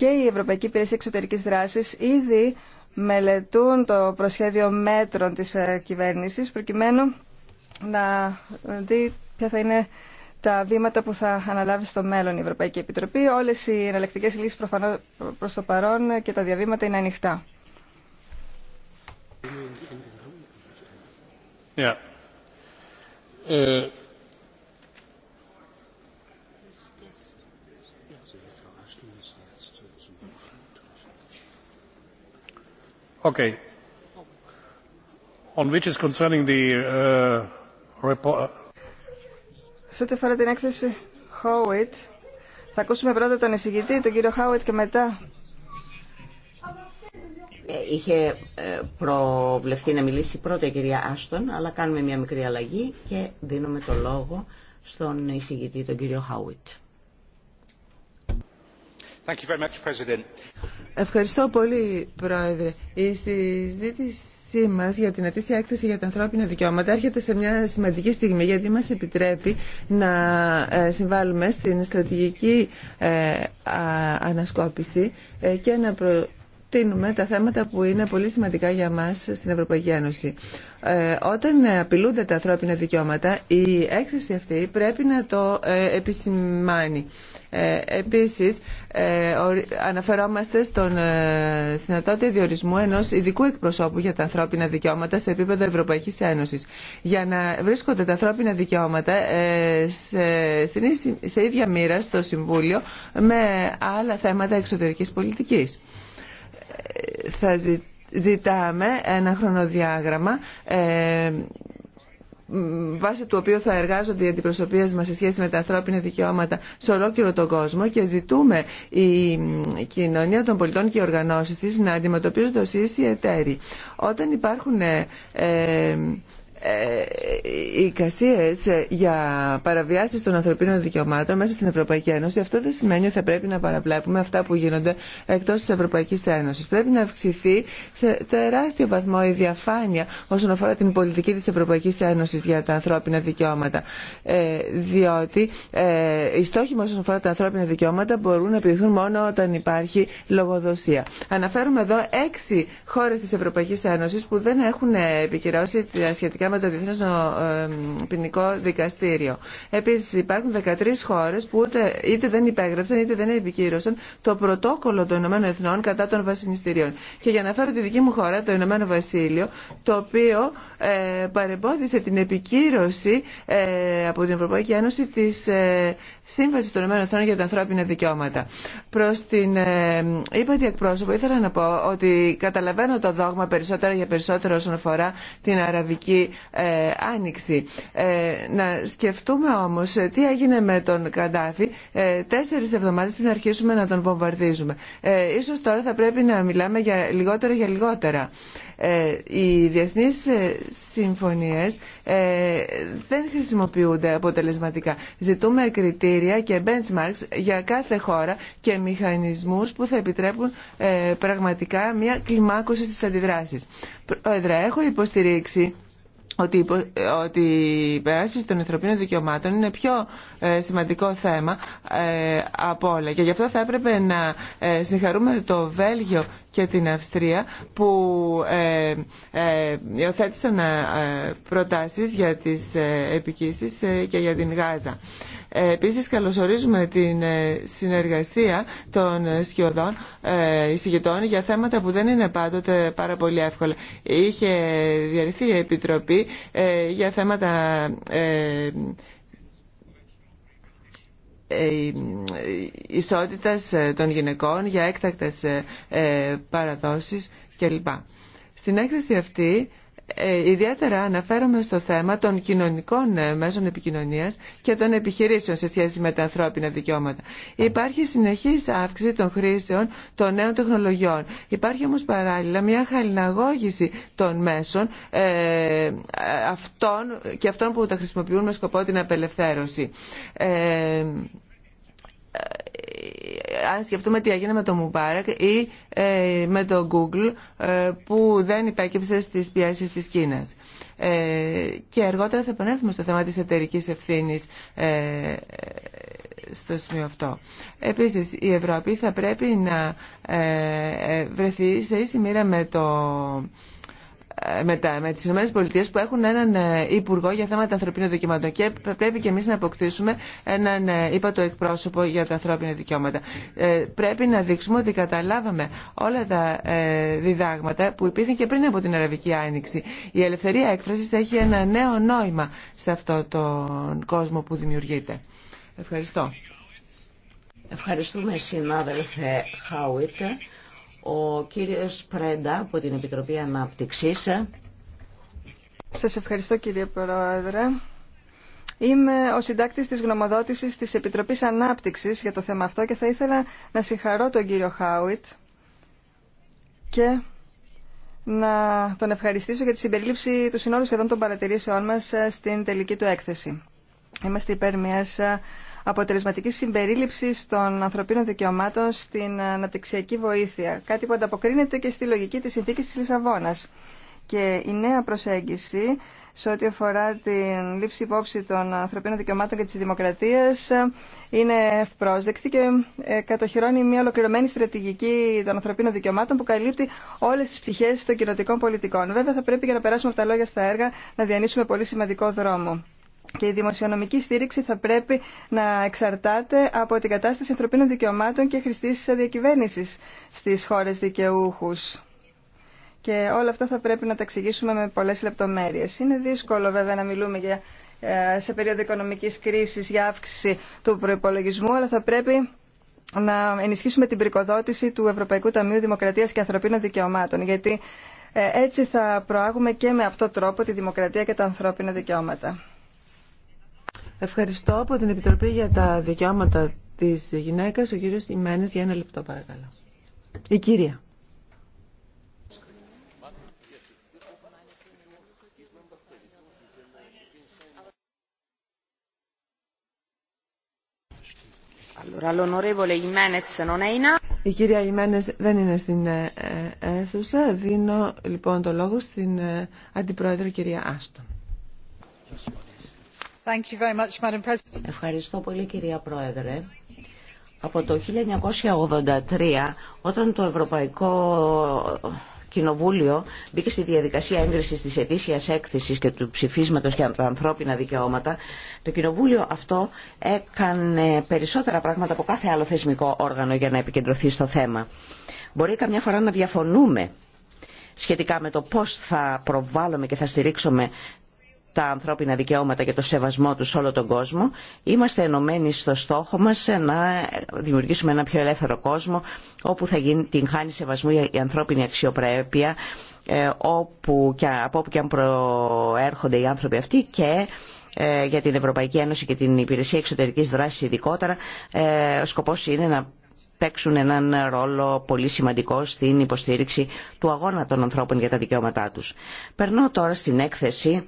και η Ευρωπαϊκή Υπηρεσία Εξωτερικής Δράσης ήδη μελετούν το προσχέδιο μέτρων της ε, κυβέρνησης προκειμένου να δει ποια θα είναι τα βήματα που θα αναλάβει στο μέλλον η Ευρωπαϊκή Επιτροπή. Όλες οι εναλλακτικέ λύσεις προφανώς προς το παρόν και τα διαβήματα είναι ανοιχτά. Ε, Uh, uh, Σε ό,τι αφορά την έκθεση Howitt, θα ακούσουμε πρώτα τον εισηγητή, τον κύριο Howitt και μετά. Ε, είχε ε, προβλεφθεί να μιλήσει πρώτα η κυρία Άστον, αλλά κάνουμε μια μικρή αλλαγή και δίνουμε το λόγο στον εισηγητή, τον κύριο Howitt. Ευχαριστώ πολύ, Πρόεδρε. Η συζήτησή μα για την ατήσια έκθεση για τα ανθρώπινα δικαιώματα έρχεται σε μια σημαντική στιγμή γιατί μα επιτρέπει να ε, συμβάλλουμε στην στρατηγική ε, ανασκόπηση ε, και να προτείνουμε τα θέματα που είναι πολύ σημαντικά για μας στην Ευρωπαϊκή Ένωση. Όταν απειλούνται τα ανθρώπινα δικαιώματα, η έκθεση αυτή πρέπει να το επισημάνει. Ε, επίσης, ε, αναφερόμαστε στον θυνατότητα ε, διορισμού ενός ειδικού εκπροσώπου για τα ανθρώπινα δικαιώματα σε επίπεδο Ευρωπαϊκής Ένωσης. Για να βρίσκονται τα ανθρώπινα δικαιώματα σε ίδια μοίρα στο Συμβούλιο με άλλα θέματα εξωτερικής πολιτικής. Θα ζητάμε ένα χρονοδιάγραμμα βάσει του οποίου θα εργάζονται οι αντιπροσωπείε μας σε σχέση με τα ανθρώπινα δικαιώματα σε ολόκληρο τον κόσμο και ζητούμε η κοινωνία των πολιτών και οι οργανώσεις τη να αντιμετωπίζονται ω ίσοι εταίροι. Όταν υπάρχουν ε, ε, ε, οι εικασίε για παραβιάσει των ανθρωπίνων δικαιωμάτων μέσα στην Ευρωπαϊκή Ένωση αυτό δεν σημαίνει ότι θα πρέπει να παραβλέπουμε αυτά που γίνονται εκτό τη Ευρωπαϊκή Ένωση. Πρέπει να αυξηθεί σε τεράστιο βαθμό η διαφάνεια όσον αφορά την πολιτική τη Ευρωπαϊκή Ένωση για τα ανθρώπινα δικαιώματα. Ε, διότι ε, οι στόχοι μα όσον αφορά τα ανθρώπινα δικαιώματα μπορούν να επιδηθούν μόνο όταν υπάρχει λογοδοσία. Αναφέρουμε εδώ έξι χώρε τη Ευρωπαϊκή Ένωση που δεν έχουν επικυρώσει τα σχετικά με το Διεθνές Ποινικό Δικαστήριο. Επίσης υπάρχουν 13 χώρες που ούτε, είτε δεν υπέγραψαν είτε δεν επικύρωσαν το πρωτόκολλο των Ηνωμένων Εθνών κατά των βασανιστήριων. Και για να φέρω τη δική μου χώρα, το Ηνωμένο Βασίλειο, το οποίο ε, παρεμπόδισε την επικύρωση ε, από την Ευρωπαϊκή Ένωση της ε, Σύμβασης των Ηνωμένων Εθνών για τα ανθρώπινα δικαιώματα. Προς την ε, είπατε εκπρόσωπο, ήθελα να πω ότι καταλαβαίνω το δόγμα περισσότερο για περισσότερο όσον αφορά την αραβική ε, άνοιξη. Ε, να σκεφτούμε όμως τι έγινε με τον Καντάφη ε, τέσσερις εβδομάδες πριν αρχίσουμε να τον βομβαρδίζουμε. Ίσως τώρα θα πρέπει να μιλάμε για λιγότερα για λιγότερα. Οι διεθνείς συμφωνίες δεν χρησιμοποιούνται αποτελεσματικά. Ζητούμε κριτήρια και benchmarks για κάθε χώρα και μηχανισμούς που θα επιτρέπουν πραγματικά μια κλιμάκωση στις αντιδράσεις. Πρόεδρε, έχω υποστηρίξει ότι, ότι η υπεράσπιση των ανθρωπίνων δικαιωμάτων είναι πιο ε, σημαντικό θέμα ε, από όλα. Και γι' αυτό θα έπρεπε να ε, συγχαρούμε το Βέλγιο και την Αυστρία που ε, υιοθέτησαν προτάσεις για τις ε, και για την Γάζα. Ε, επίσης καλωσορίζουμε την ε, συνεργασία των ε, σκιωδών εισηγητών για θέματα που δεν είναι πάντοτε πάρα πολύ εύκολα. Είχε διαρθεί η Επιτροπή για θέματα ισότητας των γυναικών για έκτακτες παραδόσεις κλπ. Στην έκθεση αυτή ε, ιδιαίτερα αναφέρομαι στο θέμα των κοινωνικών ε, μέσων επικοινωνίας και των επιχειρήσεων σε σχέση με τα ανθρώπινα δικαιώματα. Υπάρχει συνεχής αύξηση των χρήσεων των νέων τεχνολογιών. Υπάρχει όμως παράλληλα μια χαλιναγώγηση των μέσων ε, αυτών και αυτών που τα χρησιμοποιούν με σκοπό την απελευθέρωση. Ε, ε, αν σκεφτούμε τι έγινε με το Μουμπάρακ ή ε, με το Google ε, που δεν υπέκυψε στις πιέσεις της Κίνας. και αργότερα θα επανέλθουμε στο θέμα της εταιρικής ευθύνης στο σημείο αυτό. Επίσης, η Ευρώπη θα πρέπει να βρεθεί σε ίση μοίρα με το ε, με, τα, με τις ΗΠΑ που έχουν έναν ε, υπουργό για θέματα ανθρωπίνων δικαιωμάτων και πρέπει και εμείς να αποκτήσουμε έναν ε, το εκπρόσωπο για τα ανθρώπινα δικαιώματα. πρέπει να δείξουμε ότι καταλάβαμε όλα τα διδάγματα που υπήρχαν και πριν από την Αραβική Άνοιξη. Η ελευθερία έκφρασης έχει ένα νέο νόημα σε αυτό τον κόσμο που δημιουργείται. Ευχαριστώ. Ευχαριστούμε συνάδελφε Χάουιτ. Ο κύριος Πρέντα από την Επιτροπή Ανάπτυξης. Σας ευχαριστώ κύριε Πρόεδρε. Είμαι ο συντάκτης της γνωμοδότησης της Επιτροπής Ανάπτυξης για το θέμα αυτό και θα ήθελα να συγχαρώ τον κύριο Χάουιτ και να τον ευχαριστήσω για τη συμπερίληψη του συνόλου σχεδόν των παρατηρήσεών μας στην τελική του έκθεση. Είμαστε υπέρ μιας αποτελεσματική συμπερίληψη των ανθρωπίνων δικαιωμάτων στην αναπτυξιακή βοήθεια, κάτι που ανταποκρίνεται και στη λογική τη συνθήκη τη Λισαβόνα. Και η νέα προσέγγιση σε ό,τι αφορά την λήψη υπόψη των ανθρωπίνων δικαιωμάτων και τη δημοκρατία είναι ευπρόσδεκτη και ε, κατοχυρώνει μια ολοκληρωμένη στρατηγική των ανθρωπίνων δικαιωμάτων που καλύπτει όλε τι πτυχέ των κοινοτικών πολιτικών. Βέβαια θα πρέπει για να περάσουμε από τα λόγια στα έργα να διανύσουμε πολύ σημαντικό δρόμο και η δημοσιονομική στήριξη θα πρέπει να εξαρτάται από την κατάσταση ανθρωπίνων δικαιωμάτων και χρηστής διακυβέρνηση στις χώρες δικαιούχους. Και όλα αυτά θα πρέπει να τα εξηγήσουμε με πολλές λεπτομέρειες. Είναι δύσκολο βέβαια να μιλούμε για, ε, σε περίοδο οικονομικής κρίσης για αύξηση του προϋπολογισμού, αλλά θα πρέπει να ενισχύσουμε την πρικοδότηση του Ευρωπαϊκού Ταμείου Δημοκρατίας και Ανθρωπίνων Δικαιωμάτων, γιατί ε, έτσι θα προάγουμε και με αυτό τρόπο τη δημοκρατία και τα ανθρώπινα δικαιώματα. Ευχαριστώ από την Επιτροπή για τα δικαιώματα της γυναίκας. Ο κύριος Ιμένες για ένα λεπτό παρακαλώ. Η κυρία. Η κυρία Ιμένες δεν είναι στην ε, ε, αίθουσα. Δίνω λοιπόν το λόγο στην ε, Αντιπρόεδρο κυρία Άστον. Ευχαριστώ πολύ κυρία Πρόεδρε. Από το 1983, όταν το Ευρωπαϊκό Κοινοβούλιο μπήκε στη διαδικασία έγκρισης της ετήσιας έκθεσης και του ψηφίσματος για τα ανθρώπινα δικαιώματα, το Κοινοβούλιο αυτό έκανε περισσότερα πράγματα από κάθε άλλο θεσμικό όργανο για να επικεντρωθεί στο θέμα. Μπορεί καμιά φορά να διαφωνούμε σχετικά με το πώς θα προβάλλουμε και θα στηρίξουμε τα ανθρώπινα δικαιώματα και το σεβασμό του σε όλο τον κόσμο. Είμαστε ενωμένοι στο στόχο μα να δημιουργήσουμε ένα πιο ελεύθερο κόσμο όπου θα γίνει, την χάνει σεβασμού η ανθρώπινη αξιοπρέπεια ε, όπου και, από όπου και αν προέρχονται οι άνθρωποι αυτοί και ε, για την Ευρωπαϊκή Ένωση και την Υπηρεσία Εξωτερικής Δράσης ειδικότερα ε, ο σκοπός είναι να παίξουν έναν ρόλο πολύ σημαντικό στην υποστήριξη του αγώνα των ανθρώπων για τα δικαιώματά τους. Περνώ τώρα στην έκθεση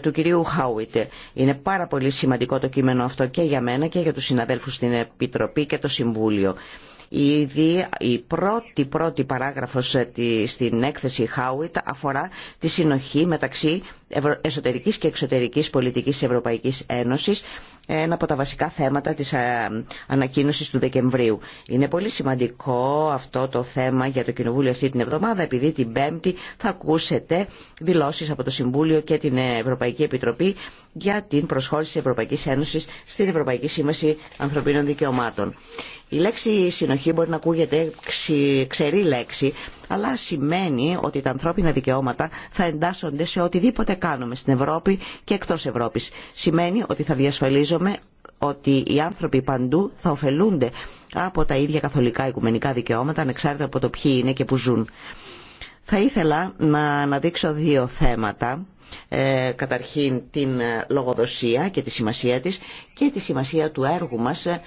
του κυρίου Χάουιτ. Είναι πάρα πολύ σημαντικό το κείμενο αυτό και για μένα και για τους συναδέλφους στην Επιτροπή και το Συμβούλιο. Ήδη η πρώτη πρώτη παράγραφος ε, στην έκθεση Χάουιτ αφορά τη συνοχή μεταξύ εσωτερικής και εξωτερικής πολιτικής της Ευρωπαϊκής Ένωσης, ένα από τα βασικά θέματα της ε, ανακοίνωσης του Δεκεμβρίου. Είναι πολύ σημαντικό αυτό το θέμα για το Κοινοβούλιο αυτή την εβδομάδα, επειδή την Πέμπτη θα ακούσετε δηλώσεις από το Συμβούλιο και την Ευρωπαϊκή Επιτροπή για την προσχώρηση της Ευρωπαϊκής Ένωσης στην Ευρωπαϊκή Σύμβαση Ανθρωπίνων Δικαιωμάτων. Η λέξη συνοχή μπορεί να ακούγεται ξερή λέξη, αλλά σημαίνει ότι τα ανθρώπινα δικαιώματα θα εντάσσονται σε οτιδήποτε κάνουμε στην Ευρώπη και εκτός Ευρώπης. Σημαίνει ότι θα διασφαλίζομαι ότι οι άνθρωποι παντού θα ωφελούνται από τα ίδια καθολικά οικουμενικά δικαιώματα, ανεξάρτητα από το ποιοι είναι και που ζουν. Θα ήθελα να αναδείξω δύο θέματα. Ε, καταρχήν την ε, λογοδοσία και τη σημασία της και τη σημασία του έργου μας ε,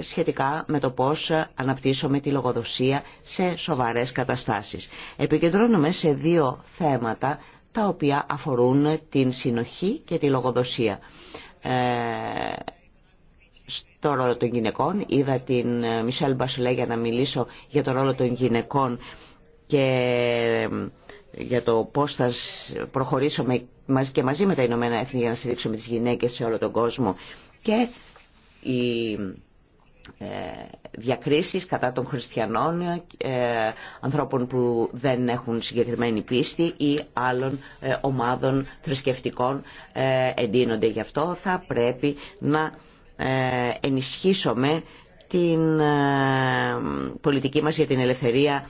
σχετικά με το πώς αναπτύσσουμε τη λογοδοσία σε σοβαρές καταστάσεις. Επικεντρώνουμε σε δύο θέματα τα οποία αφορούν την συνοχή και τη λογοδοσία. Ε, στο ρόλο των γυναικών, είδα την Μισελ Μπασουλέ για να μιλήσω για το ρόλο των γυναικών και ε, για το πώς θα προχωρήσουμε και μαζί με τα Ηνωμένα Έθνη για να στηρίξουμε τις γυναίκες σε όλο τον κόσμο. Και η ε, διακρίσεις κατά των χριστιανών, ε, ανθρώπων που δεν έχουν συγκεκριμένη πίστη ή άλλων ε, ομάδων θρησκευτικών εντείνονται γι' αυτό. Θα πρέπει να ενισχύσουμε την πολιτική μας για την ελευθερία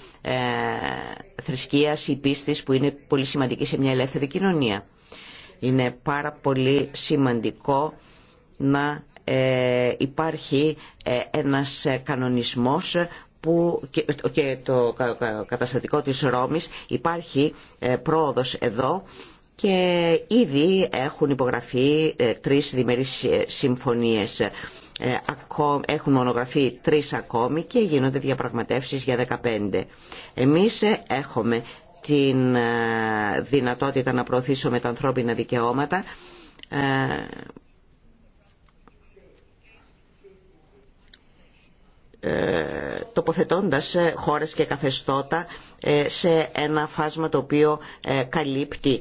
θρησκείας ή πίστης που είναι πολύ σημαντική σε μια ελεύθερη κοινωνία. Είναι πάρα πολύ σημαντικό να ε, υπάρχει ε, ένας ε, κανονισμός που και το καταστατικό της Ρώμης υπάρχει πρόοδος εδώ και ήδη έχουν υπογραφεί τρεις διμερείς συμφωνίες. Έχουν μονογραφεί τρεις ακόμη και γίνονται διαπραγματεύσεις για 15. Εμείς έχουμε την δυνατότητα να προωθήσουμε τα ανθρώπινα δικαιώματα Ε, τοποθετώντας ε, χώρες και καθεστώτα ε, σε ένα φάσμα το οποίο καλύπτει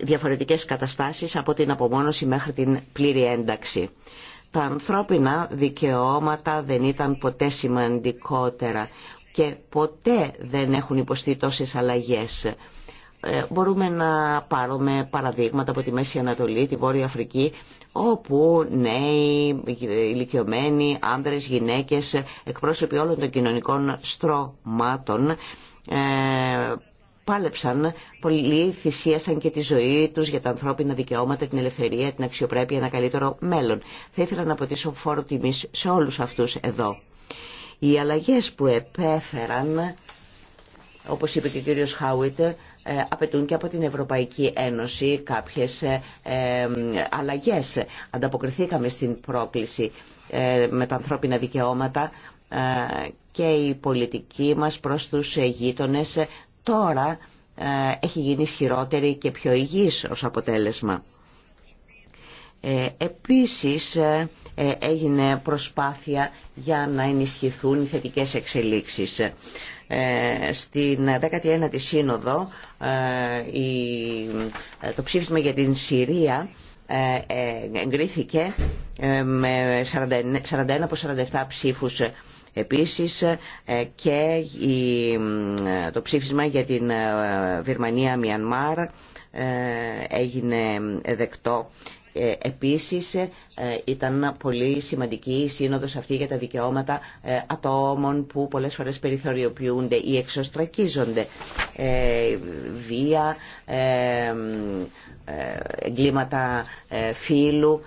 διαφορετικές καταστάσεις από την απομόνωση μέχρι την πλήρη ένταξη. Τα ανθρώπινα δικαιώματα δεν ήταν ποτέ σημαντικότερα και ποτέ δεν έχουν υποστεί τόσες αλλαγές. Ε, μπορούμε να πάρουμε παραδείγματα από τη Μέση Ανατολή, τη Βόρεια Αφρική, όπου νέοι, ηλικιωμένοι, άνδρες, γυναίκες, εκπρόσωποι όλων των κοινωνικών στρώματων, ε, πάλεψαν, πολλοί θυσίασαν και τη ζωή τους για τα ανθρώπινα δικαιώματα, την ελευθερία, την αξιοπρέπεια, ένα καλύτερο μέλλον. Θα ήθελα να αποτίσω φόρο τιμής σε όλους αυτούς εδώ. Οι αλλαγές που επέφεραν, όπως είπε και ο κύριος Χάουιτ, ε, απαιτούν και από την Ευρωπαϊκή Ένωση κάποιες ε, ε, αλλαγές. Ανταποκριθήκαμε στην πρόκληση με τα ανθρώπινα δικαιώματα και η πολιτική μας προς τους γείτονες τώρα έχει γίνει ισχυρότερη και πιο υγιής ως αποτέλεσμα. Επίσης έγινε προσπάθεια για να ενισχυθούν οι θετικές εξελίξεις. Ε, στην 19η Σύνοδο ε, ε, το ψήφισμα για την Συρία εγκρίθηκε με 41 από 47 ψήφους επίσης και το ψήφισμα για την βερμανια Μιανμάρ έγινε δεκτό ε, επίσης ε, ήταν πολύ σημαντική η σύνοδος αυτή για τα δικαιώματα ε, ατόμων που πολλές φορές περιθωριοποιούνται ή εξωστρακίζονται. Βία, εγκλήματα φύλου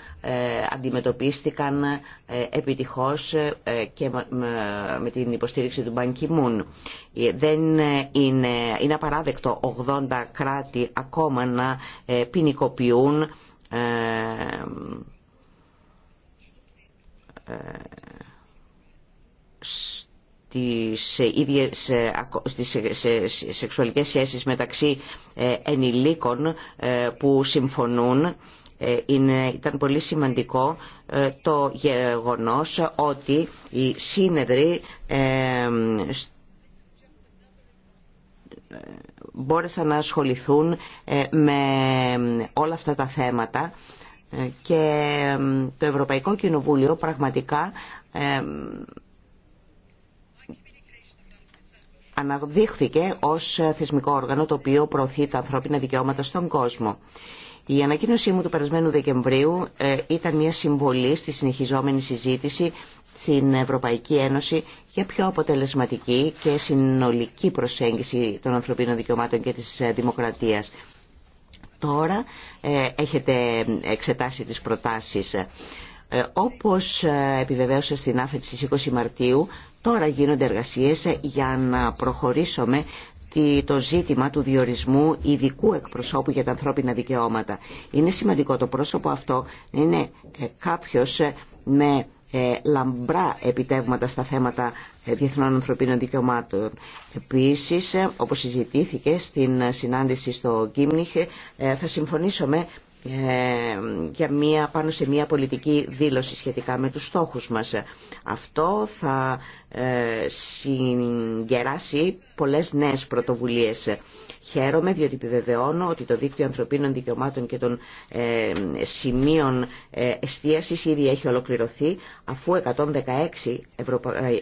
αντιμετωπίστηκαν επιτυχώς και με την υποστήριξη του Μπανκιμούν. Δεν είναι, είναι απαράδεκτο 80 κράτη ακόμα να ποινικοποιούν στις ίδιες στις σεξουαλικές σχέσεις μεταξύ ε, ενηλίκων ε, που συμφωνούν ε, είναι, ήταν πολύ σημαντικό το γεγονός ότι οι σύνεδροι μπόρεσαν να ασχοληθούν ε, με ε, όλα αυτά τα θέματα ε, και το Ευρωπαϊκό Κοινοβούλιο πραγματικά αναδείχθηκε ως θεσμικό όργανο το οποίο προωθεί τα ανθρώπινα δικαιώματα στον κόσμο. Η ανακοίνωσή μου του περασμένου Δεκεμβρίου ήταν μια συμβολή στη συνεχιζόμενη συζήτηση στην Ευρωπαϊκή Ένωση για πιο αποτελεσματική και συνολική προσέγγιση των ανθρωπίνων δικαιωμάτων και της ε, δημοκρατίας. Τώρα ε, έχετε εξετάσει τις προτάσεις. Ε, όπως επιβεβαίωσα στην άφετη στις 20 Μαρτίου, τώρα γίνονται εργασίες για να προχωρήσουμε το ζήτημα του διορισμού ειδικού εκπροσώπου για τα ανθρώπινα δικαιώματα. Είναι σημαντικό το πρόσωπο αυτό είναι κάποιος με ε, λαμπρά επιτεύγματα στα θέματα ε, διεθνών ανθρωπίνων δικαιωμάτων. Επίσης, ε, όπως συζητήθηκε στην συνάντηση στο Κίμνιχ, θα συμφωνήσω για ε, μία, πάνω σε μια πολιτική δήλωση σχετικά με τους στόχους μας. Αυτό θα ε, συγκεράσει πολλές νέες πρωτοβουλίες. Χαίρομαι διότι επιβεβαιώνω ότι το Δίκτυο Ανθρωπίνων Δικαιωμάτων και των ε, Σημείων Εστίασης ήδη έχει ολοκληρωθεί αφού 116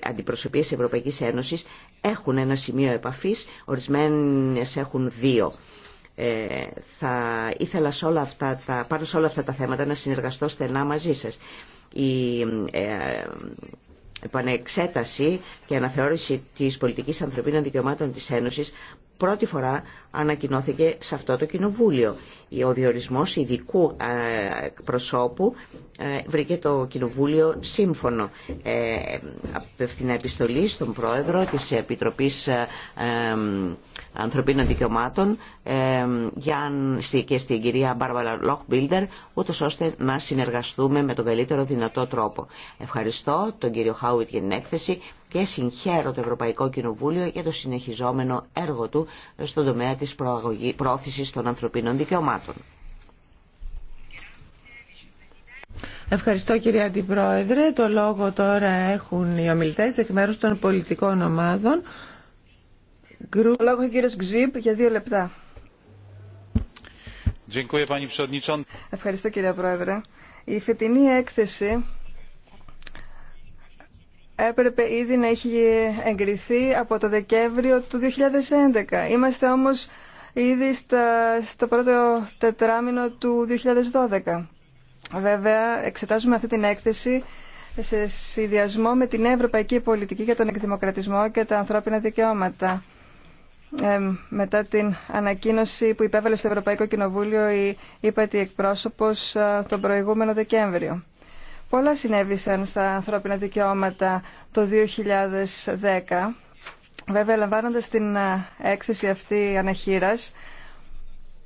αντιπροσωπείες Ευρωπαϊκής Ένωσης έχουν ένα σημείο επαφής, ορισμένες έχουν δύο. Ε, θα ήθελα σε αυτά τα, πάνω σε όλα αυτά τα θέματα να συνεργαστώ στενά μαζί σας. Η ε, επανεξέταση και αναθεώρηση της πολιτικής ανθρωπίνων δικαιωμάτων της Ένωσης πρώτη φορά ανακοινώθηκε σε αυτό το κοινοβούλιο. Ο διορισμός ειδικού ε, προσώπου ε, βρήκε το κοινοβούλιο σύμφωνο. Απευθυνά επιστολή στον πρόεδρο της Επιτροπής ανθρωπίνων δικαιωμάτων ε, για και στην κυρία Μπάρβαλα Λοχμπίλντερ, ούτως ώστε να συνεργαστούμε με τον καλύτερο δυνατό τρόπο. Ευχαριστώ τον κύριο Χάουιτ για την έκθεση και συγχαίρω το Ευρωπαϊκό Κοινοβούλιο για το συνεχιζόμενο έργο του στον τομέα της προώθησης των ανθρωπίνων δικαιωμάτων. Ευχαριστώ κυρία Αντιπρόεδρε. Το λόγο τώρα έχουν οι ομιλητές εκ μέρους των πολιτικών ομάδων. Ο κύριος για δύο λεπτά. Ευχαριστώ κύριε Πρόεδρε. Η φετινή έκθεση έπρεπε ήδη να έχει εγκριθεί από το Δεκέμβριο του 2011. Είμαστε όμως ήδη στο πρώτο τετράμινο του 2012. Βέβαια, εξετάζουμε αυτή την έκθεση σε συνδυασμό με την Ευρωπαϊκή Πολιτική για τον Εκδημοκρατισμό και τα ανθρώπινα δικαιώματα μετά την ανακοίνωση που υπέβαλε στο Ευρωπαϊκό Κοινοβούλιο η ύπατη εκπρόσωπος τον προηγούμενο Δεκέμβριο. Πολλά συνέβησαν στα ανθρώπινα δικαιώματα το 2010. Βέβαια, λαμβάνοντας την έκθεση αυτή αναχήρας,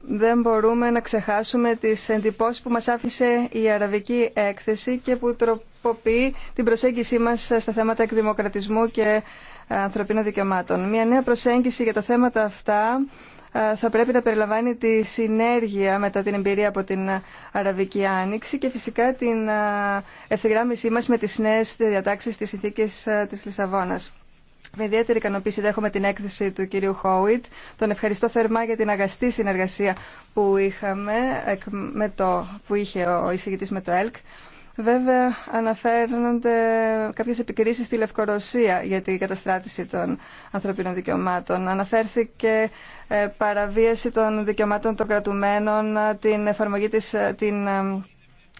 δεν μπορούμε να ξεχάσουμε τις εντυπώσεις που μας άφησε η αραβική έκθεση και που τροποποιεί την προσέγγιση μας στα θέματα εκδημοκρατισμού και ανθρωπίνων δικαιωμάτων. Μια νέα προσέγγιση για τα θέματα αυτά ε, θα πρέπει να περιλαμβάνει τη συνέργεια μετά την εμπειρία από την Αραβική Άνοιξη και φυσικά την ε, ευθυγράμμισή μας με τις νέες διατάξεις της συνθήκης ε, της Λισαβόνας. Με ιδιαίτερη ικανοποίηση δέχομαι την έκθεση του κυρίου Χόουιτ. Τον ευχαριστώ θερμά για την αγαστή συνεργασία που, είχαμε, με το, που είχε ο εισηγητής με το ΕΛΚ. Βέβαια αναφέρονται κάποιες επικρίσεις στη Λευκορωσία για την καταστράτηση των ανθρωπίνων δικαιωμάτων. Αναφέρθηκε ε, παραβίαση των δικαιωμάτων των κρατουμένων, ε, την εφαρμογή της, ε, την,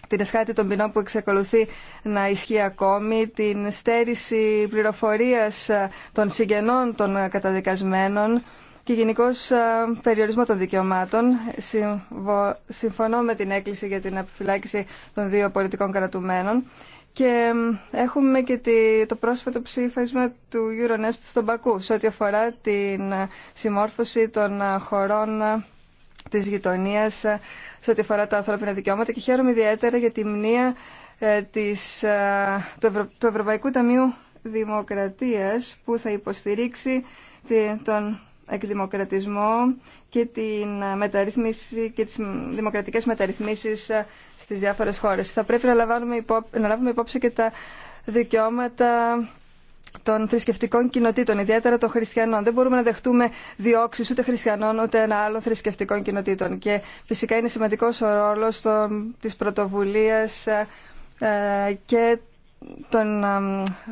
την εσχάτη των ποινών που εξακολουθεί να ισχύει ακόμη, την στέρηση πληροφορίας των συγγενών των καταδικασμένων και γενικώ ε, περιορισμό των δικαιωμάτων. Συμφωνώ με την έκκληση για την επιφυλάκηση των δύο πολιτικών κρατουμένων. Και έχουμε και το πρόσφατο ψήφισμα του Euronest στον Πακού σε ό,τι αφορά την ε, συμμόρφωση των ε, χωρών της γειτονίας σε ό,τι αφορά τα ανθρώπινα δικαιώματα και χαίρομαι ιδιαίτερα για τη μνήα της, του, του Ευρωπαϊκού Ταμείου Δημοκρατίας που θα υποστηρίξει τον εκδημοκρατισμό και την μεταρρύθμιση και τις δημοκρατικές μεταρρυθμίσεις στις διάφορες χώρες. Θα πρέπει να λάβουμε υπόψη, να λάβουμε υπόψη και τα δικαιώματα των θρησκευτικών κοινοτήτων, ιδιαίτερα των χριστιανών. Δεν μπορούμε να δεχτούμε διώξει ούτε χριστιανών ούτε ένα άλλο θρησκευτικών κοινοτήτων. Και φυσικά είναι σημαντικό ο ρόλο τη πρωτοβουλία ε, και των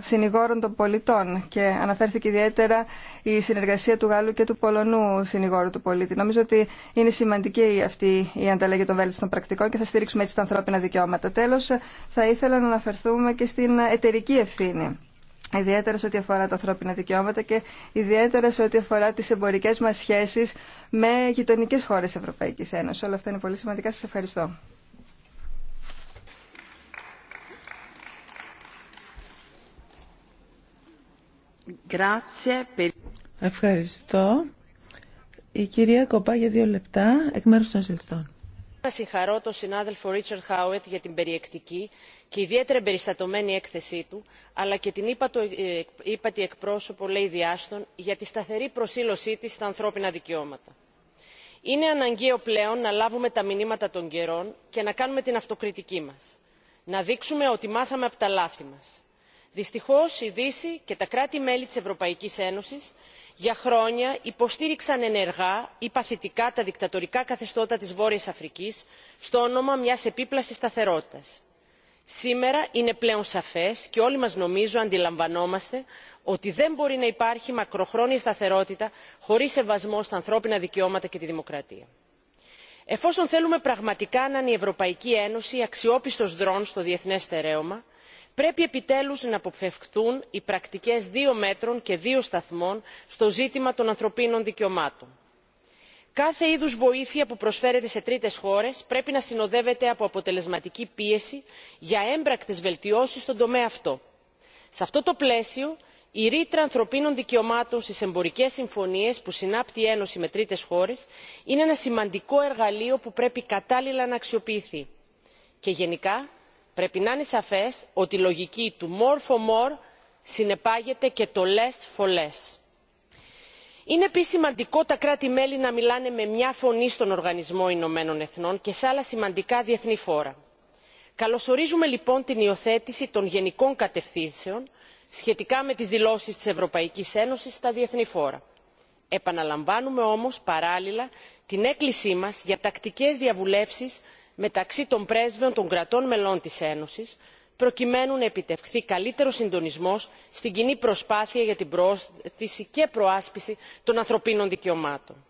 συνηγόρων των πολιτών και αναφέρθηκε ιδιαίτερα η συνεργασία του Γάλλου και του Πολωνού συνηγόρου του πολίτη. Νομίζω ότι είναι σημαντική αυτή η ανταλλαγή των βέλτιστων πρακτικών και θα στηρίξουμε έτσι τα ανθρώπινα δικαιώματα. Τέλος, θα ήθελα να αναφερθούμε και στην εταιρική ευθύνη. Ιδιαίτερα σε ό,τι αφορά τα ανθρώπινα δικαιώματα και ιδιαίτερα σε ό,τι αφορά τι εμπορικέ μα σχέσει με γειτονικέ χώρε Ευρωπαϊκή Ένωση. Όλα αυτά είναι πολύ σημαντικά. σα ευχαριστώ. Ευχαριστώ. Η κυρία Κοπά για δύο λεπτά, εκ μέρους των συλληστών. Να συγχαρώ τον συνάδελφο Ρίτσαρντ Χάουετ για την περιεκτική και ιδιαίτερα εμπεριστατωμένη έκθεσή του, αλλά και την ε, ύπατη εκπρόσωπο λέιδι Άστον για τη σταθερή προσήλωσή της στα ανθρώπινα δικαιώματα. Είναι αναγκαίο πλέον να λάβουμε τα μηνύματα των καιρών και να κάνουμε την αυτοκριτική μας. Να δείξουμε ότι μάθαμε από τα λάθη μας δυστυχώς η δύση και τα κράτη μέλη της ευρωπαϊκής ένωσης για χρόνια υποστήριξαν ενεργά ή παθητικά τα δικτατορικά καθεστώτα της βόρειας αφρικής στο όνομα μιας επίπλασης σταθερότητας. σήμερα είναι πλέον σαφές και όλοι μας νομίζω αντιλαμβανόμαστε ότι δεν μπορεί να υπάρχει μακροχρόνια σταθερότητα χωρίς σεβασμό στα ανθρώπινα δικαιώματα και τη δημοκρατία. εφόσον θέλουμε πραγματικά να είναι η ευρωπαϊκή ένωση αξιόπιστος δρόν στο διεθνές στερέωμα πρέπει επιτέλους να αποφευχθούν οι πρακτικές δύο μέτρων και δύο σταθμών στο ζήτημα των ανθρωπίνων δικαιωμάτων. κάθε είδους βοήθεια που προσφέρεται σε τρίτες χώρες πρέπει να συνοδεύεται από αποτελεσματική πίεση για έμπρακτες βελτιώσεις στον τομέα αυτό. σε αυτό το πλαίσιο η ρήτρα ανθρωπίνων δικαιωμάτων στις εμπορικές συμφωνίες που συνάπτει η ένωση με τρίτες χώρες είναι ένα σημαντικό εργαλείο που πρέπει κατάλληλα να αξιοποιηθεί. και γενικά πρέπει να είναι σαφές ότι η λογική του more for more συνεπάγεται και το less for less. είναι επίσης σημαντικό τα κράτη μέλη να μιλάνε με μια φωνή στον οργανισμό ηνωμένων εθνών και σε άλλα σημαντικά διεθνή φόρα. καλωσορίζουμε λοιπόν την υιοθέτηση των γενικών κατευθύνσεων σχετικά με τις δηλώσεις της ευρωπαϊκής ένωσης στα διεθνή φόρα. επαναλαμβάνουμε όμως παράλληλα την έκκλησή μας για τακτικές διαβουλεύσεις μεταξύ των πρέσβεων των κρατών μελών της ένωσης προκειμένου να επιτευχθεί καλύτερος συντονισμός στην κοινή προσπάθεια για την προώθηση και προάσπιση των ανθρωπίνων δικαιωμάτων.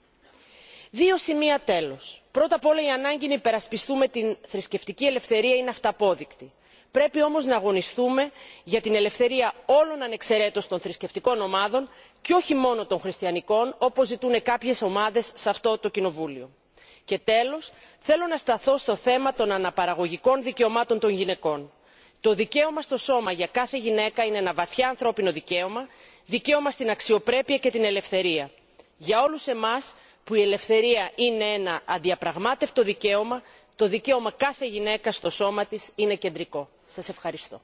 δύο σημεία τέλος. πρώτα απ' όλα η ανάγκη να υπερασπιστούμε την θρησκευτική ελευθερία είναι αυταπόδεικτη. πρέπει όμως να αγωνιστούμε για την ελευθερία όλων ανεξαιρέτως των θρησκευτικών ομάδων και όχι μόνο των χριστιανικών όπως ζητούν κάποιες ομάδες σε αυτό το κοινοβούλιο και τέλος θέλω να σταθώ στο θέμα των αναπαραγωγικών δικαιωμάτων των γυναικών. το δικαίωμα στο σώμα για κάθε γυναίκα είναι ένα βαθιά ανθρώπινο δικαίωμα δικαίωμα στην αξιοπρέπεια και την ελευθερία. για όλους εμάς που η ελευθερία είναι ένα αδιαπραγμάτευτο δικαίωμα το δικαίωμα κάθε γυναίκα στο σώμα της είναι κεντρικό. σας ευχαριστώ.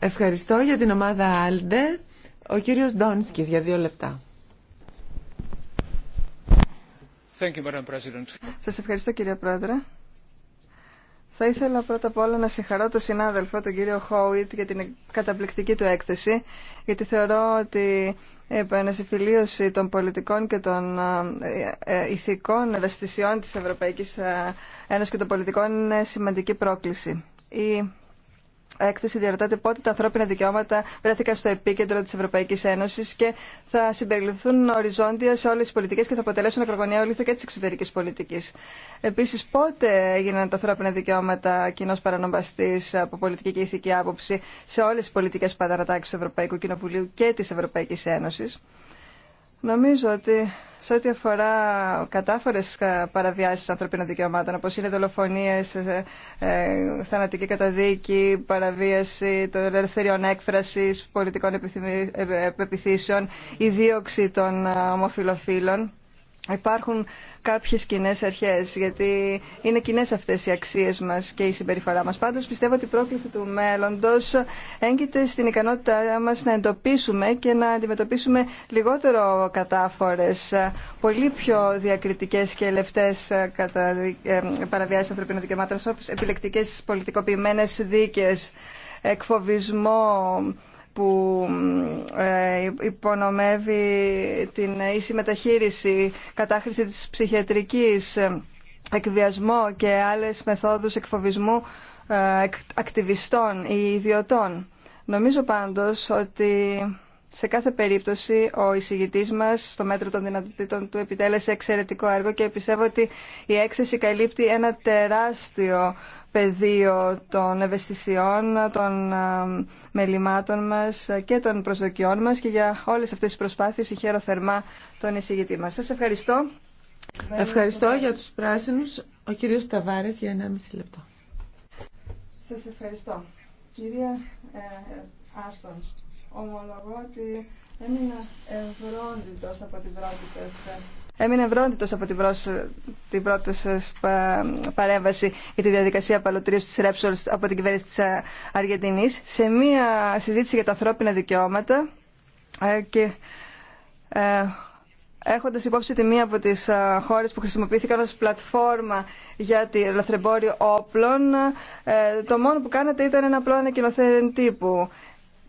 Ευχαριστώ για την ομάδα Άλντε. Ο κύριος Ντόνσκης για δύο λεπτά. Thank Σας ευχαριστώ κύριε Πρόεδρε. Θα ήθελα πρώτα απ' όλα να συγχαρώ τον συνάδελφο, τον κύριο Χόουιτ, για την καταπληκτική του έκθεση, γιατί θεωρώ ότι η επανασυμφιλίωση των πολιτικών και των ε, ε, ηθικών ευαισθησιών της Ευρωπαϊκής ε, Ένωσης και των πολιτικών είναι σημαντική πρόκληση. Η έκθεση διαρωτάται πότε τα ανθρώπινα δικαιώματα βρέθηκαν στο επίκεντρο τη Ευρωπαϊκή Ένωση και θα συμπεριληφθούν οριζόντια σε όλε τι πολιτικέ και θα αποτελέσουν ακρογωνιαίο λίθο και τη εξωτερική πολιτική. Επίση, πότε έγιναν τα ανθρώπινα δικαιώματα κοινό παρανομπαστής από πολιτική και ηθική άποψη σε όλε τι πολιτικέ παρατάξεις του Ευρωπαϊκού Κοινοβουλίου και τη Ευρωπαϊκή Ένωση. Νομίζω ότι σε ό,τι αφορά κατάφορε παραβιάσει ανθρωπίνων δικαιωμάτων, όπω είναι δολοφονίες, ε, ε, θανατική καταδίκη, παραβίαση των ελευθεριών έκφρασης, πολιτικών επιθυμι... Ε, επιθύσεων, η δίωξη των ομοφυλοφίλων, υπάρχουν κάποιες κοινέ αρχές, γιατί είναι κοινέ αυτές οι αξίες μας και η συμπεριφορά μας. Πάντως πιστεύω ότι η πρόκληση του μέλλοντος έγκυται στην ικανότητά μας να εντοπίσουμε και να αντιμετωπίσουμε λιγότερο κατάφορες, πολύ πιο διακριτικές και λεπτές ε, ε, παραβιάσεις ανθρωπίνων δικαιωμάτων, όπως επιλεκτικές πολιτικοποιημένες δίκες, εκφοβισμό, που ε, υπονομεύει την ίση μεταχείριση, κατάχρηση της ψυχιατρικής, ε, εκβιασμό και άλλες μεθόδους εκφοβισμού ε, ακτιβιστών ή ιδιωτών. Νομίζω πάντως ότι σε κάθε περίπτωση ο εισηγητής μας στο μέτρο των δυνατοτήτων του επιτέλεσε εξαιρετικό έργο και πιστεύω ότι η έκθεση καλύπτει ένα τεράστιο πεδίο των ευαισθησιών, των μελημάτων μας και των προσδοκιών μας και για όλες αυτές τις προσπάθειες συγχαίρω θερμά τον εισηγητή μας. Σας ευχαριστώ. Ευχαριστώ για τους πράσινους. Ο κύριος Ταβάρης για 1,5 λεπτό. Σας ευχαριστώ. Κυρία ε, Άστον, ομολογώ ότι έμεινα ευρώντητος από τη δρόμη σας έμεινε βρόντιτος από την, την πρώτη σας ε, παρέμβαση για τη διαδικασία απαλωτρίωσης της Ρέψολ από την κυβέρνηση της ε, Αργεντινή. σε μία συζήτηση για τα ανθρώπινα δικαιώματα ε, και έχοντα υπόψη τη μία από τι χώρε που χρησιμοποιήθηκαν ω πλατφόρμα για τη λαθρεμπόριο όπλων, το μόνο που κάνατε ήταν ένα απλό ανακοινωθέν τύπου.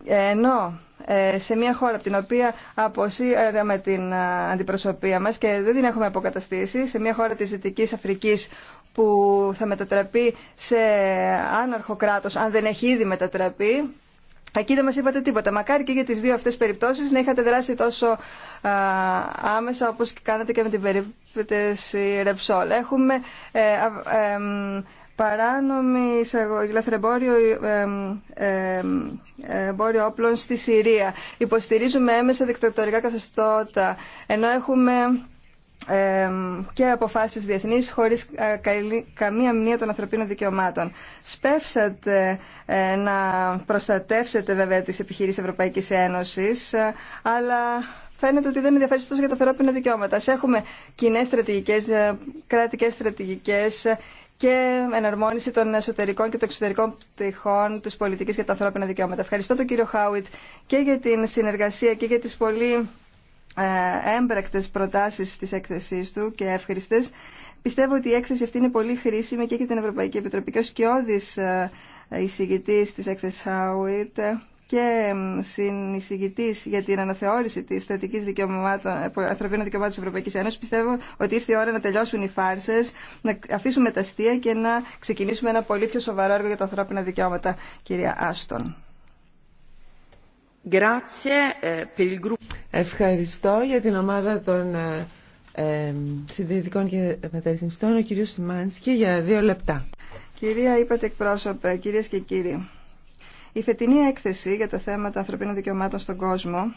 Ενώ ε, σε μια χώρα από την οποία αποσύραμε την ε, αντιπροσωπεία μας και δεν την έχουμε αποκαταστήσει, σε μια χώρα της Δυτικής Αφρικής που θα μετατραπεί σε άναρχο κράτος, αν δεν έχει ήδη μετατραπεί, Εκεί δεν μας είπατε τίποτα. Μακάρι και για τις δύο αυτές περιπτώσεις να είχατε δράσει τόσο άμεσα όπως και κάνατε και με την περίπτωση Ρεψόλ. Έχουμε ε, παράνομη εισαγωγή, λαθρεμπόριο ε, όπλων στη Συρία. Υποστηρίζουμε έμεσα δικτατορικά καθεστώτα, ενώ έχουμε και αποφάσεις διεθνείς χωρίς ε, καμία μνήμα των ανθρωπίνων δικαιωμάτων. Σπεύσατε ε, να προστατεύσετε βέβαια τις επιχειρήσεις Ευρωπαϊκής Ένωσης, ε, αλλά φαίνεται ότι δεν ενδιαφέρει τόσο για τα ανθρώπινα δικαιώματα. έχουμε κοινέ στρατηγικές, κρατικές στρατηγικές και εναρμόνιση των εσωτερικών και των εξωτερικών πτυχών τη πολιτική για τα ανθρώπινα δικαιώματα. Ευχαριστώ τον κύριο Χάουιτ και για την συνεργασία και για τι πολύ ε, έμπρακτε προτάσει τη έκθεσή του και εύχριστε. Πιστεύω ότι η έκθεση αυτή είναι πολύ χρήσιμη και για την Ευρωπαϊκή Επιτροπή. Και ω κοιόδη ε, εισηγητή τη έκθεση Χάουιτ, και συνεισηγητή για την αναθεώρηση τη θετική ε, ανθρωπίνων δικαιωμάτων τη Ευρωπαϊκή Ένωση, πιστεύω ότι ήρθε η ώρα να τελειώσουν οι φάρσε, να αφήσουμε τα αστεία και να ξεκινήσουμε ένα πολύ πιο σοβαρό έργο για τα ανθρώπινα δικαιώματα, κυρία Άστον. Ε, Ευχαριστώ για την ομάδα των ε, ε, συντηρητικών και μεταρρυθμιστών, ο κύριος Σιμάνσκι, για δύο λεπτά. Κυρία, είπατε εκπρόσωπε, κυρίες και κύριοι. Η φετινή έκθεση για τα θέματα ανθρωπίνων δικαιωμάτων στον κόσμο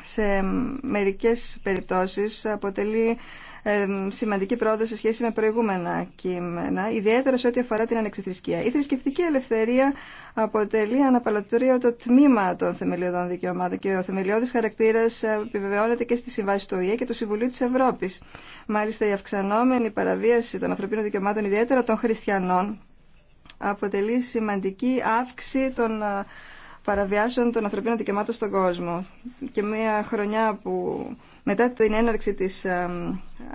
σε μερικές περιπτώσεις αποτελεί σημαντική πρόοδο σε σχέση με προηγούμενα κείμενα, ιδιαίτερα σε ό,τι αφορά την ανεξιθρησκεία. Η θρησκευτική ελευθερία αποτελεί αναπαλωτήριο το τμήμα των θεμελιωδών δικαιωμάτων και ο θεμελιώδης χαρακτήρας ε, επιβεβαιώνεται και στη Συμβάση του ΟΗΕ και του Συμβουλίου της Ευρώπης. Μάλιστα η αυξανόμενη παραβίαση των ανθρωπίνων δικαιωμάτων, ιδιαίτερα των χριστιανών, αποτελεί σημαντική αύξηση των ε, παραβιάσεων των ανθρωπίνων δικαιωμάτων στον κόσμο. Και μια χρονιά που μετά την έναρξη της ε,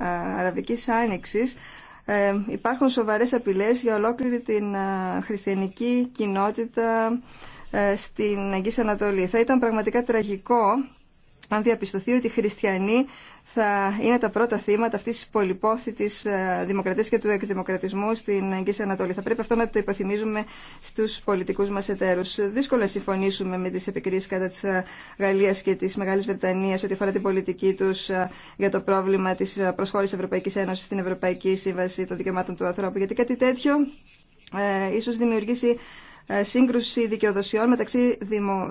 ε, Αραβικής Άνοιξης υπάρχουν σοβαρές απειλές για ολόκληρη την χριστιανική κοινότητα στην Αγγής Ανατολή. Θα ήταν πραγματικά τραγικό αν διαπιστωθεί ότι οι χριστιανοί θα είναι τα πρώτα θύματα αυτής της πολυπόθητης ε, δημοκρατίας και του εκδημοκρατισμού στην Αγγλική Ανατολή. Θα πρέπει αυτό να το υποθυμίζουμε στους πολιτικούς μας εταίρους. Δύσκολα συμφωνήσουμε με τις επικρίσεις κατά της ε, Γαλλίας και της Μεγάλης Βρετανίας ό,τι αφορά την πολιτική τους ε, για το πρόβλημα της προσχώρησης Ευρωπαϊκή Ένωση, στην Ευρωπαϊκή Σύμβαση των Δικαιωμάτων του Ανθρώπου. Γιατί κάτι τέτοιο ε, ίσως δημιουργήσει ε, σύγκρουση δικαιοδοσιών μεταξύ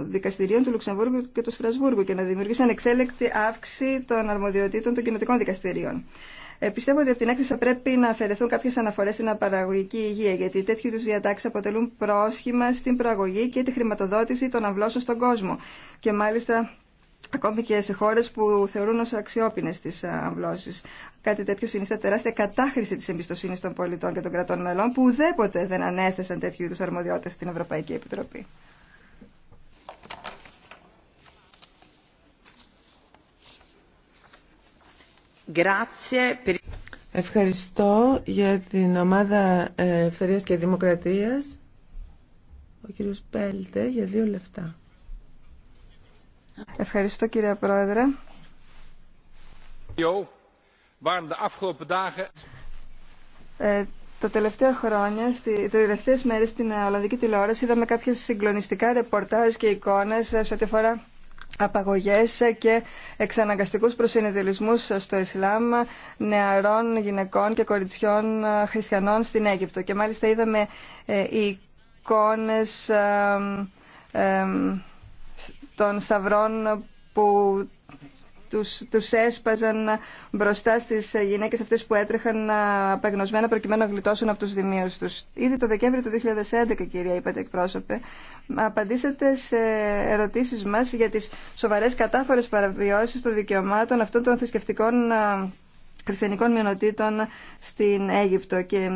δικαστηρίων του Λουξεμβούργου και του Στρασβούργου και να δημιουργήσει ανεξέλεκτη αύξηση των αρμοδιοτήτων των κοινοτικών δικαστηρίων. Ε, πιστεύω ότι από την έκθεση θα πρέπει να αφαιρεθούν κάποιε αναφορέ στην απαραγωγική υγεία, γιατί τέτοιου είδου διατάξει αποτελούν πρόσχημα στην προαγωγή και τη χρηματοδότηση των αυλώσεων στον κόσμο. Και μάλιστα ακόμη και σε χώρες που θεωρούν ω αξιόπινες τι ε, αμβλώσεις. Κάτι τέτοιο συνιστά τεράστια κατάχρηση τη εμπιστοσύνη των πολιτών και των κρατών μελών που ουδέποτε δεν ανέθεσαν τέτοιου είδου αρμοδιότητε στην Ευρωπαϊκή Επιτροπή. Ευχαριστώ για την ομάδα ε, Ευθερίας και Δημοκρατίας. Ο κύριος Πέλτε για δύο λεφτά. Ευχαριστώ κύριε Πρόεδρε. Ε, τα τελευταία χρόνια, στι τελευταίε μέρε στην Ολλανδική τηλεόραση, είδαμε κάποια συγκλονιστικά ρεπορτάζ και εικόνε ε, σε ό,τι αφορά απαγωγέ και εξαναγκαστικούς προσυνετελισμούς στο Ισλάμ νεαρών γυναικών και κοριτσιών ε, χριστιανών στην Αίγυπτο. Και μάλιστα είδαμε οι των σταυρών που τους, τους έσπαζαν μπροστά στις γυναίκες αυτές που έτρεχαν απεγνωσμένα προκειμένου να γλιτώσουν από τους δημίους τους. Ήδη το Δεκέμβριο του 2011, κυρία είπατε εκπρόσωπε, απαντήσατε σε ερωτήσεις μας για τις σοβαρές κατάφορες παραβιώσεις των δικαιωμάτων αυτών των θρησκευτικών χριστιανικών μειονοτήτων στην Αίγυπτο και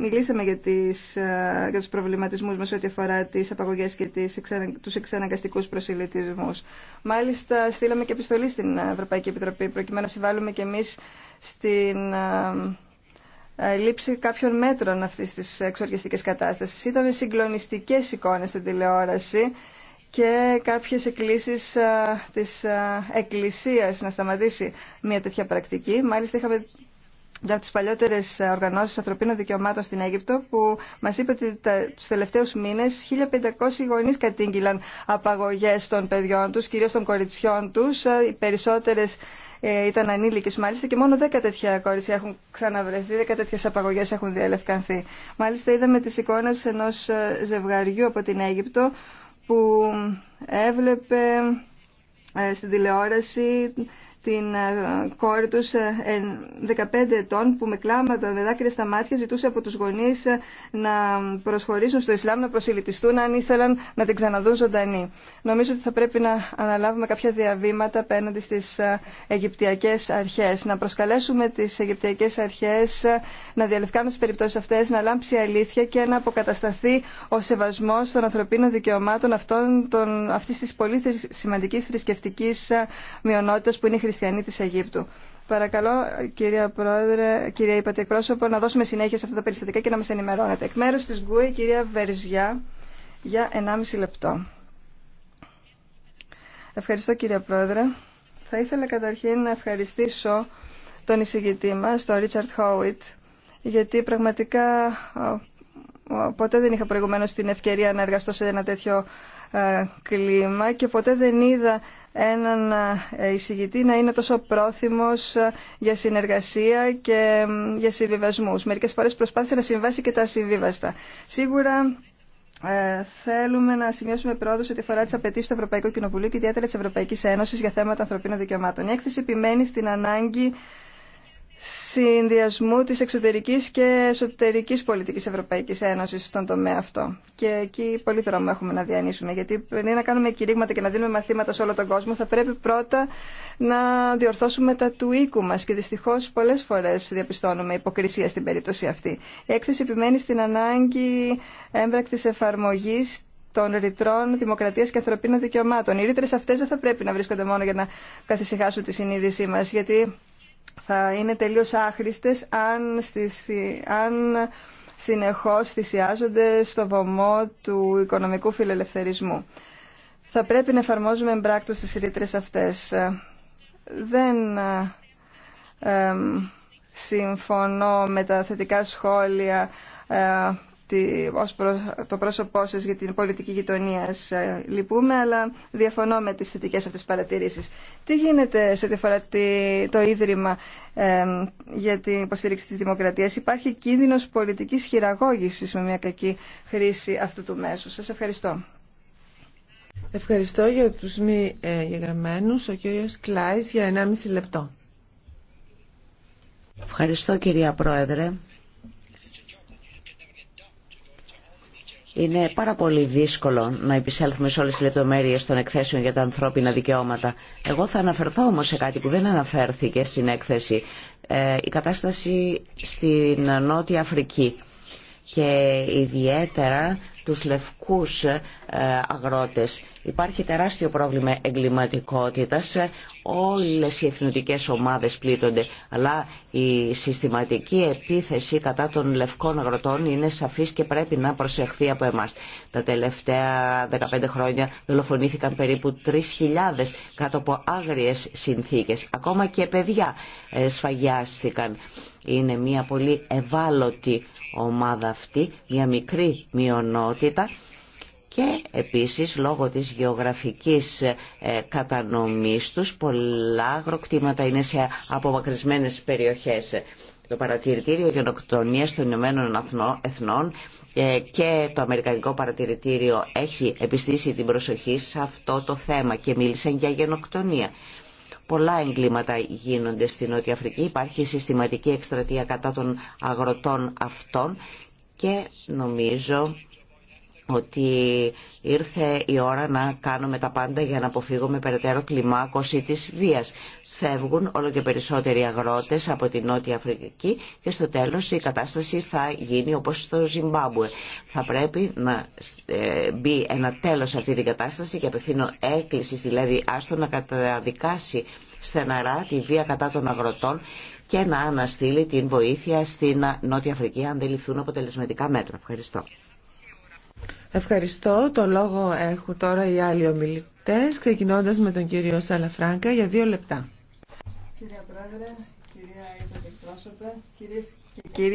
μιλήσαμε για, τις, ε, για τους προβληματισμούς μας ό,τι αφορά τις απαγωγές και τις, τους εξαναγκαστικούς προσιλητισμούς. Μάλιστα στείλαμε και επιστολή στην Ευρωπαϊκή Επιτροπή προκειμένου να συμβάλλουμε και εμείς στην ε, ε, λήψη κάποιων μέτρων αυτής της εξοργιστικής κατάστασης. Ήταν συγκλονιστικές εικόνες στην τηλεόραση και κάποιες εκκλήσεις της Εκκλησίας να σταματήσει μια τέτοια πρακτική. Μάλιστα είχαμε από τις παλιότερες οργανώσεις ανθρωπίνων δικαιωμάτων στην Αίγυπτο που μας είπε ότι τα, τους τελευταίους μήνες 1500 γονείς κατήγγυλαν απαγωγές των παιδιών τους, κυρίως των κοριτσιών τους. Οι περισσότερες ε, ήταν ανήλικες μάλιστα και μόνο 10 τέτοια κόρης έχουν ξαναβρεθεί, 10 τέτοιες απαγωγές έχουν διαλευκανθεί. Μάλιστα είδαμε τις εικόνες ενός ε, ζευγαριού από την Αίγυπτο που έβλεπε ε, στην τηλεόραση την ε, κόρη τους 15 ε, ετών που με κλάματα, με δάκρυα στα μάτια ζητούσε από τους γονείς ε, να προσχωρήσουν στο Ισλάμ, να προσιλητιστούν αν ήθελαν να την ξαναδούν ζωντανή. Νομίζω ότι θα πρέπει να αναλάβουμε κάποια διαβήματα απέναντι στις Αιγυπτιακές αρχές, να προσκαλέσουμε τις Αιγυπτιακές αρχές να διαλευκάνουν τις περιπτώσεις αυτές, να λάμψει η αλήθεια και να αποκατασταθεί ο σεβασμός των ανθρωπίνων δικαιωμάτων αυτών, των, αυτής της πολύ σημαντικής θρησκευτικής μειονότητας που είναι χριστιανοί της Αιγύπτου. Παρακαλώ, κυρία Πρόεδρε, κυρία Υπατή Πρόσωπο, να δώσουμε συνέχεια σε αυτά τα περιστατικά και να μας ενημερώνετε. Εκ μέρους της Γκουέ, κυρία Βεριζιά, για 1,5 λεπτό. Ευχαριστώ, κυρία Πρόεδρε. Θα ήθελα καταρχήν να ευχαριστήσω τον εισηγητή μας, τον Ρίτσαρτ Χόουιτ, γιατί πραγματικά Ποτέ δεν είχα προηγουμένω την ευκαιρία να εργαστώ σε ένα τέτοιο ε, κλίμα και ποτέ δεν είδα έναν ε, εισηγητή να είναι τόσο πρόθυμος ε, για συνεργασία και για συμβιβασμούς. Μερικές φορές προσπάθησε να συμβάσει και τα συμβίβαστα. Σίγουρα θέλουμε να σημειώσουμε πρόοδο ότι αφορά τι απαιτήσει του Ευρωπαϊκού Κοινοβουλίου και ιδιαίτερα τη Ευρωπαϊκή Ένωση για θέματα ανθρωπίνων δικαιωμάτων. Η έκθεση επιμένει στην ανάγκη συνδυασμού της εξωτερικής και εσωτερικής πολιτικής Ευρωπαϊκής Ένωσης στον τομέα αυτό. Και εκεί πολύ δρόμο έχουμε να διανύσουμε, γιατί πριν να κάνουμε κηρύγματα και να δίνουμε μαθήματα σε όλο τον κόσμο, θα πρέπει πρώτα να διορθώσουμε τα του οίκου μας και δυστυχώς πολλές φορές διαπιστώνουμε υποκρισία στην περίπτωση αυτή. Η έκθεση επιμένει στην ανάγκη έμπρακτης εφαρμογής των ρητρών δημοκρατία και ανθρωπίνων δικαιωμάτων. Οι ρήτρε αυτέ δεν θα πρέπει να βρίσκονται μόνο για να καθησυχάσουν τη συνείδησή μα, γιατί θα είναι τελείως άχρηστες αν, στις, αν συνεχώς θυσιάζονται στο βωμό του οικονομικού φιλελευθερισμού. Θα πρέπει να εφαρμόζουμε εμπράκτως τις ρήτρες αυτές. Δεν συμφωνώ με τα θετικά σχόλια ε, ως το πρόσωπό σας για την πολιτική γειτονία. Ε, λυπούμε, αλλά διαφωνώ με τις θετικές αυτές παρατηρήσεις. Τι γίνεται σε ό,τι αφορά το Ίδρυμα για την υποστήριξη της δημοκρατίας. Υπάρχει κίνδυνος πολιτικής χειραγώγησης με μια κακή χρήση αυτού του μέσου. Σας ευχαριστώ. Ευχαριστώ για τους μη ε, γεγραμμένους Ο κύριος Κλάης για 1,5 λεπτό. Ευχαριστώ κυρία Πρόεδρε. Είναι πάρα πολύ δύσκολο να επισέλθουμε σε όλες τις λεπτομέρειες των εκθέσεων για τα ανθρώπινα δικαιώματα. Εγώ θα αναφερθώ όμως σε κάτι που δεν αναφέρθηκε στην έκθεση. Ε, η κατάσταση στην Νότια Αφρική και ιδιαίτερα τους λευκούς ε, αγρότες. Υπάρχει τεράστιο πρόβλημα εγκληματικότητας, ε, όλες οι εθνωτικές ομάδες πλήττονται, αλλά η συστηματική επίθεση κατά των λευκών αγροτών είναι σαφής και πρέπει να προσεχθεί από εμάς. Τα τελευταία 15 χρόνια δολοφονήθηκαν περίπου 3.000 κάτω από άγριες συνθήκες. Ακόμα και παιδιά ε, σφαγιάστηκαν. Είναι μια πολύ ευάλωτη ομάδα αυτή, μια μικρή μειονότητα και επίσης λόγω της γεωγραφικής ε, κατανομής τους πολλά αγροκτήματα είναι σε απομακρυσμένες περιοχές. Το παρατηρητήριο γενοκτονίας των Ηνωμένων Εθνών ε, και το Αμερικανικό Παρατηρητήριο έχει επιστήσει την προσοχή σε αυτό το θέμα και μίλησαν για γενοκτονία. Πολλά εγκλήματα γίνονται στη Νότια Αφρική. Υπάρχει συστηματική εκστρατεία κατά των αγροτών αυτών και νομίζω ότι ήρθε η ώρα να κάνουμε τα πάντα για να αποφύγουμε περαιτέρω κλιμάκωση της βίας. Φεύγουν όλο και περισσότεροι αγρότες από την Νότια Αφρική και στο τέλος η κατάσταση θα γίνει όπως στο Ζιμπάμπουε. Θα πρέπει να ε, μπει ένα τέλος σε αυτή την κατάσταση και απευθύνω έκκληση δηλαδή Άστο να καταδικάσει στεναρά τη βία κατά των αγροτών και να αναστείλει την βοήθεια στην Νότια Αφρική αν δεν ληφθούν αποτελεσματικά μέτρα. Ευχαριστώ. Ευχαριστώ. Το λόγο έχουν τώρα οι άλλοι ομιλητέ, ξεκινώντας με τον κύριο Σαλαφράγκα για δύο λεπτά. Κύριε Πρόεδρε, κυρία Υπουργέ κυρίες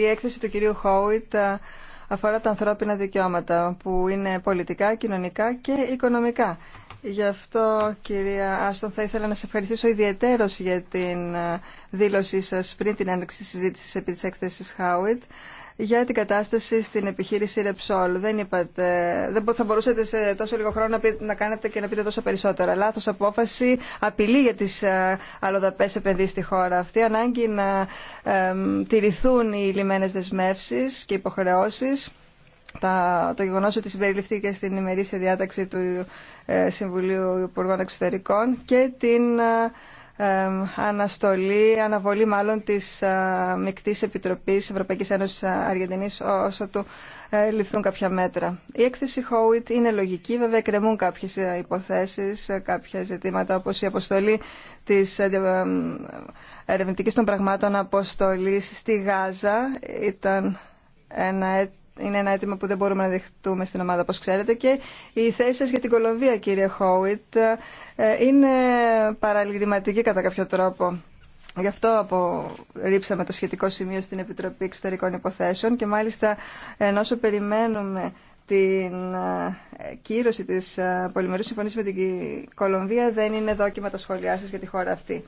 και έκθεση του κυρίου Χόουιτ ε, αφορά τα ανθρώπινα δικαιώματα που είναι πολιτικά, κοινωνικά και οικονομικά. Γι' αυτό, κυρία Άστον, θα ήθελα να σε ευχαριστήσω ιδιαίτερω για την ε, δήλωσή σα πριν την άνοιξη συζήτηση επί της έκθεση Χάουιτ για την κατάσταση στην επιχείρηση Ρεψόλ. Δεν, είπατε, δεν θα μπορούσατε σε τόσο λίγο χρόνο να, πείτε, να κάνετε και να πείτε τόσο περισσότερα. Λάθος απόφαση, απειλή για τις ε, αλλοδαπές επενδύσεις στη χώρα αυτή, ανάγκη να ε, τηρηθούν οι λιμένες δεσμεύσεις και υποχρεώσεις. Τα, το γεγονό ότι συμπεριληφθήκε στην ημερήσια διάταξη του ε, Συμβουλίου Υπουργών Εξωτερικών και την ε, αναστολή, αναβολή μάλλον της ε, Μεικτής Επιτροπής Ευρωπαϊκής Ένωσης ε, Αργεντινής όσο του ε, ληφθούν κάποια μέτρα. Η έκθεση Howitt είναι λογική, βέβαια εκκρεμούν κάποιες ε, υποθέσεις, κάποια ζητήματα όπως η αποστολή της ερευνητικής των πραγμάτων αποστολής στη Γάζα ήταν ένα είναι ένα αίτημα που δεν μπορούμε να δεχτούμε στην ομάδα, όπως ξέρετε. Και η θέση σας για την Κολομβία, κύριε Χόουιτ, ε, είναι παραλυρηματική κατά κάποιο τρόπο. Γι' αυτό απορρίψαμε το σχετικό σημείο στην Επιτροπή Εξωτερικών Υποθέσεων και μάλιστα ενώ περιμένουμε την ε, κύρωση της ε, πολυμερούς συμφωνίας με την Κολομβία δεν είναι δόκιμα τα σχόλιά σας για τη χώρα αυτή.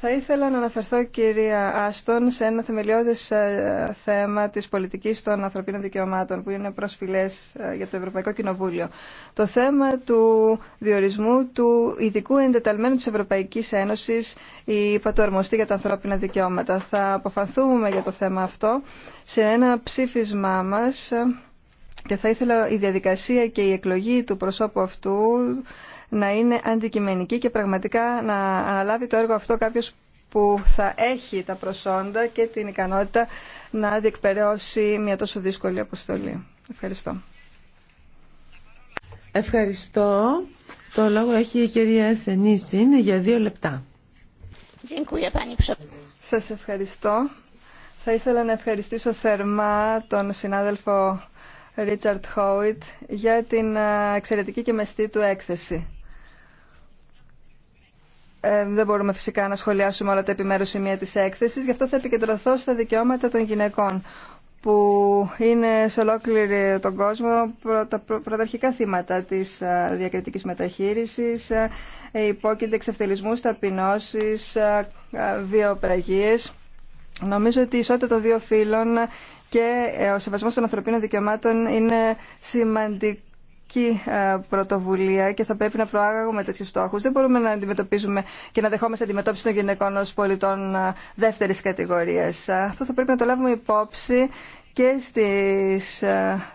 Θα ήθελα να αναφερθώ, κυρία Άστον, σε ένα θεμελιώδες ε, θέμα της πολιτικής των ανθρωπίνων δικαιωμάτων, που είναι προσφυλές ε, για το Ευρωπαϊκό Κοινοβούλιο. Το θέμα του διορισμού του ειδικού εντεταλμένου της Ευρωπαϊκής Ένωσης, η πατορμοστή για τα ανθρώπινα δικαιώματα. Θα αποφανθούμε για το θέμα αυτό σε ένα ψήφισμά μας ε, και θα ήθελα η διαδικασία και η εκλογή του προσώπου αυτού να είναι αντικειμενική και πραγματικά να αναλάβει το έργο αυτό κάποιο που θα έχει τα προσόντα και την ικανότητα να διεκπαιρεώσει μια τόσο δύσκολη αποστολή. Ευχαριστώ. Ευχαριστώ. Το λόγο έχει η κυρία Σενίσιν για δύο λεπτά. Σας ευχαριστώ. Θα ήθελα να ευχαριστήσω θερμά τον συνάδελφο Ρίτσαρτ Χόιτ για την ε, εξαιρετική και μεστή του έκθεση. Ε, δεν μπορούμε φυσικά να σχολιάσουμε όλα τα επιμέρους σημεία της έκθεσης, γι' αυτό θα επικεντρωθώ στα δικαιώματα των γυναικών που είναι σε ολόκληρη τον κόσμο τα πρωταρχικά θύματα της ε, διακριτικής μεταχείρισης, ε, υπόκειται εξευτελισμούς, ταπεινώσεις, βιοπραγίες. Νομίζω ότι η ισότητα των δύο φύλων και ο σεβασμός των ανθρωπίνων δικαιωμάτων είναι σημαντικό ε, πρωτοβουλία και θα πρέπει να προάγουμε τέτοιου στόχου. Δεν μπορούμε να αντιμετωπίζουμε και να δεχόμαστε αντιμετώπιση των γυναικών ω πολιτών ε, δεύτερη κατηγορία. Ε, αυτό θα πρέπει να το λάβουμε υπόψη και στις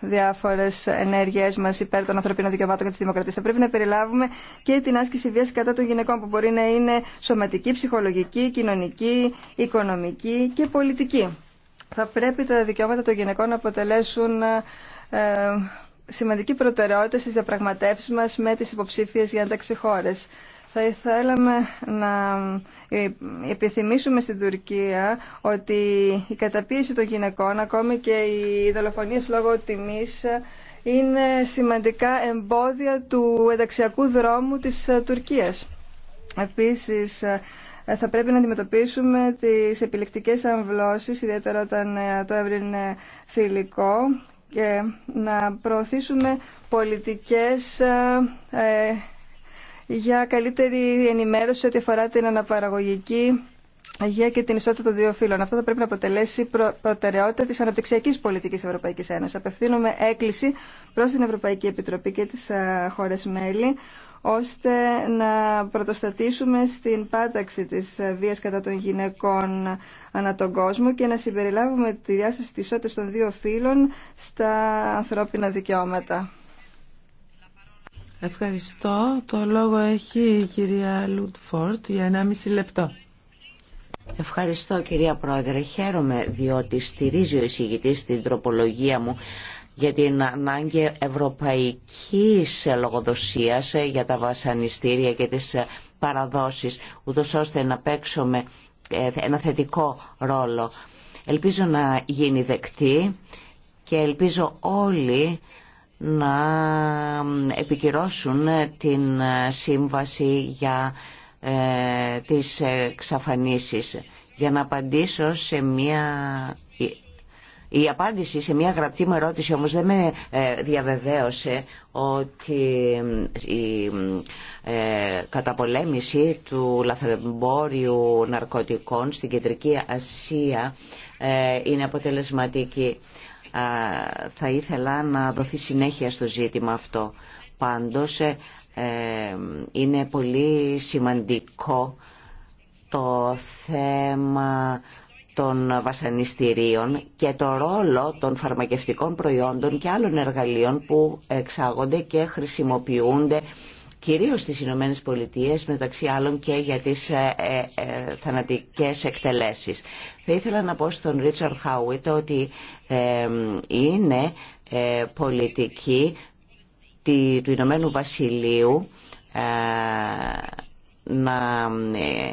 διάφορε ενέργειές μα υπέρ των ανθρωπίνων δικαιωμάτων και τη δημοκρατία. Θα πρέπει να περιλάβουμε και την άσκηση βία κατά των γυναικών που μπορεί να είναι σωματική, ψυχολογική, κοινωνική, οικονομική και πολιτική. Θα πρέπει τα δικαιώματα των γυναικών να αποτελέσουν σημαντική προτεραιότητα στις διαπραγματεύσεις μας με τις υποψήφιες για ένταξη χώρες. Θα ήθελαμε να ε, επιθυμήσουμε στην Τουρκία ότι η καταπίεση των γυναικών, ακόμη και οι δολοφονίες λόγω τιμής, είναι σημαντικά εμπόδια του ενταξιακού δρόμου της ε, Τουρκίας. Επίσης, ε, θα πρέπει να αντιμετωπίσουμε τις επιλεκτικές αμβλώσεις, ιδιαίτερα όταν το έβρινε και να προωθήσουμε πολιτικές ε, ε, για καλύτερη ενημέρωση ό,τι αφορά την αναπαραγωγική Αγία και την ισότητα των δύο φύλων. Αυτό θα πρέπει να αποτελέσει προτεραιότητα τη αναπτυξιακή πολιτική Ευρωπαϊκή Ένωση. Απευθύνουμε έκκληση προ την Ευρωπαϊκή Επιτροπή και τι ε, χώρε μέλη ώστε να πρωτοστατήσουμε στην πάταξη της βίας κατά των γυναικών ανά τον κόσμο και να συμπεριλάβουμε τη διάσταση της ισότητας των δύο φύλων στα ανθρώπινα δικαιώματα. Ευχαριστώ. Το λόγο έχει η κυρία Λουτφόρτ για μιση λεπτό. Ευχαριστώ κυρία Πρόεδρε. Χαίρομαι διότι στηρίζει ο εισηγητής την τροπολογία μου για την ανάγκη ευρωπαϊκής λογοδοσίας ε, για τα βασανιστήρια και τις ε, παραδόσεις, ούτως ώστε να παίξουμε ε, ένα θετικό ρόλο. Ελπίζω να γίνει δεκτή και ελπίζω όλοι να επικυρώσουν την σύμβαση για τις εξαφανίσεις. Για να απαντήσω σε μία η απάντηση σε μια γραπτή μου ερώτηση όμως δεν με ε, διαβεβαίωσε ότι ε, η ε, καταπολέμηση του λαθρεμπόριου ναρκωτικών στην Κεντρική Ασία είναι αποτελεσματική. Θα ήθελα να δοθεί συνέχεια στο ζήτημα αυτό. Πάντως είναι πολύ σημαντικό το θέμα των βασανιστήριων και το ρόλο των φαρμακευτικών προϊόντων και άλλων εργαλείων που εξάγονται και χρησιμοποιούνται κυρίως στις Ηνωμένες Πολιτείες, μεταξύ άλλων και για τις ε, ε, ε εκτελέσεις. Θα ήθελα να πω στον Ρίτσαρντ Χάουιτ ότι ε, είναι πολιτική του Ηνωμένου Βασιλείου να ε,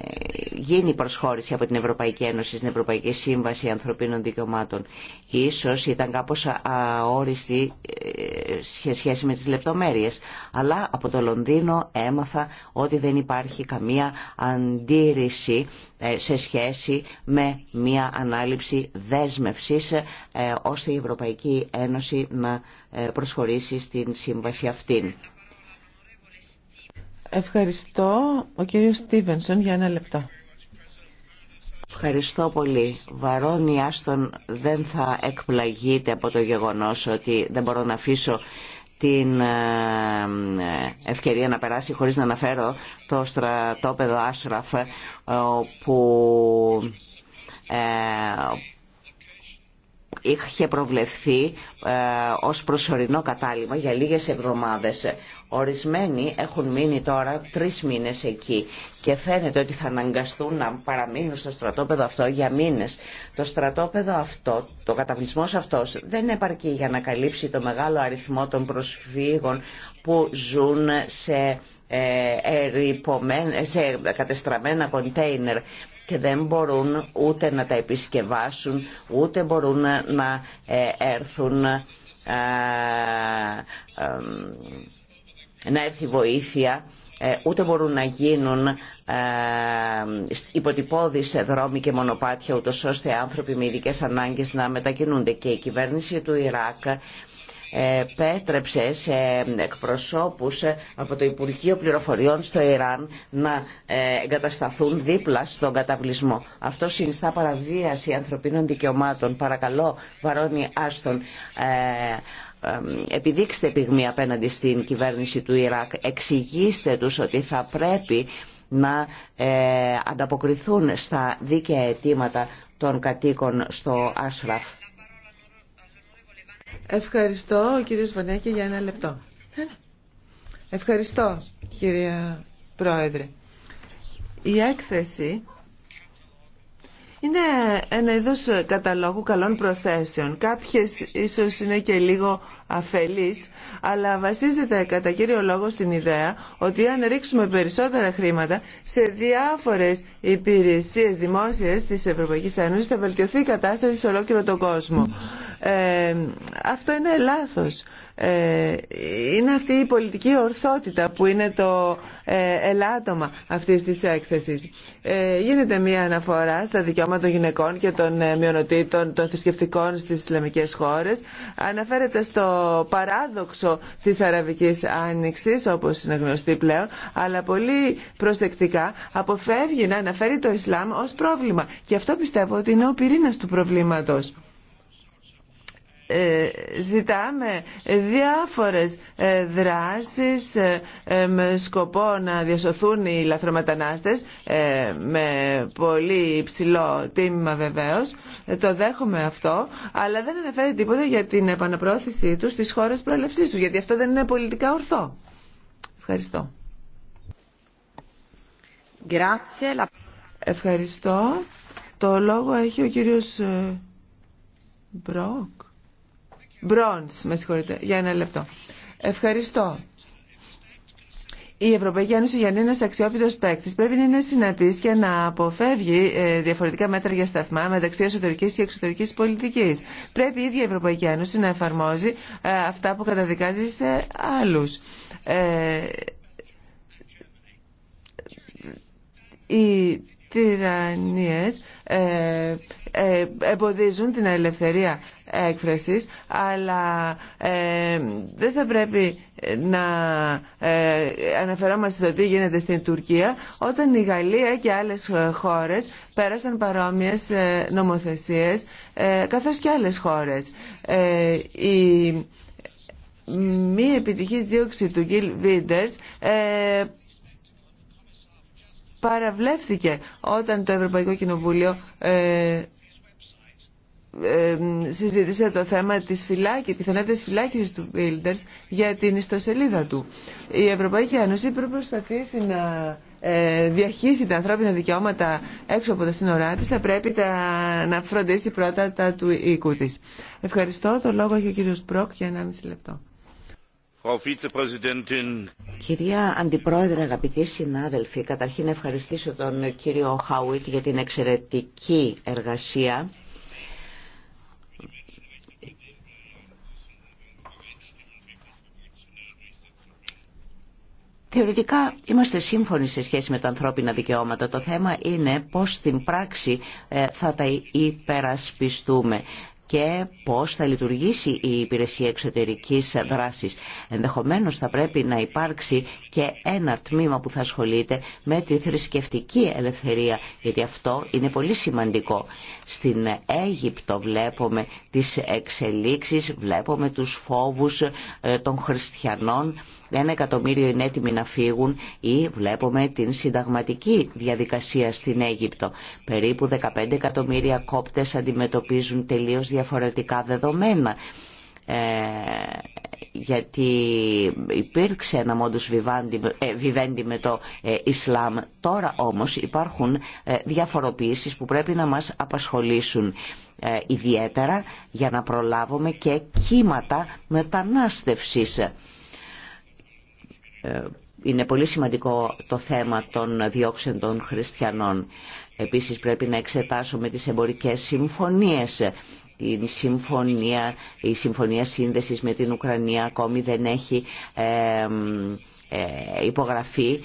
γίνει προσχώρηση από την Ευρωπαϊκή Ένωση στην Ευρωπαϊκή Σύμβαση Ανθρωπίνων Δικαιωμάτων. Ίσως ήταν κάπως αόριστη ε, σε σχέση με τις λεπτομέρειες. Αλλά από το Λονδίνο έμαθα ότι δεν υπάρχει καμία αντίρρηση ε, σε σχέση με μια ανάληψη δέσμευσης ώστε η Ευρωπαϊκή Ένωση να προσχωρήσει στην σύμβαση αυτήν. Ευχαριστώ ο κύριος Στίβενσον για ένα λεπτό. Ευχαριστώ πολύ. Βαρώνει Άστον δεν θα εκπλαγείτε από το γεγονός ότι δεν μπορώ να αφήσω την ε, ευκαιρία να περάσει χωρίς να αναφέρω το στρατόπεδο Άσραφ ε, που ε, είχε προβλεφθεί ως προσωρινό κατάλημα για λίγες εβδομάδες Ορισμένοι έχουν μείνει τώρα τρεις μήνες εκεί και φαίνεται ότι θα αναγκαστούν να παραμείνουν στο στρατόπεδο αυτό για μήνες. Το στρατόπεδο αυτό, το καταβλισμός αυτός δεν επαρκεί για να καλύψει το μεγάλο αριθμό των προσφύγων που ζουν σε, ε, σε κατεστραμμένα κοντέινερ και δεν μπορούν ούτε να τα επισκευάσουν, ούτε μπορούν να ε, έρθουν ε, να έρθει βοήθεια, ε, ούτε μπορούν να γίνουν ε, υποτυπώδεις δρόμοι και μονοπάτια, ούτως ώστε άνθρωποι με ειδικέ ανάγκες να μετακινούνται. Και η κυβέρνηση του Ιράκ ε, πέτρεψε σε εκπροσώπους από το Υπουργείο Πληροφοριών στο Ιράν να εγκατασταθούν δίπλα στον καταβλισμό. Αυτό συνιστά παραβίαση ανθρωπίνων δικαιωμάτων. Παρακαλώ, Βαρόνι Άστον, επιδείξτε πυγμή απέναντι στην κυβέρνηση του Ιράκ. Εξηγήστε τους ότι θα πρέπει να ε, ανταποκριθούν στα δίκαια αιτήματα των κατοίκων στο Άσραφ. Ευχαριστώ, ο κύριος Βανέκη, για ένα λεπτό. Ευχαριστώ, κυρία Πρόεδρε. Η έκθεση είναι ένα είδος καταλόγου καλών προθέσεων. Κάποιες ίσως είναι και λίγο αφελής, αλλά βασίζεται κατά κύριο λόγο στην ιδέα ότι αν ρίξουμε περισσότερα χρήματα σε διάφορες υπηρεσίες δημόσιες της Ευρωπαϊκής Ένωσης θα βελτιωθεί η κατάσταση σε ολόκληρο τον κόσμο. Ε, αυτό είναι λάθος. Ε, είναι αυτή η πολιτική ορθότητα που είναι το ε, ελάττωμα αυτής της έκθεσης. Ε, γίνεται μια αναφορά στα δικαιώματα των γυναικών και των ε, μειονοτήτων των θρησκευτικών στις Ισλαμικές χώρες. Αναφέρεται στο παράδοξο της Αραβικής Άνοιξης, όπως είναι γνωστή πλέον, αλλά πολύ προσεκτικά αποφεύγει να αναφέρει το Ισλάμ ως πρόβλημα. Και αυτό πιστεύω ότι είναι ο πυρήνας του προβλήματος. Ε, ζητάμε διάφορες ε, δράσεις ε, με σκοπό να διασωθούν οι λαθρομετανάστες με πολύ υψηλό τίμημα βεβαίως. Το δέχομαι αυτό, αλλά δεν αναφέρει τίποτα για την επαναπρόθεσή τους στις χώρες προελευσής τους, γιατί αυτό δεν είναι πολιτικά ορθό. Ευχαριστώ. Ευχαριστώ. Το λόγο έχει ο κύριος Μπρόκ. Μπρόνς, με συγχωρείτε, για ένα λεπτό. Ευχαριστώ. Η Ευρωπαϊκή Ένωση για να είναι ένα αξιόπιτο παίκτη πρέπει να είναι συνεπή και να αποφεύγει ε, διαφορετικά μέτρα για σταθμά μεταξύ εσωτερική και εξωτερική πολιτική. Πρέπει η ίδια η Ευρωπαϊκή Ένωση να εφαρμόζει ε, αυτά που καταδικάζει σε άλλου. Ε, οι τυραννίες ε, εμποδίζουν την ελευθερία έκφρασης αλλά ε, δεν θα πρέπει να ε, αναφερόμαστε στο τι γίνεται στην Τουρκία όταν η Γαλλία και άλλες χώρες πέρασαν παρόμοιες νομοθεσίες καθώς και άλλες χώρες. Η μη επιτυχής δίωξη του Γκίλ Βίντερς παραβλέφθηκε όταν το Ευρωπαϊκό Κοινοβούλιο συζήτησε το θέμα της φυλάκη, τη θανάτια της του Βίλντερς για την ιστοσελίδα του. Η Ευρωπαϊκή Ένωση πρέπει να προσπαθήσει να ε, διαχύσει τα ανθρώπινα δικαιώματα έξω από τα σύνορά της, θα πρέπει να φροντίσει πρώτα τα του οίκου της. Ευχαριστώ. Το λόγο έχει ο κύριος Μπρόκ για 1,5 λεπτό. Κυρία Αντιπρόεδρε, αγαπητοί συνάδελφοι, καταρχήν ευχαριστήσω τον κύριο Χάουιτ για την εξαιρετική εργασία Θεωρητικά είμαστε σύμφωνοι σε σχέση με τα ανθρώπινα δικαιώματα. Το θέμα είναι πώς στην πράξη ε, θα τα υπερασπιστούμε και πώς θα λειτουργήσει η υπηρεσία εξωτερικής δράσης. Ενδεχομένως θα πρέπει να υπάρξει και ένα τμήμα που θα ασχολείται με τη θρησκευτική ελευθερία, γιατί αυτό είναι πολύ σημαντικό. Στην Αίγυπτο βλέπουμε τις εξελίξεις, βλέπουμε τους φόβους ε, των χριστιανών, ένα εκατομμύριο είναι έτοιμοι να φύγουν ή βλέπουμε την συνταγματική διαδικασία στην Αίγυπτο. Περίπου 15 εκατομμύρια κόπτες αντιμετωπίζουν τελείως διαφορετικά δεδομένα. Ε, γιατί υπήρξε ένα μόντους βιβέντι ε, με το ε, Ισλάμ. Τώρα όμως υπάρχουν ε, διαφοροποιήσεις που πρέπει να μας απασχολήσουν ιδιαίτερα για να προλάβουμε και κύματα μετανάστευσης. Είναι πολύ σημαντικό το θέμα των διώξεων των χριστιανών. Επίσης πρέπει να εξετάσουμε τις εμπορικές συμφωνίες η συμφωνία, η συμφωνία σύνδεσης με την Ουκρανία ακόμη δεν έχει ε, υπογραφεί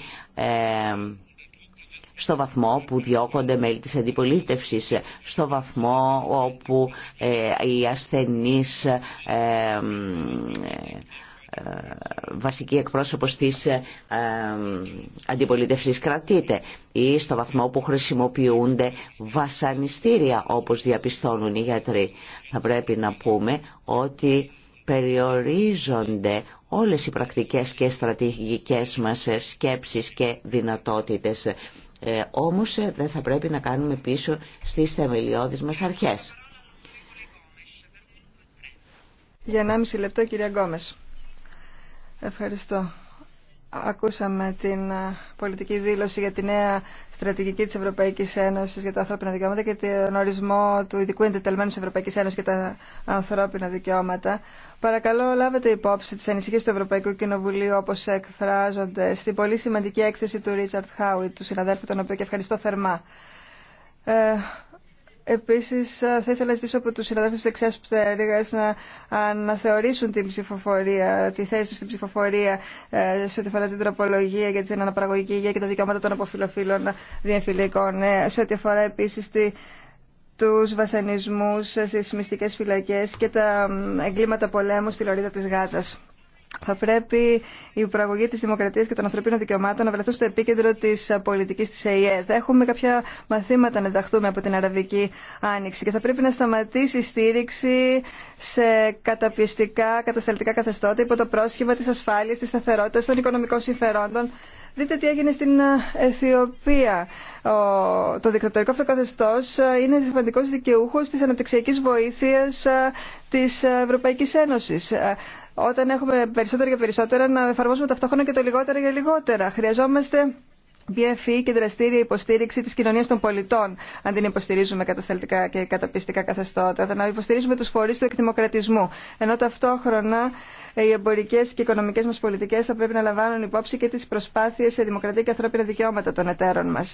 στο βαθμό που διώκονται μέλη της αντιπολίτευσης, στο βαθμό όπου ε, οι ασθενείς ε, βασική εκπρόσωπος της ε, ε, αντιπολίτευσης κρατείται ή στο βαθμό που χρησιμοποιούνται βασανιστήρια όπως διαπιστώνουν οι γιατροί. Θα πρέπει να πούμε ότι περιορίζονται όλες οι πρακτικές και στρατηγικές μας σκέψεις και δυνατότητες. Ε, όμως δεν θα πρέπει να κάνουμε πίσω στις θεμελιώδεις μας αρχές. Για 1,5 λεπτό κυρία Γκόμες. Ευχαριστώ. Ακούσαμε την ε, πολιτική δήλωση για τη νέα στρατηγική της Ευρωπαϊκής Ένωσης για τα ανθρώπινα δικαιώματα και τον ορισμό του ειδικού εντεταλμένου της Ευρωπαϊκής Ένωσης για τα ανθρώπινα δικαιώματα. Παρακαλώ λάβετε υπόψη τις ανησυχίες του Ευρωπαϊκού Κοινοβουλίου όπως εκφράζονται στην πολύ σημαντική έκθεση του Ρίτσαρτ Χάουιτ, του συναδέλφου τον οποίο και ευχαριστώ θερμά. Ε, Επίσης, θα ήθελα να ζητήσω από τους συναδέλφους της δεξιάς πτέρυγας να αναθεωρήσουν την ψηφοφορία, τη θέση τους στην ψηφοφορία ε, σε ό,τι αφορά την τροπολογία για την αναπαραγωγική υγεία και τα δικαιώματα των αποφυλοφίλων διεμφυλικών, ε, σε ό,τι αφορά επίσης τη, τους βασανισμούς ε, στις μυστικές φυλακές και τα εγκλήματα πολέμου στη Λωρίδα της Γάζας θα πρέπει η προαγωγή της δημοκρατίας και των ανθρωπίνων δικαιωμάτων να βρεθούν στο επίκεντρο της πολιτικής της ΕΕ. Θα έχουμε κάποια μαθήματα να διδαχθούμε από την Αραβική Άνοιξη και θα πρέπει να σταματήσει η στήριξη σε καταπιεστικά, κατασταλτικά καθεστώτα υπό το πρόσχημα της ασφάλειας, της σταθερότητας, των οικονομικών συμφερόντων Δείτε τι έγινε στην Αιθιοπία. το δικτατορικό αυτό καθεστώ είναι σημαντικό δικαιούχο τη αναπτυξιακή βοήθεια ε, τη Ευρωπαϊκή Ένωση. Ε, όταν έχουμε περισσότερα για περισσότερα να εφαρμόσουμε ταυτόχρονα και το λιγότερα για λιγότερα. Χρειαζόμαστε BFE και δραστήρια υποστήριξη τη κοινωνία των πολιτών, αν την υποστηρίζουμε κατασταλτικά και καταπιστικά καθεστώτα, να υποστηρίζουμε του φορεί του εκδημοκρατισμού. Ενώ ταυτόχρονα οι εμπορικέ και οικονομικέ μα πολιτικέ θα πρέπει να λαμβάνουν υπόψη και τι προσπάθειε σε δημοκρατία και ανθρώπινα δικαιώματα των εταίρων μα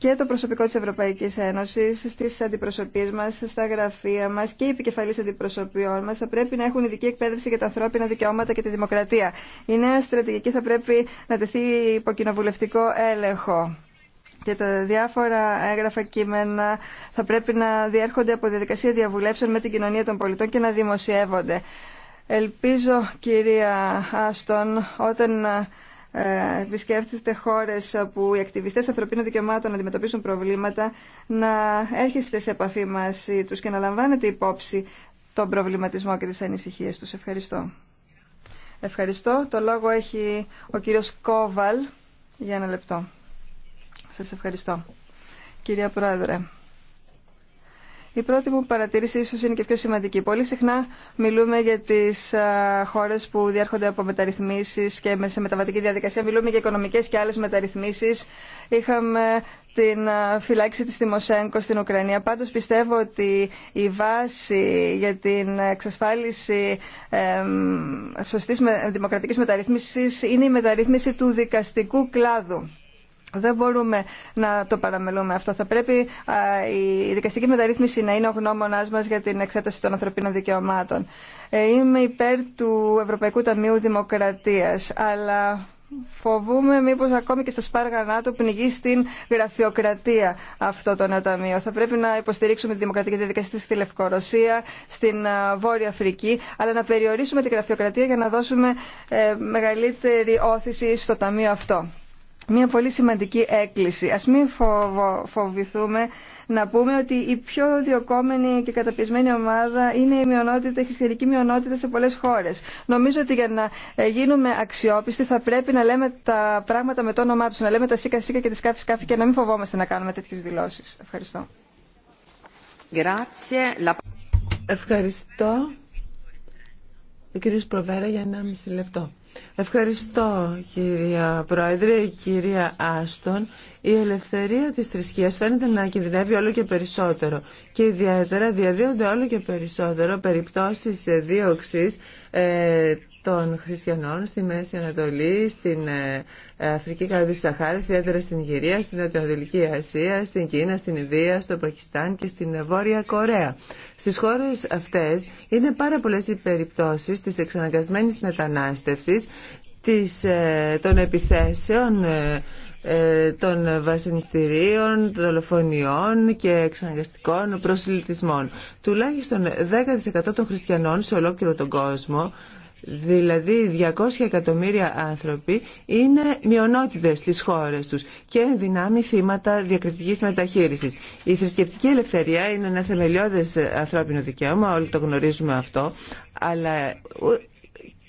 και το προσωπικό της Ευρωπαϊκής Ένωσης, στις αντιπροσωπείς μας, στα γραφεία μας και οι επικεφαλής αντιπροσωπείων μας θα πρέπει να έχουν ειδική εκπαίδευση για τα ανθρώπινα δικαιώματα και τη δημοκρατία. Η νέα στρατηγική θα πρέπει να τεθεί υπό κοινοβουλευτικό έλεγχο και τα διάφορα έγγραφα κείμενα θα πρέπει να διέρχονται από διαδικασία διαβουλεύσεων με την κοινωνία των πολιτών και να δημοσιεύονται. Ελπίζω, κυρία Άστον, όταν ε, επισκέφτεστε χώρες όπου οι ακτιβιστές ανθρωπίνων δικαιωμάτων αντιμετωπίσουν προβλήματα, να έρχεστε σε επαφή μαζί τους και να λαμβάνετε υπόψη τον προβληματισμό και τις ανησυχίες τους. Ευχαριστώ. Ευχαριστώ. Το λόγο έχει ο κύριος Κόβαλ για ένα λεπτό. Σας ευχαριστώ. Κυρία Πρόεδρε. Η πρώτη μου παρατήρηση ίσως είναι και πιο σημαντική. Πολύ συχνά μιλούμε για τις χώρες που διέρχονται από μεταρρυθμίσεις και σε μεταβατική διαδικασία. Μιλούμε για οικονομικές και άλλες μεταρρυθμίσεις. Είχαμε την φυλάξη της Τιμοσέγκο στην Ουκρανία. Πάντως πιστεύω ότι η βάση για την εξασφάλιση σωστής δημοκρατικής μεταρρύθμισης είναι η μεταρρύθμιση του δικαστικού κλάδου δεν μπορούμε να το παραμελούμε αυτό. Θα πρέπει η δικαστική μεταρρύθμιση να είναι ο γνώμονάς μας για την εξέταση των ανθρωπίνων δικαιωμάτων. Ε, είμαι υπέρ του Ευρωπαϊκού Ταμείου Δημοκρατίας, αλλά φοβούμε μήπως ακόμη και στα σπάργανά του πνιγεί στην γραφειοκρατία αυτό το ταμείο. Θα πρέπει να υποστηρίξουμε τη δημοκρατική διαδικασία στη Λευκορωσία, στην Βόρεια Αφρική, αλλά να περιορίσουμε τη γραφειοκρατία για να δώσουμε ε, μεγαλύτερη όθηση στο ταμείο αυτό μια πολύ σημαντική έκκληση. Ας μην φοβηθούμε να πούμε ότι η πιο διοκόμενη και καταπιεσμένη ομάδα είναι η, μειονότητα, η χριστιανική μειονότητα σε πολλές χώρες. Νομίζω ότι για να ε, γίνουμε αξιόπιστοι θα πρέπει να λέμε τα πράγματα με το όνομά τους, να λέμε τα σίκα σίκα και τη σκάφη σκάφη και να μην φοβόμαστε να κάνουμε τέτοιες δηλώσεις. Ευχαριστώ. Ευχαριστώ. Ο κύριος Προβέρα για ένα λεπτό. Ευχαριστώ κυρία Πρόεδρε, κυρία Άστον. Η ελευθερία της θρησκείας φαίνεται να κινδυνεύει όλο και περισσότερο και ιδιαίτερα διαδίονται όλο και περισσότερο περιπτώσεις δίωξης ε, των χριστιανών στη Μέση Ανατολή, στην ε, Αφρική κατά του ιδιαίτερα στην Ιγυρία, στην Νοτιοανατολική Ασία, στην Κίνα, στην Ινδία, στο Πακιστάν και στην Βόρεια Κορέα. Στι χώρε αυτέ είναι πάρα πολλέ οι περιπτώσει τη εξαναγκασμένη μετανάστευση, ε, των επιθέσεων, ε, των βασανιστήριων, των δολοφονιών και εξαναγκαστικών προσλητισμών. Τουλάχιστον 10% των χριστιανών σε ολόκληρο τον κόσμο Δηλαδή 200 εκατομμύρια άνθρωποι είναι μειονότητες στις χώρες τους και δυνάμει θύματα διακριτικής μεταχείρισης. Η θρησκευτική ελευθερία είναι ένα θεμελιώδες ανθρώπινο δικαίωμα, όλοι το γνωρίζουμε αυτό, αλλά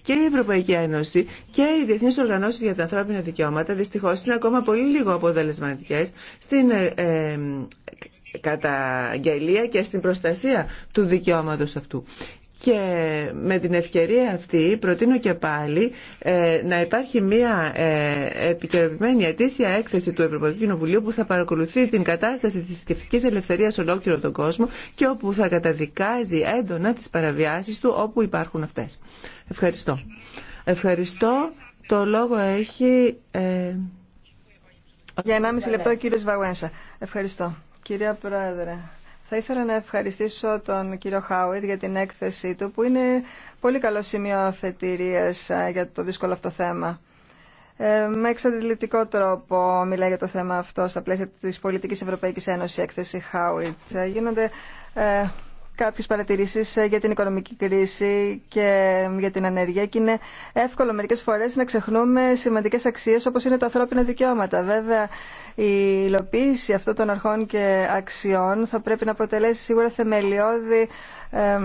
και η Ευρωπαϊκή Ένωση και οι διεθνείς οργανώσεις για τα ανθρώπινα δικαιώματα δυστυχώς είναι ακόμα πολύ λίγο αποτελεσματικές στην ε, ε καταγγελία και στην προστασία του δικαιώματος αυτού. Και με την ευκαιρία αυτή προτείνω και πάλι ε, να υπάρχει μια ε, επικαιροποιημένη αιτήσια έκθεση του Ευρωπαϊκού Κοινοβουλίου που θα παρακολουθεί την κατάσταση της θρησκευτική ελευθερίας σε ολόκληρο τον κόσμο και όπου θα καταδικάζει έντονα τις παραβιάσεις του όπου υπάρχουν αυτές. Ευχαριστώ. Ευχαριστώ. Το λόγο έχει... Ε... Για 1,5 λεπτό ο κύριος Βαγουένσα. Ευχαριστώ. Κυρία Πρόεδρε. Θα ήθελα να ευχαριστήσω τον κύριο Χάουιτ για την έκθεσή του που είναι πολύ καλό σημείο αφετηρία ε, για το δύσκολο αυτό θέμα. Ε, με εξαντλητικό τρόπο μιλάει για το θέμα αυτό στα πλαίσια της πολιτικής Ευρωπαϊκής Ένωσης η έκθεση Χάουιτ. Ε, γίνονται ε, κάποιες παρατηρήσεις ε, για την οικονομική κρίση και για την ανεργία και είναι εύκολο μερικές φορές να ξεχνούμε σημαντικές αξίες όπως είναι τα ανθρώπινα δικαιώματα. Βέβαια, η υλοποίηση αυτών των αρχών και αξιών θα πρέπει να αποτελέσει σίγουρα θεμελιώδη ε,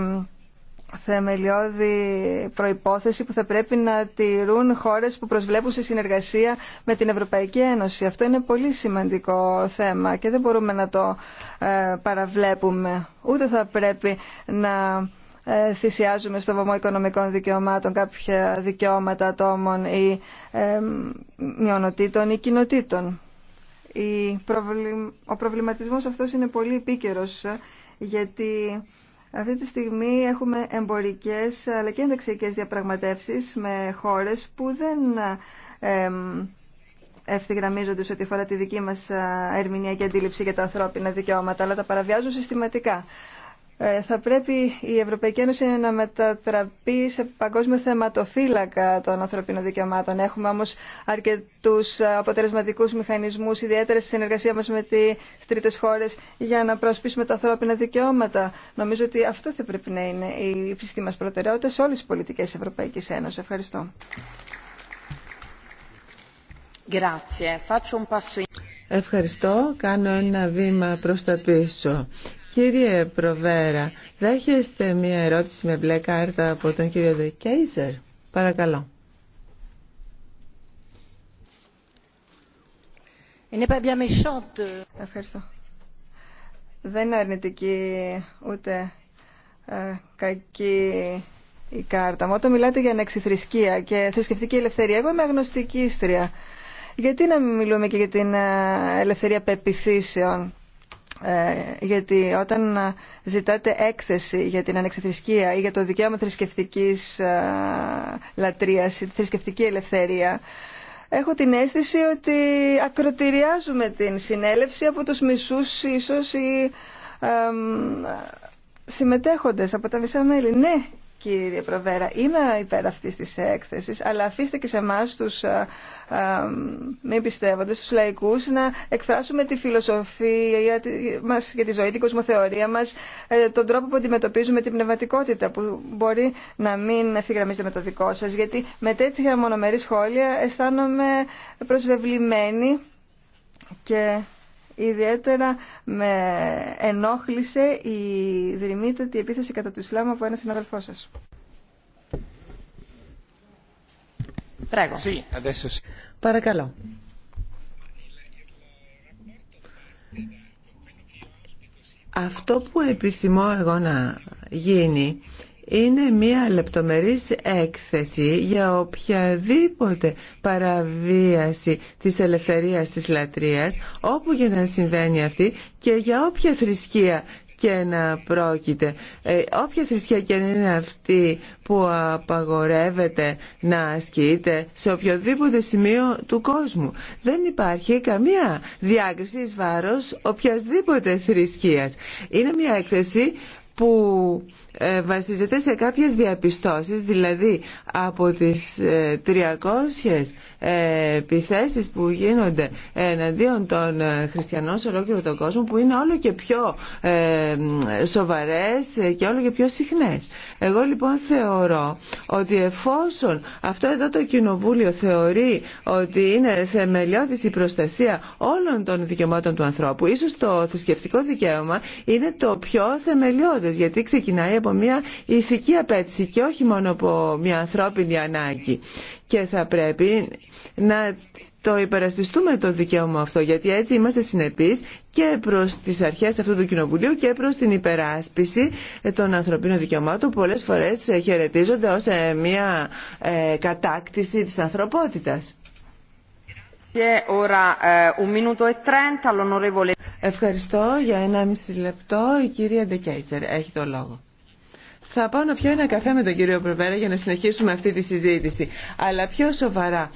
θεμελιώδη προϋπόθεση που θα πρέπει να τηρούν χώρες που προσβλέπουν σε συνεργασία με την Ευρωπαϊκή Ένωση. Αυτό είναι πολύ σημαντικό θέμα και δεν μπορούμε να το ε, παραβλέπουμε. Ούτε θα πρέπει να ε, θυσιάζουμε στο βωμό οικονομικών δικαιωμάτων κάποια δικαιώματα ατόμων ή ε, μειονοτήτων ή κοινοτήτων. Ο προβληματισμός αυτός είναι πολύ επίκαιρος γιατί αυτή τη στιγμή έχουμε εμπορικές αλλά και ενταξιακές διαπραγματεύσεις με χώρες που δεν ευθυγραμμίζονται σε ό,τι αφορά τη δική μας ερμηνεία και αντίληψη για τα ανθρώπινα δικαιώματα, αλλά τα παραβιάζουν συστηματικά. Ε, θα πρέπει η Ευρωπαϊκή Ένωση να μετατραπεί σε παγκόσμιο θεματοφύλακα των ανθρωπίνων δικαιωμάτων. Έχουμε όμως αρκετούς αποτελεσματικούς μηχανισμούς, ιδιαίτερα στη συνεργασία μας με τις τρίτες χώρες για να προσπίσουμε τα ανθρώπινα δικαιώματα. Νομίζω ότι αυτό θα πρέπει να είναι η υψηλή μας προτεραιότητα σε όλες τις πολιτικές της Ευρωπαϊκής Ένωσης. Ευχαριστώ. Ευχαριστώ. Κάνω ένα βήμα προς τα πίσω. Κύριε Προβέρα, δέχεστε μία ερώτηση με μπλε κάρτα από τον κύριο Δεκέιζερ. Παρακαλώ. Είναι Ευχαριστώ. Δεν είναι αρνητική ούτε ε, κακή η κάρτα μου. Όταν μιλάτε για αναξιθρησκεία και θρησκευτική ελευθερία, εγώ είμαι αγνωστική ίστρια. Γιατί να μιλούμε και για την ε, ελευθερία πεπιθήσεων ε, γιατί όταν ζητάτε έκθεση για την ανεξιθρησκεία ή για το δικαίωμα θρησκευτικής ε, λατρείας ή θρησκευτική ελευθερία, έχω την αίσθηση ότι ακροτηριάζουμε την συνέλευση από τους μισούς ίσως ή συμμετέχοντες από τα μισά μέλη. Ναι, κύριε Προβέρα. Είμαι υπέρ αυτής της έκθεσης, αλλά αφήστε και σε εμά τους α, ε, α, ε, μη πιστεύοντες, τους λαϊκούς, να εκφράσουμε τη φιλοσοφία μας για τη ζωή, την κοσμοθεωρία μας, ε, τον τρόπο που αντιμετωπίζουμε την πνευματικότητα, που μπορεί να μην ευθυγραμμίζεται με το δικό σας, γιατί με τέτοια μονομερή σχόλια αισθάνομαι προσβεβλημένη και Ιδιαίτερα με ενόχλησε η δρυμύτατη επίθεση κατά του Ισλάμ από ένα συναδελφό σας. Παρακαλώ. Αυτό που επιθυμώ εγώ να γίνει είναι μια λεπτομερής έκθεση για οποιαδήποτε παραβίαση της ελευθερίας της λατρείας, όπου για να συμβαίνει αυτή και για όποια θρησκεία και να πρόκειται. Ε, όποια θρησκεία και να είναι αυτή που απαγορεύεται να ασκείται σε οποιοδήποτε σημείο του κόσμου. Δεν υπάρχει καμία διάκριση εις βάρος οποιασδήποτε θρησκείας. Είναι μια έκθεση που ε, βασίζεται σε κάποιες διαπιστώσεις, δηλαδή από τις 300 ε, ε, επιθέσεις που γίνονται εναντίον των χριστιανών σε ολόκληρο τον κόσμο που είναι όλο και πιο σοβαρές και όλο και πιο συχνές. Εγώ λοιπόν θεωρώ ότι εφόσον αυτό εδώ το κοινοβούλιο θεωρεί ότι είναι θεμελιώδης η προστασία όλων των δικαιωμάτων του ανθρώπου, ίσως το θρησκευτικό δικαίωμα είναι το πιο θεμελιώδες γιατί ξεκινάει από από μια ηθική απέτηση και όχι μόνο από μια ανθρώπινη ανάγκη. Και θα πρέπει να το υπερασπιστούμε το δικαίωμα αυτό, γιατί έτσι είμαστε συνεπείς και προς τις αρχές αυτού του Κοινοβουλίου και προς την υπεράσπιση των ανθρωπίνων δικαιωμάτων που πολλές φορές χαιρετίζονται ως ε, μια ε, κατάκτηση της ανθρωπότητας. Ε, e Ευχαριστώ για ένα μισή λεπτό. Η κυρία Ντεκέιτσερ. έχει το λόγο. Θα πάω να πιω ένα καφέ με τον κύριο Προβέρα για να συνεχίσουμε αυτή τη συζήτηση. Αλλά πιο σοβαρά.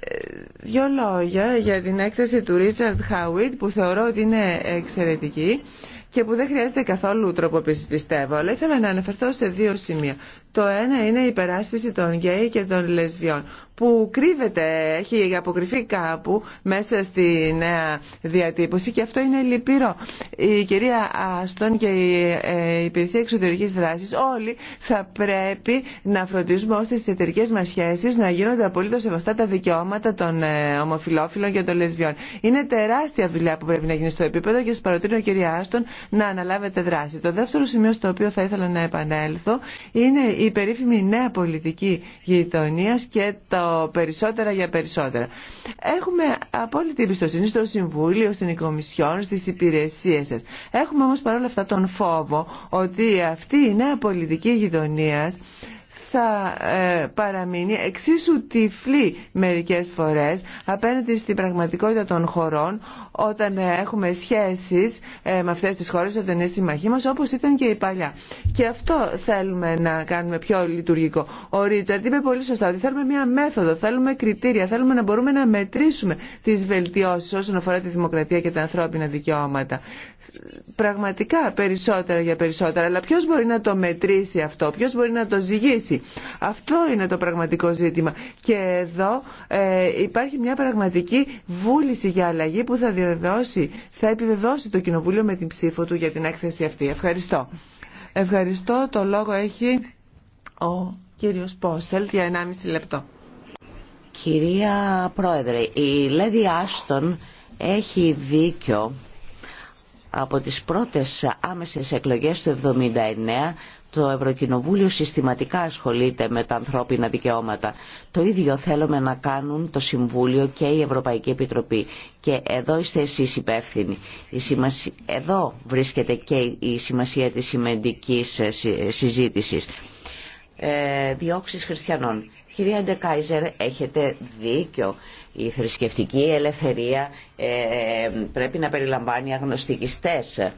Ε, δύο λόγια για την έκθεση του Ρίτσαρντ Χάουιτ που θεωρώ ότι είναι εξαιρετική και που δεν χρειάζεται καθόλου τρόπο πιστεύω. Αλλά ήθελα να αναφερθώ σε δύο σημεία. Το ένα είναι η υπεράσπιση των γκέι και των λεσβιών που κρύβεται, έχει αποκριθεί κάπου μέσα στη νέα διατύπωση και αυτό είναι λυπηρό. Η κυρία Άστον και η ε, Υπηρεσία Εξωτερικής Δράσης όλοι θα πρέπει να φροντίζουμε ώστε στις εταιρικέ μας σχέσεις να γίνονται απολύτως σεβαστά τα δικαιώματα των ε, ομοφιλόφιλων και των λεσβιών. Είναι τεράστια δουλειά που πρέπει να γίνει στο επίπεδο και σας παροτρύνω κυρία Άστον να αναλάβετε δράση. Το δεύτερο σημείο στο οποίο θα ήθελα να επανέλθω είναι η περίφημη νέα πολιτική γειτονία και το περισσότερα για περισσότερα. Έχουμε απόλυτη εμπιστοσύνη στο Συμβούλιο, στην Οικομισιόν, στις υπηρεσίες σας. Έχουμε όμως παρόλα αυτά τον φόβο ότι αυτή η νέα πολιτική γειτονίας θα ε, παραμείνει εξίσου τυφλή μερικές φορές απέναντι στην πραγματικότητα των χωρών όταν ε, έχουμε σχέσεις ε, με αυτές τις χώρες όταν είναι συμμαχοί μας όπως ήταν και η παλιά. Και αυτό θέλουμε να κάνουμε πιο λειτουργικό. Ο Ρίτσαρντ, είπε πολύ σωστά ότι θέλουμε μια μέθοδο, θέλουμε κριτήρια, θέλουμε να μπορούμε να μετρήσουμε τις βελτιώσεις όσον αφορά τη δημοκρατία και τα ανθρώπινα δικαιώματα πραγματικά περισσότερα για περισσότερα. Αλλά ποιο μπορεί να το μετρήσει αυτό, ποιο μπορεί να το ζυγίσει. Αυτό είναι το πραγματικό ζήτημα. Και εδώ ε, υπάρχει μια πραγματική βούληση για αλλαγή που θα διαβεβαιώσει, θα επιβεβαιώσει το Κοινοβούλιο με την ψήφο του για την έκθεση αυτή. Ευχαριστώ. Ευχαριστώ. Το λόγο έχει ο κύριος Πόσελτ για 1,5 λεπτό. Κυρία Πρόεδρε, η Λέδη Άστον έχει δίκιο από τις πρώτες άμεσες εκλογές του 1979 το Ευρωκοινοβούλιο συστηματικά ασχολείται με τα ανθρώπινα δικαιώματα. Το ίδιο θέλουμε να κάνουν το Συμβούλιο και η Ευρωπαϊκή Επιτροπή. Και εδώ είστε εσείς υπεύθυνοι. Η Εδώ βρίσκεται και η σημασία της σημαντικής ε, συζήτησης. Ε, διώξεις χριστιανών. Κυρία Ντεκάιζερ, έχετε δίκιο. Η θρησκευτική ελευθερία ε, ε, πρέπει να περιλαμβάνει αγνωστικιστές.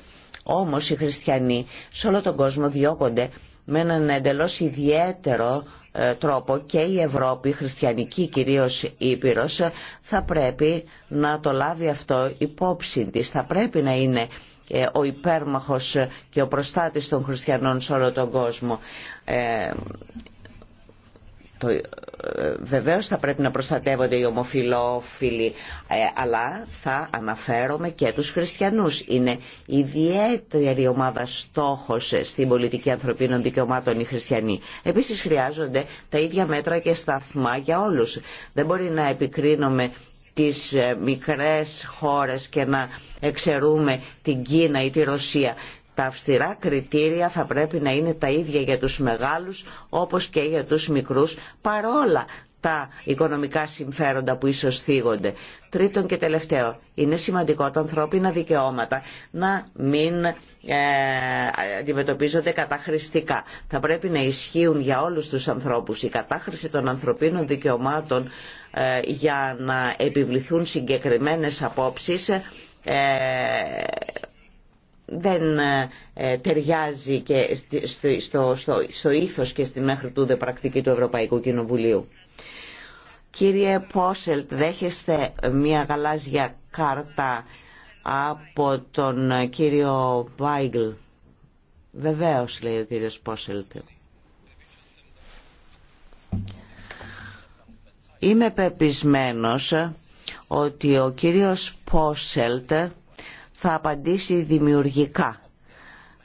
Όμως οι χριστιανοί σε όλο τον κόσμο διώκονται με έναν εντελώς ιδιαίτερο ε, τρόπο και η Ευρώπη, η χριστιανική κυρίως Ήπειρος, θα πρέπει να το λάβει αυτό υπόψη της. Θα πρέπει να είναι ο υπέρμαχος και ο προστάτης των χριστιανών σε όλο τον κόσμο. Το, ε, βεβαίως θα πρέπει να προστατεύονται οι ομοφιλόφιλοι, ε, αλλά θα αναφέρομαι και τους χριστιανούς. Είναι ιδιαίτερη ομάδα στόχος στην πολιτική ανθρωπίνων δικαιωμάτων οι χριστιανοί. Επίσης χρειάζονται τα ίδια μέτρα και σταθμά για όλους. Δεν μπορεί να επικρίνουμε τις ε, μικρές χώρες και να εξαιρούμε την Κίνα ή τη Ρωσία. Τα αυστηρά κριτήρια θα πρέπει να είναι τα ίδια για τους μεγάλους όπως και για τους μικρούς παρόλα τα οικονομικά συμφέροντα που ίσως θίγονται. Τρίτον και τελευταίο, είναι σημαντικό τα ανθρώπινα δικαιώματα να μην ε, αντιμετωπίζονται καταχρηστικά. Θα πρέπει να ισχύουν για όλους τους ανθρώπους. Η κατάχρηση των ανθρωπίνων δικαιωμάτων ε, για να επιβληθούν συγκεκριμένες απόψεις ε, δεν ε, ε, ταιριάζει και στο, στο, ήθος και στη μέχρι τούδε πρακτική του Ευρωπαϊκού Κοινοβουλίου. Κύριε Πόσελτ, δέχεστε μια γαλάζια κάρτα από τον κύριο Βάιγκλ. Βεβαίως, λέει ο κύριος Πόσελτ. Είμαι πεπισμένος ότι ο κύριος Πόσελτ θα απαντήσει δημιουργικά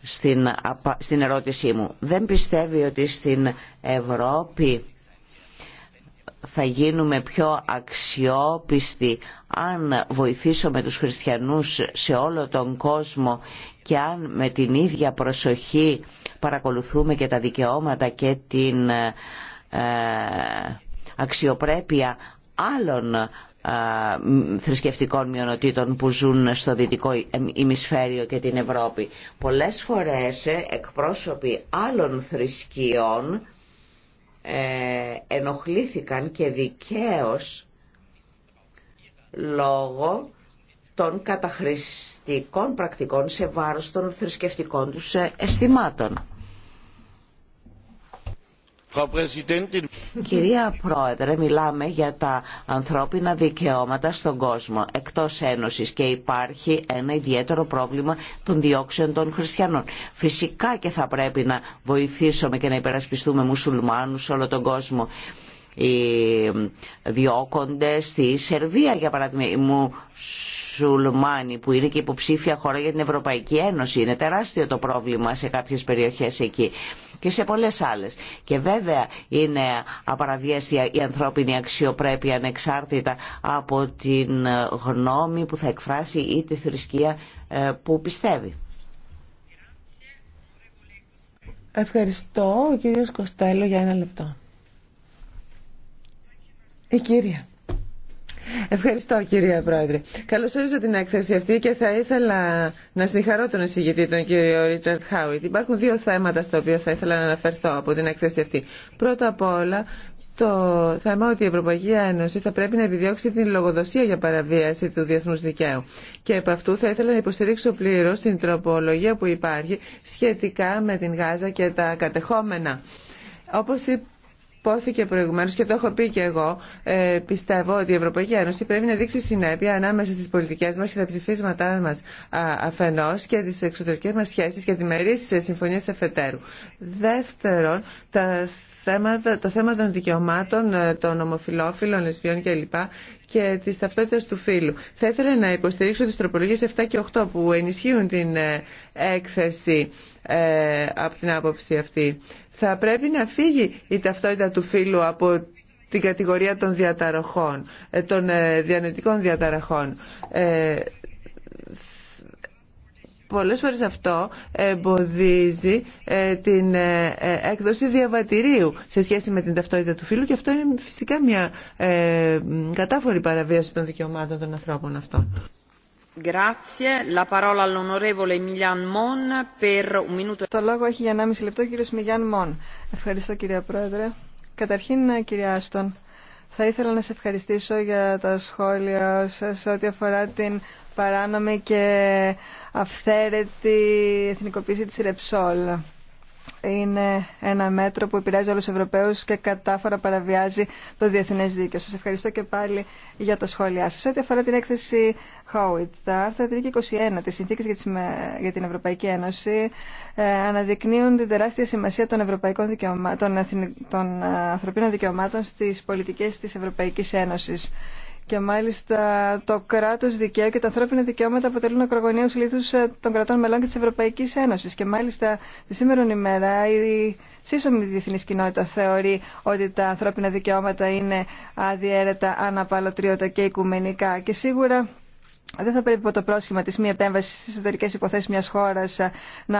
στην, ερώτησή μου. Δεν πιστεύει ότι στην Ευρώπη θα γίνουμε πιο αξιόπιστοι αν βοηθήσουμε τους χριστιανούς σε όλο τον κόσμο και αν με την ίδια προσοχή παρακολουθούμε και τα δικαιώματα και την ε, αξιοπρέπεια άλλων θρησκευτικών μειονοτήτων που ζουν στο δυτικό ημισφαίριο και την Ευρώπη. Πολλές φορές ε, εκπρόσωποι άλλων θρησκείων ε, ενοχλήθηκαν και δικαίως λόγω των καταχρηστικών πρακτικών σε βάρος των θρησκευτικών τους ε, αισθημάτων. Κυρία Πρόεδρε, μιλάμε για τα ανθρώπινα δικαιώματα στον κόσμο, εκτός Ένωσης και υπάρχει ένα ιδιαίτερο πρόβλημα των διώξεων των χριστιανών. Φυσικά και θα πρέπει να βοηθήσουμε και να υπερασπιστούμε μουσουλμάνους σε όλο τον κόσμο. Οι διώκονται στη Σερβία, για παράδειγμα, οι μουσουλμάνοι που είναι και υποψήφια χώρα για την Ευρωπαϊκή Ένωση. Είναι τεράστιο το πρόβλημα σε κάποιες περιοχές εκεί και σε πολλές άλλες. Και βέβαια είναι απαραβιέστια η ανθρώπινη αξιοπρέπεια ανεξάρτητα από την γνώμη που θα εκφράσει ή τη θρησκεία ε, που πιστεύει. Ευχαριστώ, ο κύριος Κοστέλο, για ένα λεπτό. Η κυρία. Ευχαριστώ κυρία Πρόεδρε. Καλωσορίζω την έκθεση αυτή και θα ήθελα να συγχαρώ τον εισηγητή τον κύριο Ρίτσαρτ Χάουιτ. Υπάρχουν δύο θέματα στα οποία θα ήθελα να αναφερθώ από την έκθεση αυτή. Πρώτα απ' όλα το θέμα ότι η Ευρωπαϊκή Ένωση θα πρέπει να επιδιώξει την λογοδοσία για παραβίαση του διεθνού δικαίου. Και επ' αυτού θα ήθελα να υποστηρίξω πλήρω την τροπολογία που υπάρχει σχετικά με την Γάζα και τα κατεχόμενα. Όπως Υπόθηκε προηγουμένω και το έχω πει και εγώ. Ε, πιστεύω ότι η Ευρωπαϊκή Ένωση πρέπει να δείξει συνέπεια ανάμεσα στι πολιτικέ μα και τα ψηφίσματά μα αφενό και τι εξωτερικέ μα σχέσει και τη διμερεί συμφωνίε εφετέρου. Δεύτερον, τα θέματα, το θέμα των δικαιωμάτων ε, των ομοφυλόφιλων, λεσβιών κλπ. και τη ταυτότητα του φύλου. Θα ήθελα να υποστηρίξω τι τροπολογίε 7 και 8 που ενισχύουν την ε, έκθεση ε, από την άποψη αυτή. Θα πρέπει να φύγει η ταυτότητα του φύλου από την κατηγορία των διαταραχών, των διανοητικών διαταραχών. Πολλές φορές αυτό εμποδίζει ε, την ε, ε, έκδοση διαβατηρίου σε σχέση με την ταυτότητα του φίλου και αυτό είναι φυσικά μια κατάφορη παραβίαση των δικαιωμάτων των ανθρώπων αυτών. Το λόγο έχει για 1,5 λεπτό ο κύριος Μιγιάν Μον. Ευχαριστώ κυρία Πρόεδρε. Καταρχήν κυρία Άστον, θα ήθελα να σε ευχαριστήσω για τα σχόλια σας ό,τι αφορά την παράνομη και αυθαίρετη εθνικοποίηση της Ρεψόλ. Είναι ένα μέτρο που επηρεάζει όλους τους Ευρωπαίους και κατάφορα παραβιάζει το διεθνές δίκαιο. Σας ευχαριστώ και πάλι για τα σχόλιά σας. Ό,τι αφορά την έκθεση Howitt, τα άρθρα 3 και 21 της για την Ευρωπαϊκή Ένωση ε, αναδεικνύουν την τεράστια σημασία των, ευρωπαϊκών δικαιωμάτων, των ε, ανθρωπίνων δικαιωμάτων στις πολιτικές της Ευρωπαϊκής Ένωσης και μάλιστα το κράτο δικαίου και τα ανθρώπινα δικαιώματα αποτελούν ακρογωνίου λήθου ε, των κρατών μελών και τη Ευρωπαϊκή Ένωση. Και μάλιστα τη σήμερα ημέρα η σύσσωμη διεθνή κοινότητα θεωρεί ότι τα ανθρώπινα δικαιώματα είναι αδιέρετα, αναπαλωτριώτα και οικουμενικά. Και σίγουρα δεν θα πρέπει από το πρόσχημα της μη επέμβαση στις εσωτερικές υποθέσεις μιας χώρας ε, να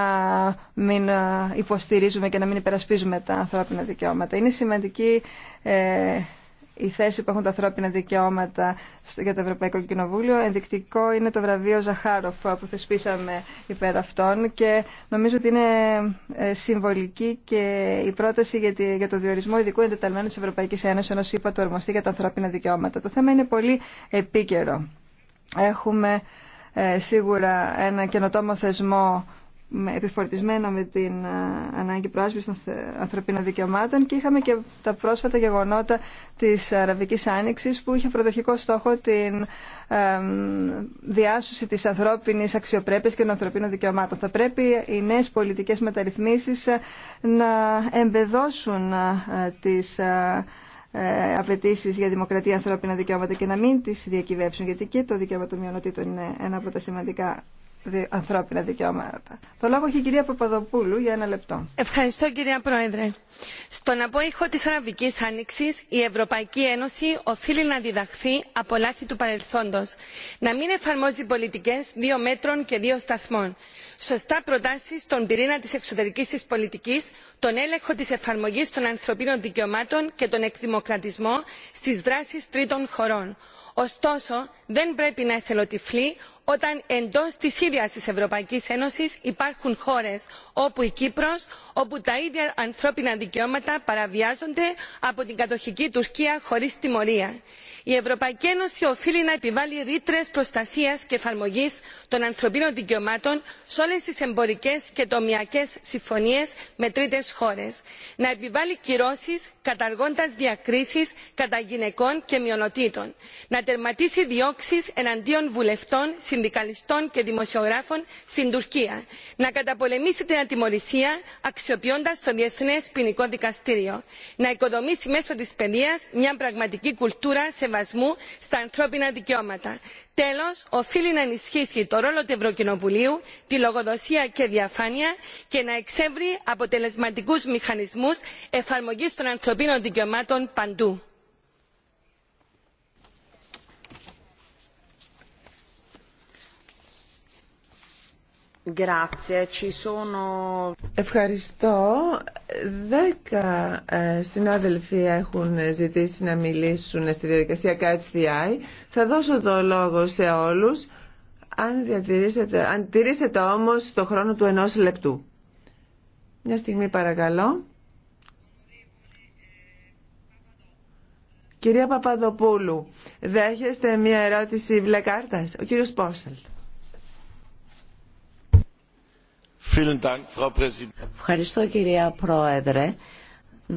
μην ε, υποστηρίζουμε και να μην υπερασπίζουμε τα ανθρώπινα δικαιώματα. Είναι σημαντική η θέση που έχουν τα ανθρώπινα δικαιώματα για το Ευρωπαϊκό Κοινοβούλιο. Ενδεικτικό είναι το βραβείο Ζαχάροφ που θεσπίσαμε υπέρ αυτών και νομίζω ότι είναι ε, συμβολική και η πρόταση για, το διορισμό ειδικού εντεταλμένου τη ευρωπαϊκή Ένωση ενό είπα το ορμοστή για τα ανθρώπινα δικαιώματα. Το θέμα είναι πολύ επίκαιρο. Έχουμε ε, σίγουρα ένα καινοτόμο θεσμό επιφορτισμένο με την ε, ανάγκη πρόσβησης των ανθρωπίνων δικαιωμάτων και είχαμε και τα πρόσφατα γεγονότα της Αραβικής Άνοιξης που είχε προδοχικό στόχο την διάσωση της ανθρώπινης αξιοπρέπειας και των ανθρωπίνων δικαιωμάτων. Θα πρέπει οι νέες πολιτικές μεταρρυθμίσεις ε, να εμπεδώσουν ε, τις ε, απαιτήσει για δημοκρατία, ανθρώπινα δικαιώματα και να μην τι διακυβεύσουν, γιατί και το δικαίωμα των μειονοτήτων είναι ένα από τα σημαντικά ανθρώπινα δικαιώματα. Το λόγο έχει η κυρία Παπαδοπούλου για ένα λεπτό. Ευχαριστώ κυρία Πρόεδρε. Στον απόϊχο της Αραβικής Άνοιξης η Ευρωπαϊκή Ένωση οφείλει να διδαχθεί από λάθη του παρελθόντος. Να μην εφαρμόζει πολιτικές δύο μέτρων και δύο σταθμών. Σωστά προτάσει στον πυρήνα της εξωτερικής της πολιτικής, τον έλεγχο της εφαρμογής των ανθρωπίνων δικαιωμάτων και τον εκδημοκρατισμό στι δράσεις τρίτων χωρών. Ωστόσο, δεν πρέπει να εθελοτυφλεί όταν εντό τη ίδια τη Ευρωπαϊκή Ένωση υπάρχουν χώρε όπου η Κύπρο, όπου τα ίδια ανθρώπινα δικαιώματα παραβιάζονται από την κατοχική τουρκία χωρί τιμωρία. η ευρωπαϊκή ένωση οφείλει να επιβάλλει ρήτρε προστασία και εφαρμογή των ανθρωπίνων δικαιωμάτων σε όλε τι εμπορικέ και τομεακέ συμφωνίε με τρίτε χώρε, να επιβάλλει κυρώσει καταργώντα διακρίσει κατά γυναικών και μειονοτήτων να τερματίσει διώξει εναντίον βουλευτών συνδικαλιστών και δημοσιογράφων στην τουρκία να καταπολεμήσει την ατιμορρησία αξιοποιώντα το διεθνέ ποινικό δικαστήριο να οικοδομήσει μέσω τη παιδεία μια πραγματική κουλτούρα σεβασμού στα ανθρώπινα δικαιώματα. τέλο οφείλει να ενισχύσει το ρόλο του ευρωκοινοβουλίου τη λογοδοσία και διαφάνεια και να εξεύρει αποτελεσματικού μηχανισμού εφαρμογή των ανθρωπίνων δικαιωμάτων παντού. Ευχαριστώ. Δέκα ε, συνάδελφοι έχουν ζητήσει να μιλήσουν στη διαδικασία Catch Θα δώσω το λόγο σε όλους, αν, διατηρήσετε, αν τηρήσετε όμως το χρόνο του ενός λεπτού. Μια στιγμή παρακαλώ. Κυρία Παπαδοπούλου, δέχεστε μια ερώτηση βλεκάρτας. Ο κύριος Πόσελτ. Ευχαριστώ κυρία Πρόεδρε.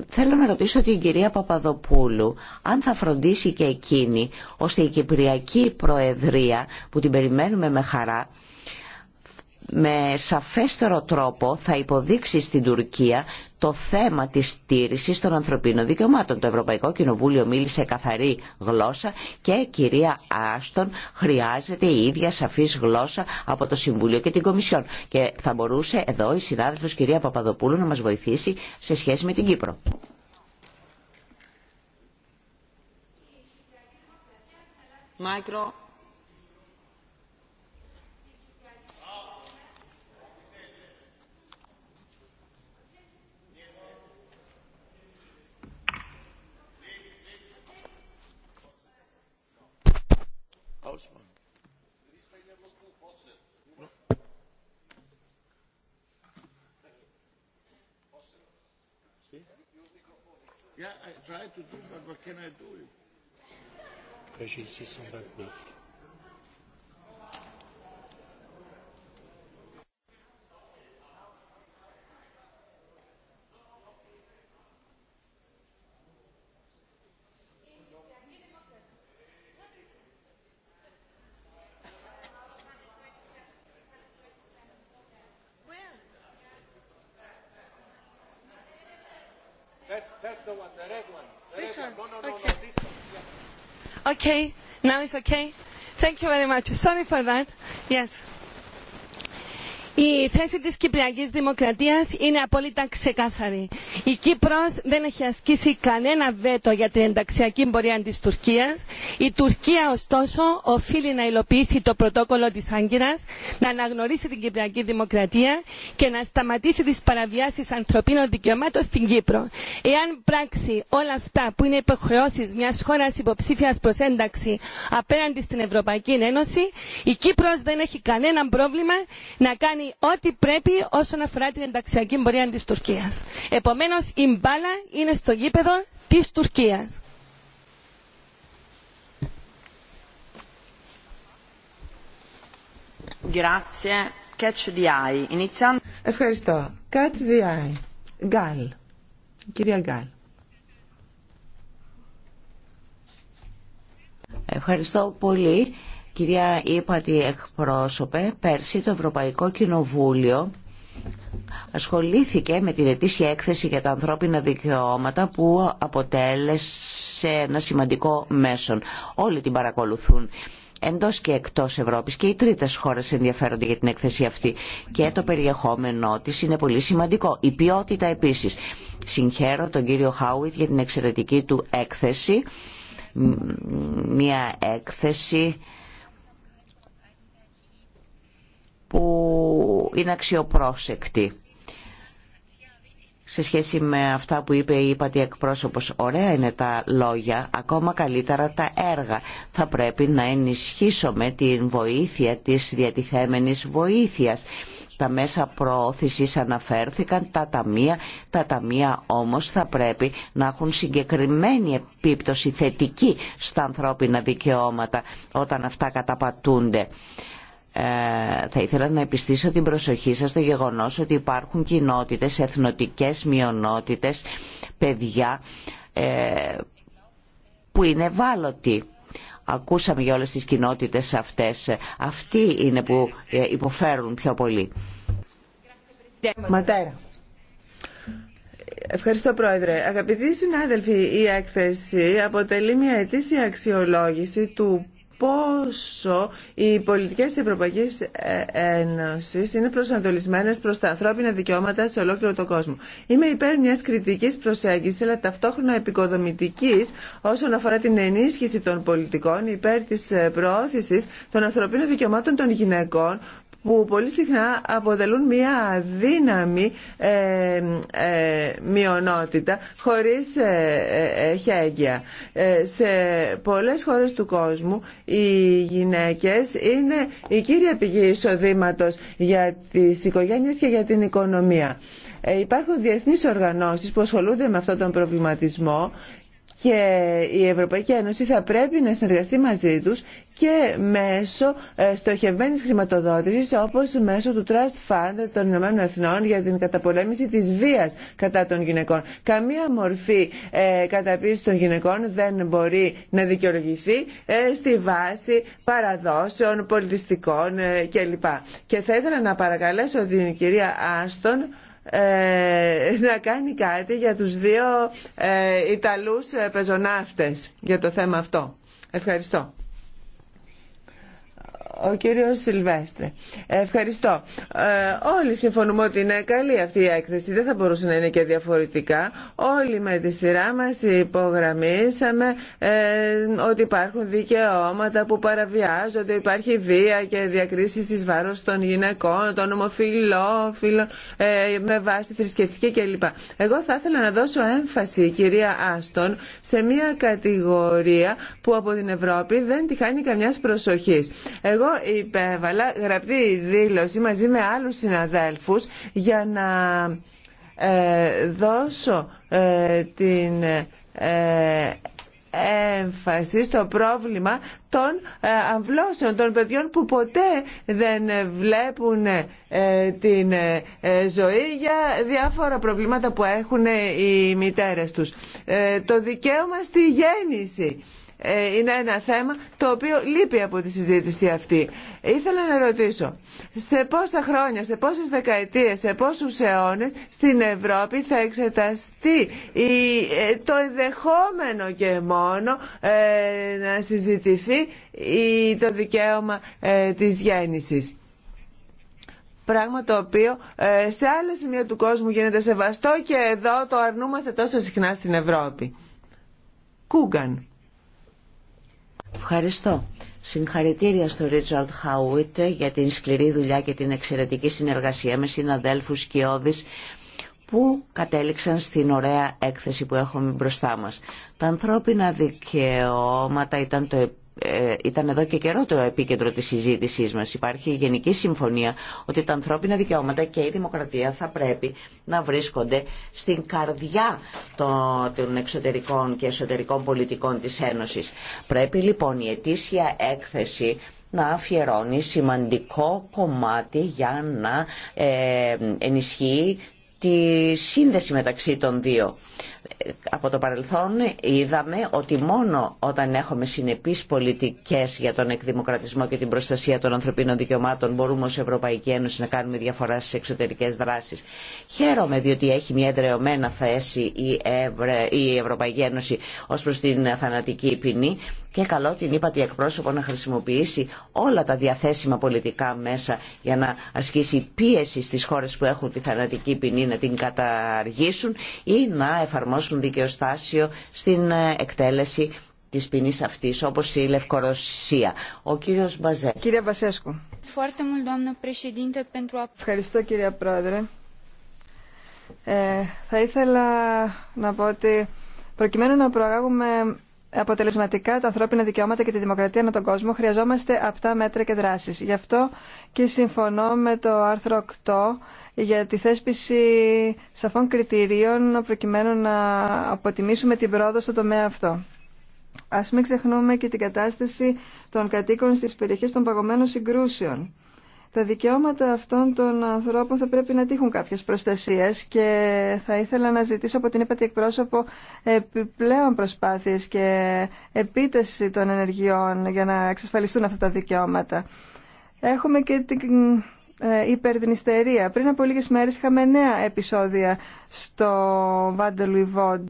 Θέλω να ρωτήσω την κυρία Παπαδοπούλου αν θα φροντίσει και εκείνη ώστε η Κυπριακή Προεδρία που την περιμένουμε με χαρά με σαφέστερο τρόπο θα υποδείξει στην Τουρκία το θέμα της στήριξης των ανθρωπίνων δικαιωμάτων. Το Ευρωπαϊκό Κοινοβούλιο μίλησε καθαρή γλώσσα και κυρία Άστον χρειάζεται η ίδια σαφής γλώσσα από το Συμβούλιο και την Κομισιόν. Και θα μπορούσε εδώ η συνάδελφος κυρία Παπαδοπούλου να μας βοηθήσει σε σχέση με την Κύπρο. try to do, but what can I do? okay? Now it's okay? Thank you very much. Sorry for that. Yes η θέση της κυπριακής δημοκρατίας είναι απόλυτα ξεκάθαρη. η κύπρος δεν έχει ασκήσει κανένα βέτο για την ενταξιακή πορεία της τουρκίας. η τουρκία ωστόσο οφείλει να υλοποιήσει το πρωτόκολλο της άγκυρας να αναγνωρίσει την κυπριακή δημοκρατία και να σταματήσει τις παραβιάσεις ανθρωπίνων δικαιωμάτων στην κύπρο. εάν πράξει όλα αυτά που είναι υποχρεώσεις μιας χώρας υποψήφιας προς ένταξη απέναντι στην ευρωπαϊκή ένωση η κύπρος δεν έχει κανένα πρόβλημα να κάνει ό,τι πρέπει όσον αφορά την ενταξιακή πορεία της Τουρκίας. Επομένως, η μπάλα είναι στο γήπεδο της Τουρκίας. Ευχαριστώ. Catch the eye. Γκάλ. Κυρία Γκάλ. Ευχαριστώ πολύ. Κυρία Ήπατη εκπρόσωπε, πέρσι το Ευρωπαϊκό Κοινοβούλιο ασχολήθηκε με την ετήσια έκθεση για τα ανθρώπινα δικαιώματα που αποτέλεσε ένα σημαντικό μέσον. Όλοι την παρακολουθούν εντός και εκτός Ευρώπης και οι τρίτες χώρες ενδιαφέρονται για την έκθεση αυτή και το περιεχόμενό της είναι πολύ σημαντικό. Η ποιότητα επίσης. Συγχαίρω τον κύριο Χάουιτ για την εξαιρετική του έκθεση. Μια έκθεση που είναι αξιοπρόσεκτη σε σχέση με αυτά που είπε η υπατή εκπρόσωπος. Ωραία είναι τα λόγια, ακόμα καλύτερα τα έργα. Θα πρέπει να ενισχύσουμε την βοήθεια της διατιθέμενης βοήθειας. Τα μέσα προώθησης αναφέρθηκαν, τα ταμεία, τα ταμεία όμως θα πρέπει να έχουν συγκεκριμένη επίπτωση θετική στα ανθρώπινα δικαιώματα όταν αυτά καταπατούνται. Ε, θα ήθελα να επιστήσω την προσοχή σας στο γεγονός ότι υπάρχουν κοινότητες, εθνοτικές μειονότητες, παιδιά ε, που είναι ευάλωτοι. Ακούσαμε για όλες τις κοινότητες αυτές. Αυτοί είναι που ε, υποφέρουν πιο πολύ. Ματέρα. Ευχαριστώ Πρόεδρε. Αγαπητοί συνάδελφοι, η έκθεση αποτελεί μια ετήσια αξιολόγηση του πόσο οι πολιτικές της Ευρωπαϊκής ε, Ένωσης είναι προσανατολισμένες προς τα ανθρώπινα δικαιώματα σε ολόκληρο τον κόσμο. Είμαι υπέρ μιας κριτικής προσέγγισης, αλλά ταυτόχρονα επικοδομητικής όσον αφορά την ενίσχυση των πολιτικών υπέρ της ε, προώθησης των ανθρωπίνων δικαιωμάτων των γυναικών που πολύ συχνά αποτελούν μια αδύναμη ε, ε μειονότητα χωρίς ε, ε, ε χέγγια. Σε πολλές χώρες του κόσμου οι γυναίκες είναι η κύρια πηγή εισοδήματος για τις οικογένειες και για την οικονομία. Υπάρχουν διεθνείς οργανώσεις που ασχολούνται με αυτόν τον προβληματισμό και η Ευρωπαϊκή Ένωση θα πρέπει να συνεργαστεί μαζί τους και μέσω ε, στοχευμένης χρηματοδότησης όπως μέσω του Trust Fund των Ηνωμένων Εθνών για την καταπολέμηση της βίας κατά των γυναικών. Καμία μορφή ε, των γυναικών δεν μπορεί να δικαιολογηθεί ε, στη βάση παραδόσεων, πολιτιστικών ε, κλπ. Και θα ήθελα να παρακαλέσω την κυρία Άστον ε, να κάνει κάτι για τους δύο ε, Ιταλούς ε, πεζοναύτες για το θέμα αυτό. Ευχαριστώ. Ο κύριο Σιλβέστρε. Ευχαριστώ. Ε, όλοι συμφωνούμε ότι είναι καλή αυτή η έκθεση. Δεν θα μπορούσε να είναι και διαφορετικά. Όλοι με τη σειρά μα υπογραμμίσαμε ε, ότι υπάρχουν δικαιώματα που παραβιάζονται, υπάρχει βία και διακρίσει ει βάρος των γυναικών, των ομοφυλόφιλων ε, με βάση θρησκευτική κλπ. Εγώ θα ήθελα να δώσω έμφαση, κυρία Άστον, σε μια κατηγορία που από την Ευρώπη δεν τη χάνει καμιά προσοχής. Εγώ εγώ υπέβαλα γραπτή δήλωση μαζί με άλλους συναδέλφους για να ε, δώσω ε, την ε, έμφαση στο πρόβλημα των ε, αμβλώσεων, των παιδιών που ποτέ δεν βλέπουν την ζωή για διάφορα προβλήματα που έχουν οι μητέρες τους. Το δικαίωμα στη γέννηση ε, είναι ένα θέμα το οποίο λείπει από τη συζήτηση αυτή. Ήθελα να ρωτήσω, σε πόσα χρόνια, σε πόσες δεκαετίες, σε πόσους αιώνες στην Ευρώπη θα εξεταστεί ε, το ενδεχόμενο και μόνο ε, να συζητηθεί το δικαίωμα της γέννησης πράγμα το οποίο σε άλλα σημεία του κόσμου γίνεται σεβαστό και εδώ το αρνούμαστε τόσο συχνά στην Ευρώπη. Κούγκαν. Ευχαριστώ. Συγχαρητήρια στον Ρίτσαρντ Χαούιτ για την σκληρή δουλειά και την εξαιρετική συνεργασία με συναδέλφους όδης που κατέληξαν στην ωραία έκθεση που έχουμε μπροστά μας. Τα ανθρώπινα δικαιώματα ήταν το ε, ήταν εδώ και καιρό το επίκεντρο της συζήτησής μας. Υπάρχει η γενική συμφωνία ότι τα ανθρώπινα δικαιώματα και η δημοκρατία θα πρέπει να βρίσκονται στην καρδιά των εξωτερικών και εσωτερικών πολιτικών της Ένωσης. Πρέπει λοιπόν η ετήσια έκθεση να αφιερώνει σημαντικό κομμάτι για να ε, ενισχύει τη σύνδεση μεταξύ των δύο από το παρελθόν είδαμε ότι μόνο όταν έχουμε συνεπείς πολιτικές για τον εκδημοκρατισμό και την προστασία των ανθρωπίνων δικαιωμάτων μπορούμε ως Ευρωπαϊκή Ένωση να κάνουμε διαφορά στις εξωτερικές δράσεις. Χαίρομαι διότι έχει μια εντρεωμένα θέση η, η Ευρωπαϊκή Ένωση ως προς την θανατική ποινή και καλό την είπα τη εκπρόσωπο να χρησιμοποιήσει όλα τα διαθέσιμα πολιτικά μέσα για να ασκήσει πίεση στις χώρες που έχουν τη θανατική ποινή να την καταργήσουν ή να εφαρμόσουν εφαρμόσουν δικαιοστάσιο στην ε, εκτέλεση της ποινής αυτής, όπως η Λευκορωσία. Ο κύριος Μπαζέ. Κύριε Μπασέσκου. Ευχαριστώ κύριε Πρόεδρε. Ε, θα ήθελα να πω ότι προκειμένου να προαγάγουμε αποτελεσματικά τα ανθρώπινα δικαιώματα και τη δημοκρατία ανά τον κόσμο, χρειαζόμαστε αυτά μέτρα και δράσει. Γι' αυτό και συμφωνώ με το άρθρο 8 για τη θέσπιση σαφών κριτηρίων προκειμένου να αποτιμήσουμε την πρόοδο στο τομέα αυτό. Ας μην ξεχνούμε και την κατάσταση των κατοίκων στις περιοχές των παγωμένων συγκρούσεων τα δικαιώματα αυτών των ανθρώπων θα πρέπει να τύχουν κάποιες προστασίες και θα ήθελα να ζητήσω από την ΕΠΑΤΗ εκπρόσωπο επιπλέον προσπάθειες και επίτεση των ενεργειών για να εξασφαλιστούν αυτά τα δικαιώματα. Έχουμε και την ε, υπερδνηστερία. Πριν από λίγες μέρες είχαμε νέα επεισόδια στο Βάντε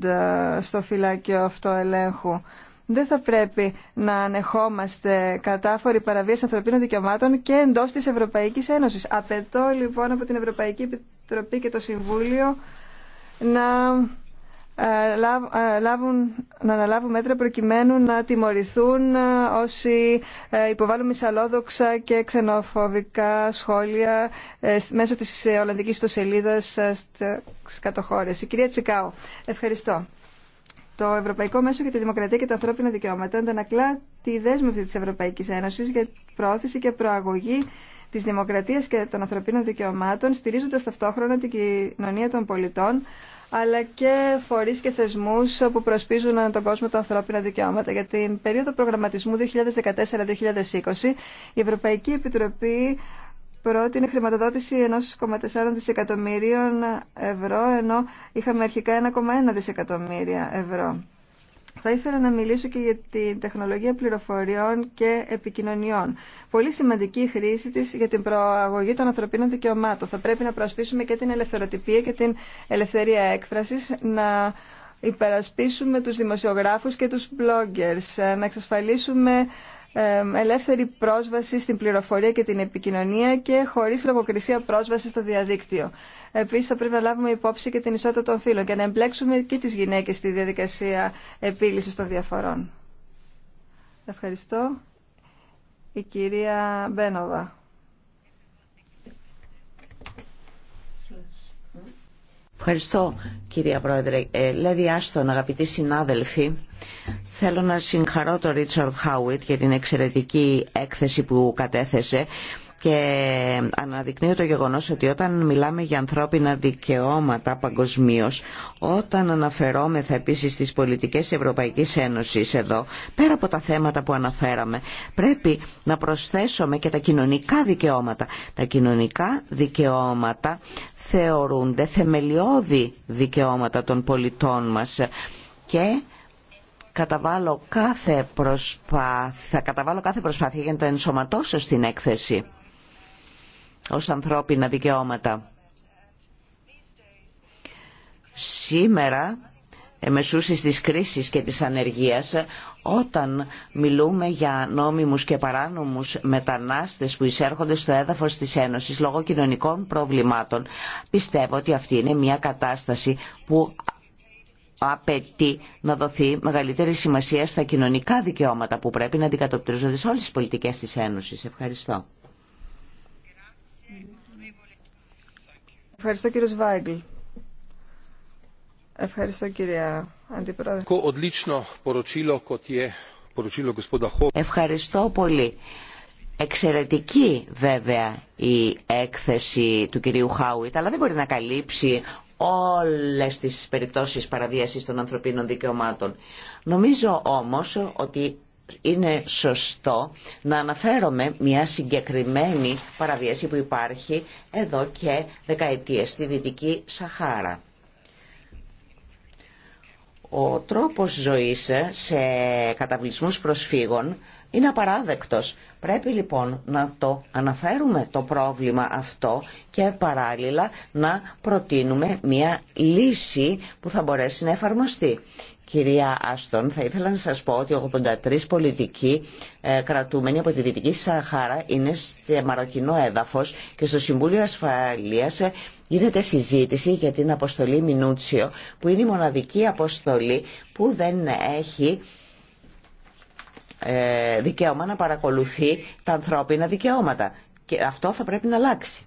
ε, στο φυλάκιο αυτό ελέγχου δεν θα πρέπει να ανεχόμαστε κατάφορη παραβίαση ανθρωπίνων δικαιωμάτων και εντός της Ευρωπαϊκής Ένωσης. Απαιτώ λοιπόν από την Ευρωπαϊκή Επιτροπή και το Συμβούλιο να, ε, ε, λάβουν, να αναλάβουν μέτρα προκειμένου να τιμωρηθούν ε, όσοι υποβάλλουν μισαλόδοξα και ξενοφοβικά σχόλια μέσω της Ολλανδικής ιστοσελίδας στις κατοχώρες. Η κυρία Τσικάου, ευχαριστώ. Το Ευρωπαϊκό Μέσο για τη Δημοκρατία και τα Ανθρώπινα Δικαιώματα αντανακλά τη δέσμευση τη Ευρωπαϊκή Ένωση για προώθηση και προαγωγή τη δημοκρατία και των ανθρωπίνων δικαιωμάτων, στηρίζοντα ταυτόχρονα την κοινωνία των πολιτών, αλλά και φορεί και θεσμού που προσπίζουν τον κόσμο τα ανθρώπινα δικαιώματα. Για την περίοδο προγραμματισμού 2014-2020, η Ευρωπαϊκή Επιτροπή πρότεινε χρηματοδότηση 1,4 δισεκατομμυρίων ευρώ, ενώ είχαμε αρχικά 1,1 δισεκατομμύρια ευρώ. Θα ήθελα να μιλήσω και για την τεχνολογία πληροφοριών και επικοινωνιών. Πολύ σημαντική η χρήση της για την προαγωγή των ανθρωπίνων δικαιωμάτων. Θα πρέπει να προασπίσουμε και την ελευθεροτυπία και την ελευθερία έκφρασης, να υπερασπίσουμε τους δημοσιογράφους και τους bloggers, να εξασφαλίσουμε ελεύθερη πρόσβαση στην πληροφορία και την επικοινωνία και χωρίς λογοκρισία πρόσβαση στο διαδίκτυο. Επίσης θα πρέπει να λάβουμε υπόψη και την ισότητα των φύλων και να εμπλέξουμε και τις γυναίκες στη διαδικασία επίλυσης των διαφορών. Ευχαριστώ. Η κυρία Μπένοβα. Ευχαριστώ κυρία Πρόεδρε. Ε, Άστον, αγαπητοί συνάδελφοι, θέλω να συγχαρώ τον Ρίτσαρντ Χάουιτ για την εξαιρετική έκθεση που κατέθεσε και αναδεικνύω το γεγονός ότι όταν μιλάμε για ανθρώπινα δικαιώματα παγκοσμίω, όταν αναφερόμεθα επίσης στις πολιτικές Ευρωπαϊκής Ένωσης εδώ, πέρα από τα θέματα που αναφέραμε, πρέπει να προσθέσουμε και τα κοινωνικά δικαιώματα. Τα κοινωνικά δικαιώματα θεωρούνται θεμελιώδη δικαιώματα των πολιτών μας και καταβάλω κάθε προσπάθεια, θα καταβάλω κάθε προσπάθεια για να τα ενσωματώσω στην έκθεση ως ανθρώπινα δικαιώματα. Σήμερα, εμεσούσεις της κρίσης και της ανεργίας, όταν μιλούμε για νόμιμους και παράνομους μετανάστες που εισέρχονται στο έδαφος της Ένωσης λόγω κοινωνικών προβλημάτων, πιστεύω ότι αυτή είναι μια κατάσταση που απαιτεί να δοθεί μεγαλύτερη σημασία στα κοινωνικά δικαιώματα που πρέπει να αντικατοπτρίζονται σε όλες τις πολιτικές της Ένωσης. Ευχαριστώ. Ευχαριστώ κύριε Βάγκλ. Ευχαριστώ κύριε Αντιπρόεδρε. Ευχαριστώ πολύ. Εξαιρετική βέβαια η έκθεση του κυρίου Χάουιτ, αλλά δεν μπορεί να καλύψει όλες τις περιπτώσεις παραβίασης των ανθρωπίνων δικαιωμάτων. Νομίζω όμως ότι είναι σωστό να αναφέρομαι μια συγκεκριμένη παραβίαση που υπάρχει εδώ και δεκαετίες στη Δυτική Σαχάρα. Ο τρόπος ζωής σε καταβλισμούς προσφύγων είναι απαράδεκτος. Πρέπει λοιπόν να το αναφέρουμε το πρόβλημα αυτό και παράλληλα να προτείνουμε μια λύση που θα μπορέσει να εφαρμοστεί. Κυρία Άστον, θα ήθελα να σας πω ότι 83 πολιτικοί ε, κρατούμενοι από τη Δυτική Σαχάρα είναι σε μαροκινό έδαφος και στο Συμβούλιο Ασφαλείας ε, γίνεται συζήτηση για την αποστολή Μινούτσιο που είναι η μοναδική αποστολή που δεν έχει ε, δικαίωμα να παρακολουθεί τα ανθρώπινα δικαιώματα. Και αυτό θα πρέπει να αλλάξει.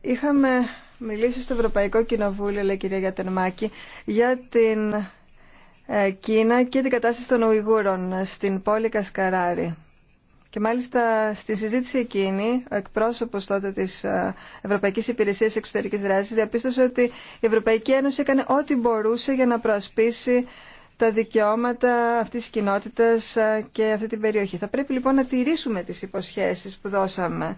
Είχαμε μιλήσει στο Ευρωπαϊκό Κοινοβούλιο, λέει κυρία Γιατερμάκη, για την ε, Κίνα και την κατάσταση των Ουιγούρων ε, στην πόλη Κασκαράρη. Και μάλιστα στη συζήτηση εκείνη, ο εκπρόσωπο τότε τη ε, Ευρωπαϊκή Υπηρεσία Εξωτερική Δράση διαπίστωσε ότι η Ευρωπαϊκή Ένωση έκανε ό,τι μπορούσε για να προασπίσει τα δικαιώματα αυτής της κοινότητας ε, και αυτή την περιοχή. Θα πρέπει λοιπόν να τηρήσουμε τις υποσχέσεις που δώσαμε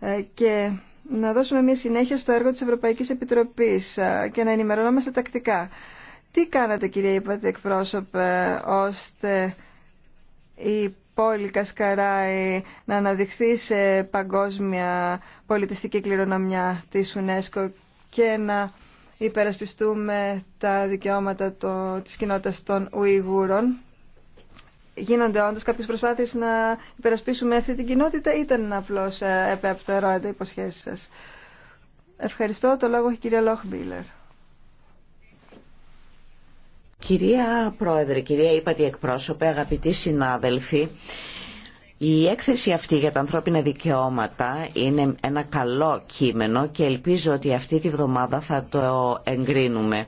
ε, και να δώσουμε μια συνέχεια στο έργο της Ευρωπαϊκής Επιτροπής ε, και να ενημερωνόμαστε τακτικά. Τι κάνατε κυρία είπατε εκπρόσωπε ώστε η πόλη Κασκαράη να αναδειχθεί σε παγκόσμια πολιτιστική κληρονομιά της UNESCO και να υπερασπιστούμε τα δικαιώματα το, της κοινότητας των Ουιγούρων. Γίνονται όντως κάποιες προσπάθειες να υπερασπίσουμε αυτή την κοινότητα ή ήταν απλώς ε, επεπτερόεται υποσχέσεις σας. Ευχαριστώ. Το λόγο έχει η ηταν απλως τα Λόχμπίλερ. Κυρία Πρόεδρε, κυρία Ήπατη εκπρόσωπε, αγαπητοί συνάδελφοι, η έκθεση αυτή για τα ανθρώπινα δικαιώματα είναι ένα καλό κείμενο και ελπίζω ότι αυτή τη βδομάδα θα το εγκρίνουμε.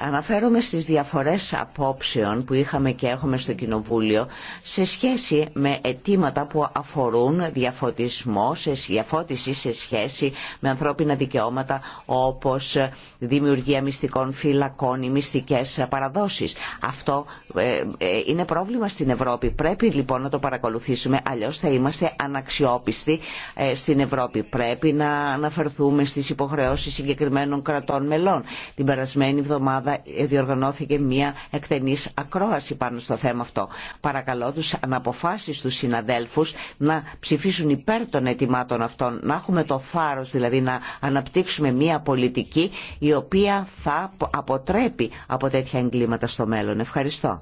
Αναφέρομαι στις διαφορές απόψεων που είχαμε και έχουμε στο Κοινοβούλιο σε σχέση με αιτήματα που αφορούν διαφωτισμό, σε διαφώτιση σε σχέση με ανθρώπινα δικαιώματα όπως δημιουργία μυστικών φυλακών ή μυστικές παραδόσεις. Αυτό ε, ε, είναι πρόβλημα στην Ευρώπη. Πρέπει λοιπόν να το παρακολουθήσουμε, αλλιώς θα είμαστε αναξιόπιστοι ε, στην Ευρώπη. Πρέπει να αναφερθούμε στις υποχρεώσεις συγκεκριμένων κρατών μελών. Την περασμένη εβδομάδα διοργανώθηκε μια εκτενής ακρόαση πάνω στο θέμα αυτό. Παρακαλώ τους αναποφάσεις τους συναδέλφους να ψηφίσουν υπέρ των αιτημάτων αυτών, να έχουμε το θάρρος δηλαδή να αναπτύξουμε μια πολιτική η οποία θα αποτρέπει από τέτοια εγκλήματα στο μέλλον. Ευχαριστώ.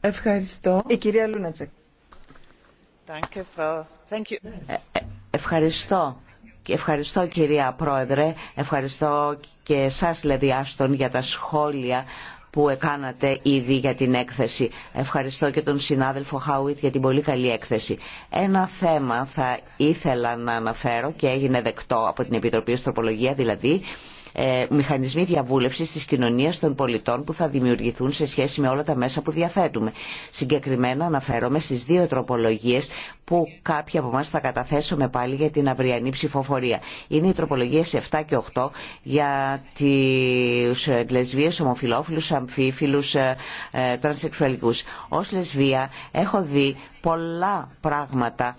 Ευχαριστώ. Η κυρία ε, ε, Ευχαριστώ. Ευχαριστώ κυρία Πρόεδρε, ευχαριστώ και εσάς Λεδη Άστον για τα σχόλια που εκάνατε ήδη για την έκθεση. Ευχαριστώ και τον συνάδελφο Χάουιτ για την πολύ καλή έκθεση. Ένα θέμα θα ήθελα να αναφέρω και έγινε δεκτό από την Επιτροπή Αστροπολογία, δηλαδή ε, μηχανισμοί διαβούλευση τη κοινωνία των πολιτών που θα δημιουργηθούν σε σχέση με όλα τα μέσα που διαθέτουμε. Συγκεκριμένα αναφέρομαι στι δύο τροπολογίε που κάποιοι από εμά θα καταθέσουμε πάλι για την αυριανή ψηφοφορία. Είναι οι τροπολογίε 7 και 8 για του ε, λεσβείε, ομοφυλόφιλου, αμφίφιλους, ε, τρανσεξουαλικού. Ω λεσβεία έχω δει πολλά πράγματα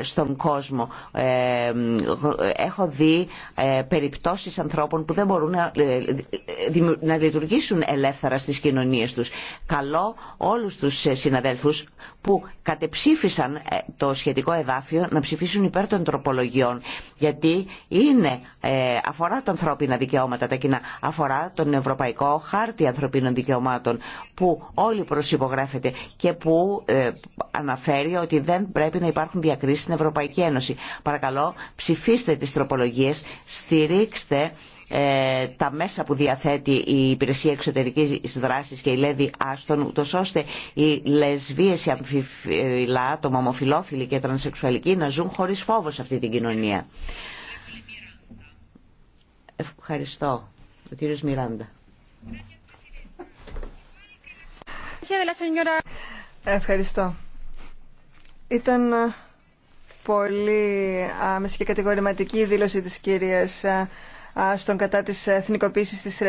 στον κόσμο. Έχω δει περιπτώσεις ανθρώπων που δεν μπορούν ε, να, λειτουργήσουν ελεύθερα στις κοινωνίες τους. Καλό όλους τους ε, συναδέλφους που κατεψήφισαν ε, το σχετικό εδάφιο να ψηφίσουν υπέρ των τροπολογιών γιατί είναι, αφορά τα ανθρώπινα δικαιώματα τα κοινά, αφορά τον Ευρωπαϊκό Χάρτη Ανθρωπίνων Δικαιωμάτων που όλοι προσυπογράφεται και που αναφέρει ότι δεν πρέπει να υπάρχουν διακρίσεις στην Ευρωπαϊκή Ένωση. Παρακαλώ ψηφίστε τις τροπολογίες, στηρίξτε ε, τα μέσα που διαθέτει η Υπηρεσία Εξωτερικής Δράσης και η Λέδη Άστον, ούτως ώστε οι λεσβείες, οι αμφιφυλά, άτομα, ομοφυλόφιλοι και τρανσεξουαλικοί να ζουν χωρίς φόβο σε αυτή την κοινωνία. Ευχαριστώ. Ο κύριος Μιράντα. Ευχαριστώ. Ήταν ε, πολύ άμεση και κατηγορηματική η δήλωση της κυρίας ε, στον κατά της εθνικοποίησης της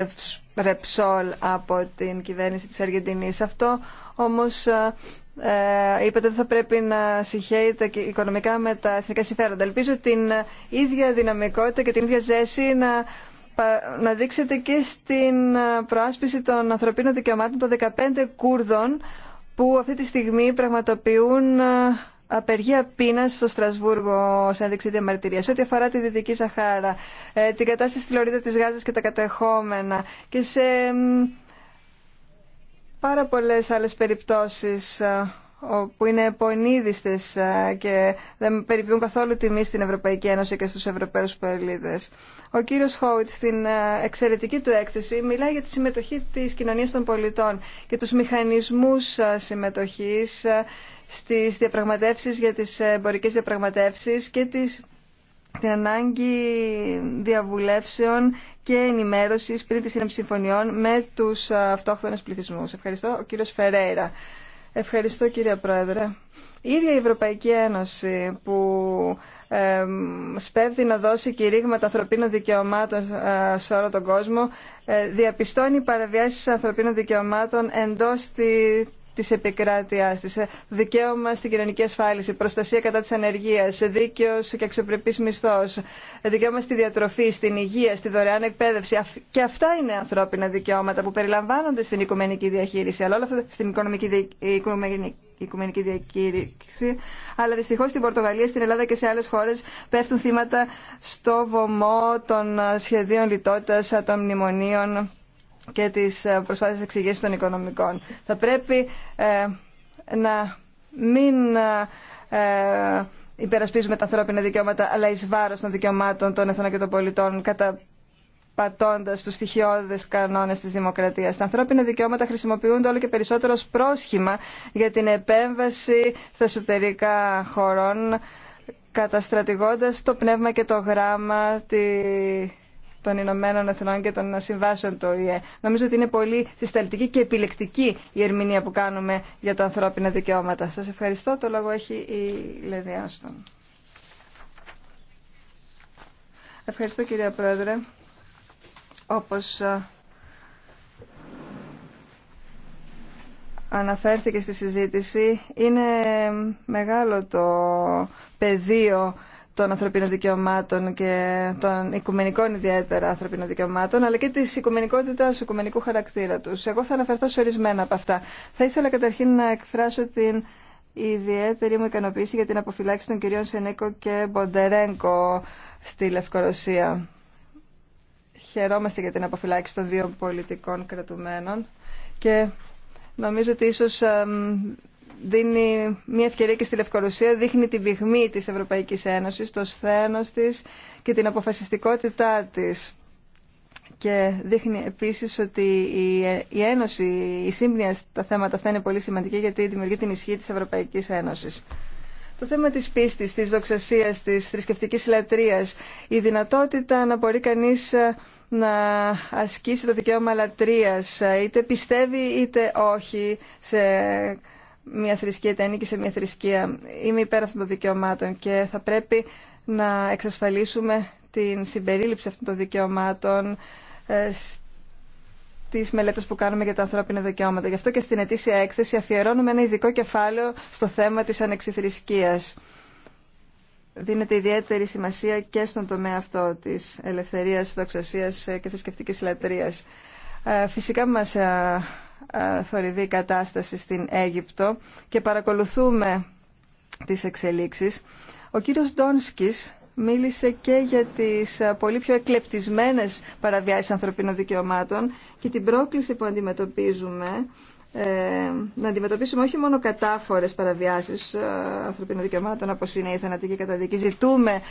Ρεψόλ από την κυβέρνηση της Αργεντινής. Αυτό όμως ε, είπατε ότι θα πρέπει να συγχαίει οικονομικά με τα εθνικά συμφέροντα. Ελπίζω την ίδια δυναμικότητα και την ίδια ζέση να, να δείξετε και στην προάσπιση των ανθρωπίνων δικαιωμάτων των 15 Κούρδων που αυτή τη στιγμή πραγματοποιούν απεργία πείνα στο Στρασβούργο ω ένδειξη διαμαρτυρία. Σε ό,τι αφορά τη Δυτική Σαχάρα, ε, την κατάσταση στη Λωρίδα τη Γάζα και τα κατεχόμενα και σε πάρα πολλέ άλλε περιπτώσει ε, που είναι πονίδιστες ε, και δεν περιποιούν καθόλου τιμή στην Ευρωπαϊκή Ένωση και στους Ευρωπαίους πολίτες. Ο κύριος Χόιτ στην εξαιρετική του έκθεση μιλάει για τη συμμετοχή της κοινωνίας των πολιτών και τους μηχανισμούς συμμετοχής στις διαπραγματεύσεις για τις εμπορικές διαπραγματεύσεις και τις, την ανάγκη διαβουλεύσεων και ενημέρωσης πριν τη σύναψη συμφωνιών με τους αυτόχθονες πληθυσμούς. Ευχαριστώ. Ο κύριος Φερέιρα. Ευχαριστώ κύριε Πρόεδρε. Η ίδια η Ευρωπαϊκή Ένωση που ε, σπέβδει να δώσει κηρύγματα ανθρωπίνων δικαιωμάτων ε, σε όλο τον κόσμο ε, διαπιστώνει παραβιάσεις ανθρωπίνων δικαιωμάτων εντός Τη επικράτεια τη δικαίωμα στην κοινωνική ασφάλιση, προστασία κατά τη ανεργία, δίκαιο και αξιοπρεπή μισθό, δικαίωμα στη διατροφή, στην υγεία, στη δωρεάν εκπαίδευση. Και αυτά είναι ανθρώπινα δικαιώματα που περιλαμβάνονται στην οικουμενική διαχείριση, αλλά όλα αυτά στην οικονομική, οικουμενική, οικουμενική διακήρυξη. Αλλά δυστυχώ στην Πορτογαλία, στην Ελλάδα και σε άλλε χώρε πέφτουν θύματα στο βωμό των ε, σχεδίων λιτότητα, των μνημονίων και τις ε, προσπάθειες εξηγήσεις των οικονομικών. Θα πρέπει ε, να μην ε, υπερασπίζουμε τα ανθρώπινα δικαιώματα, αλλά εις βάρος των δικαιωμάτων των εθνών και των πολιτών, καταπατώντας τους στοιχειώδες κανόνες της δημοκρατίας. Τα ανθρώπινα δικαιώματα χρησιμοποιούνται όλο και περισσότερο ως πρόσχημα για την επέμβαση στα εσωτερικά χωρών, καταστρατηγώντας το πνεύμα και το γράμμα των Ηνωμένων Εθνών και των συμβάσεων του ΟΗΕ. Νομίζω ότι είναι πολύ συσταλτική και επιλεκτική η ερμηνεία που κάνουμε για τα ανθρώπινα δικαιώματα. Σας ευχαριστώ. Το λόγο έχει η Λεδιάστον. Ευχαριστώ κυρία Πρόεδρε. Όπως αναφέρθηκε στη συζήτηση, είναι μεγάλο το πεδίο των ανθρωπίνων δικαιωμάτων και των οικουμενικών ιδιαίτερα ανθρωπίνων δικαιωμάτων, αλλά και τη οικουμενικότητα, του οικουμενικού χαρακτήρα του. Εγώ θα αναφερθώ σε ορισμένα από αυτά. Θα ήθελα καταρχήν να εκφράσω την ιδιαίτερη μου ικανοποίηση για την αποφυλάξη των κυρίων Σενέκο και Μποντερέγκο στη Λευκορωσία. Χαιρόμαστε για την αποφυλάξη των δύο πολιτικών κρατουμένων και νομίζω ότι ίσως δίνει μια ευκαιρία και στη Λευκορωσία, δείχνει τη βιγμή της Ευρωπαϊκής Ένωσης, το σθένος της και την αποφασιστικότητά της. Και δείχνει επίσης ότι η Ένωση, η σύμπνοια στα θέματα αυτά είναι πολύ σημαντική γιατί δημιουργεί την ισχύ της Ευρωπαϊκής Ένωσης. Το θέμα της πίστης, της δοξασίας, της θρησκευτικής λατρείας, η δυνατότητα να μπορεί κανείς ε, να ασκήσει το δικαίωμα λατρείας, ε, είτε πιστεύει είτε όχι σε μια θρησκεία είτε ανήκει σε μια θρησκεία. Είμαι υπέρ αυτών των δικαιωμάτων και θα πρέπει να εξασφαλίσουμε την συμπερίληψη αυτών των δικαιωμάτων ε, στις μελέτε που κάνουμε για τα ανθρώπινα δικαιώματα. Γι' αυτό και στην ετήσια έκθεση αφιερώνουμε ένα ειδικό κεφάλαιο στο θέμα της ανεξιθρησκεία. Δίνεται ιδιαίτερη σημασία και στον τομέα αυτό τη ελευθερία, δοξασία ε, και θρησκευτική λατρείας. Ε, φυσικά μας ε, θορυβή κατάσταση στην Αίγυπτο και παρακολουθούμε τις εξελίξεις. Ο κύριος Ντόνσκης μίλησε και για τις ε, πολύ πιο εκλεπτισμένες παραβιάσεις ανθρωπίνων δικαιωμάτων και την πρόκληση που αντιμετωπίζουμε ε, να αντιμετωπίσουμε όχι μόνο κατάφορες παραβιάσεις ανθρωπίνων δικαιωμάτων όπως είναι η θανατική καταδίκη. Ζητούμε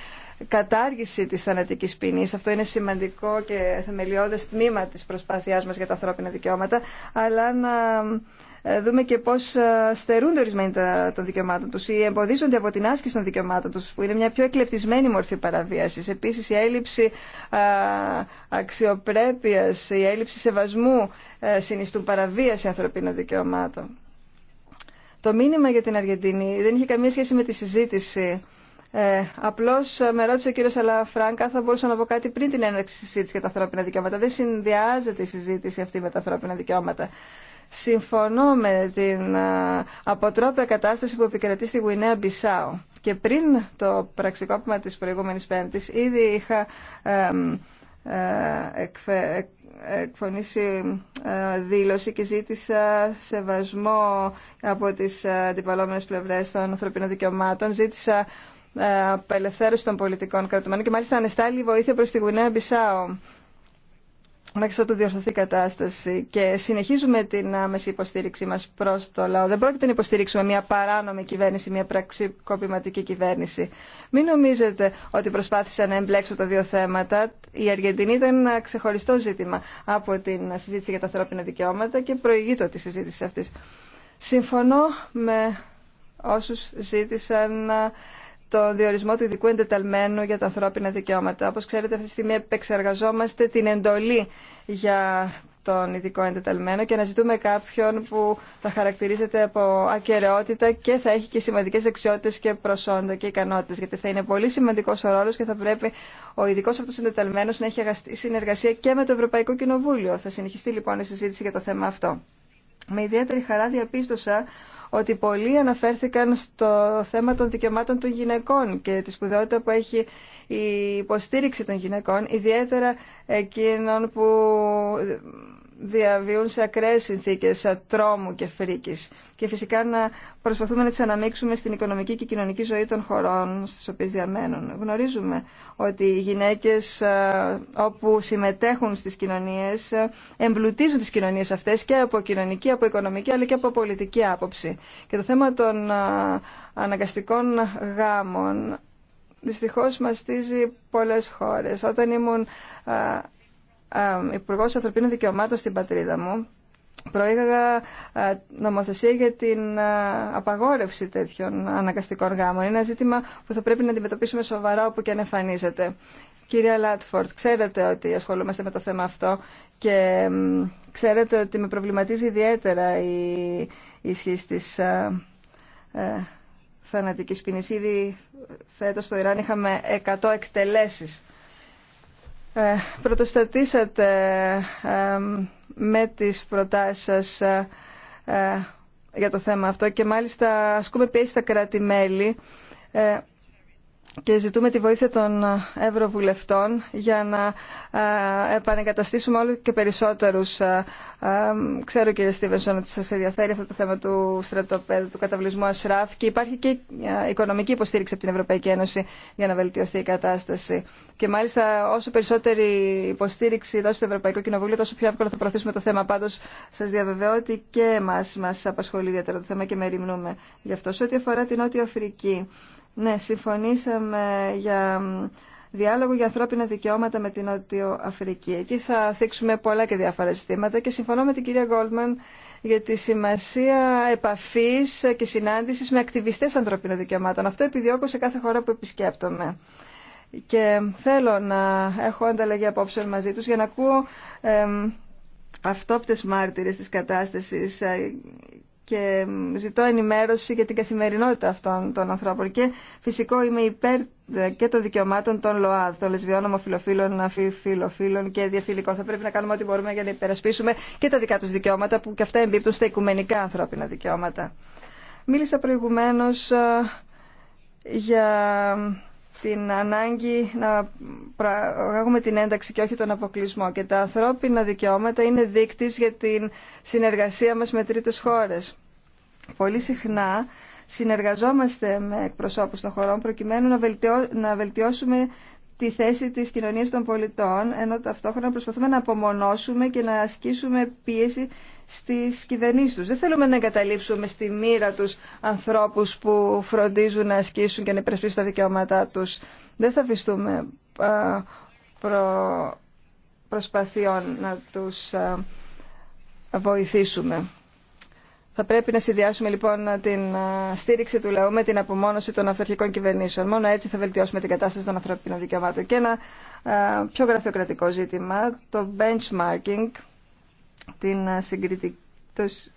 κατάργηση της θανατικής ποινής. Αυτό είναι σημαντικό και θεμελιώδες τμήμα της προσπάθειάς μας για τα ανθρώπινα δικαιώματα, αλλά να ε, δούμε και πώς ε, στερούνται ορισμένοι των δικαιωμάτων τους ή εμποδίζονται από την άσκηση των δικαιωμάτων τους, που είναι μια πιο εκλεπτισμένη μορφή παραβίασης. Επίσης, η έλλειψη αξιοπρέπειας, η έλλειψη σεβασμού ε, συνιστούν παραβίαση ανθρωπίνων δικαιωμάτων. Το μήνυμα για την Αργεντινή δεν είχε καμία σχέση με τη συζήτηση ε, Απλώ ε, με ρώτησε ο κύριο Αλαφράγκα, θα μπορούσα να πω κάτι πριν την έναρξη τη συζήτηση για τα ανθρώπινα δικαιώματα. Δεν συνδυάζεται η συζήτηση αυτή με τα ανθρώπινα δικαιώματα. Συμφωνώ με την ε, αποτρόπια κατάσταση που επικρατεί στη Γουινέα Μπισάου. Και πριν το πραξικόπημα τη προηγούμενη πέμπτη, ήδη είχα ε, εκφωνήσει δήλωση και ζήτησα σεβασμό από τις αντιπαλόμενες πλευρές των ανθρωπίνων δικαιωμάτων. Ζήτησα ε, απελευθέρωση των πολιτικών κρατουμένων και μάλιστα ανεστάλλει βοήθεια προς τη Γουινέα Μπισάο μέχρι ότου διορθωθεί η κατάσταση και συνεχίζουμε την άμεση υποστήριξή μας προς το λαό. Δεν πρόκειται να υποστηρίξουμε μια παράνομη κυβέρνηση, μια πραξικοπηματική κυβέρνηση. Μην νομίζετε ότι προσπάθησα να εμπλέξω τα δύο θέματα. Η Αργεντινή ήταν ένα ξεχωριστό ζήτημα από την συζήτηση για τα ανθρώπινα δικαιώματα και προηγείται τη συζήτηση αυτή. Συμφωνώ με όσους ζήτησαν το διορισμό του ειδικού εντεταλμένου για τα ανθρώπινα δικαιώματα. Όπως ξέρετε αυτή τη στιγμή επεξεργαζόμαστε την εντολή για τον ειδικό εντεταλμένο και να ζητούμε κάποιον που θα χαρακτηρίζεται από ακαιρεότητα και θα έχει και σημαντικέ δεξιότητε και προσόντα και ικανότητε. Γιατί θα είναι πολύ σημαντικό ο ρόλο και θα πρέπει ο ειδικό αυτό εντεταλμένο να έχει συνεργασία και με το Ευρωπαϊκό Κοινοβούλιο. Θα συνεχιστεί λοιπόν η συζήτηση για το θέμα αυτό. Με ιδιαίτερη χαρά διαπίστωσα ότι πολλοί αναφέρθηκαν στο θέμα των δικαιωμάτων των γυναικών και τη σπουδαιότητα που έχει η υποστήριξη των γυναικών, ιδιαίτερα εκείνων που διαβιούν σε ακραίες συνθήκες τρόμου και φρίκης και φυσικά να προσπαθούμε να τις αναμίξουμε στην οικονομική και κοινωνική ζωή των χωρών στις οποίες διαμένουν. Γνωρίζουμε ότι οι γυναίκες ε, όπου συμμετέχουν στις κοινωνίες ε, εμπλουτίζουν τις κοινωνίες αυτές και από κοινωνική, από οικονομική αλλά και από πολιτική άποψη. Και το θέμα των ε, αναγκαστικών γάμων δυστυχώς μαστίζει πολλές χώρες. Όταν ήμουν ε, Υπουργό Ανθρωπίνων Δικαιωμάτων στην πατρίδα μου, προήγαγα ε, νομοθεσία για την ε, απαγόρευση τέτοιων αναγκαστικών γάμων. Είναι ένα ζήτημα που θα πρέπει να αντιμετωπίσουμε σοβαρά όπου και αν εμφανίζεται. Κυρία Λάτφορτ, ξέρετε ότι ασχολούμαστε με το θέμα αυτό και ξέρετε ότι με προβληματίζει ιδιαίτερα η ισχύ τη θανατικής ποινής. Ήδη φέτος στο Ιράν είχαμε 100 εκτελέσεις ε, πρωτοστατήσατε με τις προτάσεις σας ε, ε, για το θέμα αυτό και μάλιστα ασκούμε πίεση στα κράτη-μέλη και ζητούμε τη βοήθεια των ευρωβουλευτών για να ε, επανεγκαταστήσουμε όλο και περισσότερους. Ε, ε, ξέρω κύριε Στίβενσον ότι σας ενδιαφέρει αυτό το θέμα του στρατοπέδου, του καταβλισμού ΑΣΡΑΦ και υπάρχει και οικονομική υποστήριξη από την Ευρωπαϊκή Ένωση για να βελτιωθεί η κατάσταση. Και μάλιστα όσο περισσότερη υποστήριξη δώσει το Ευρωπαϊκό Κοινοβούλιο τόσο πιο εύκολα θα προωθήσουμε το θέμα. Πάντω, Σα διαβεβαιώ ότι και εμά μα απασχολεί ιδιαίτερα το θέμα και μεριμνούμε γι' αυτό. Σε ό,τι αφορά την Νότια Αφρική, ναι, συμφωνήσαμε για διάλογο για ανθρώπινα δικαιώματα με την Νότιο Αφρική. Εκεί θα θίξουμε πολλά και διάφορα ζητήματα και συμφωνώ με την κυρία Γκόλτμαν για τη σημασία επαφής και συνάντησης με ακτιβιστές ανθρωπίνων δικαιωμάτων. Αυτό επιδιώκω σε κάθε χώρα που επισκέπτομαι. Και θέλω να έχω ανταλλαγή απόψεων μαζί τους για να ακούω ε, αυτόπτες μάρτυρες της κατάστασης ε, και ζητώ ενημέρωση για την καθημερινότητα αυτών των ανθρώπων. Και φυσικό είμαι υπέρ ε, και των δικαιωμάτων των ΛΟΑΔ, των λεσβιών, ομοφιλοφίλων, αφιφιλοφίλων και διαφιλικών. Θα πρέπει να κάνουμε ό,τι μπορούμε για να υπερασπίσουμε και τα δικά του δικαιώματα, που και αυτά εμπίπτουν στα οικουμενικά ανθρώπινα δικαιώματα. Μίλησα προηγουμένω ε, για την ανάγκη να έχουμε την ένταξη και όχι τον αποκλεισμό. Και τα ανθρώπινα δικαιώματα είναι δείκτης για την συνεργασία μας με τρίτες χώρες. Πολύ συχνά συνεργαζόμαστε με εκπροσώπους των χωρών προκειμένου να βελτιώσουμε τη θέση της κοινωνίας των πολιτών, ενώ ταυτόχρονα προσπαθούμε να απομονώσουμε και να ασκήσουμε πίεση στις κυβερνήσεις τους. Δεν θέλουμε να εγκαταλείψουμε στη μοίρα τους ανθρώπους που φροντίζουν να ασκήσουν και να υπερασπίσουν τα δικαιώματά τους. Δεν θα αφιστούμε προ... προσπαθειών να τους βοηθήσουμε. Θα πρέπει να συνδυάσουμε λοιπόν την στήριξη του λαού με την απομόνωση των αυταρχικών κυβερνήσεων. Μόνο έτσι θα βελτιώσουμε την κατάσταση των ανθρωπίνων δικαιωμάτων. Και ένα πιο γραφειοκρατικό ζήτημα, το benchmarking, την ε, συγκριτική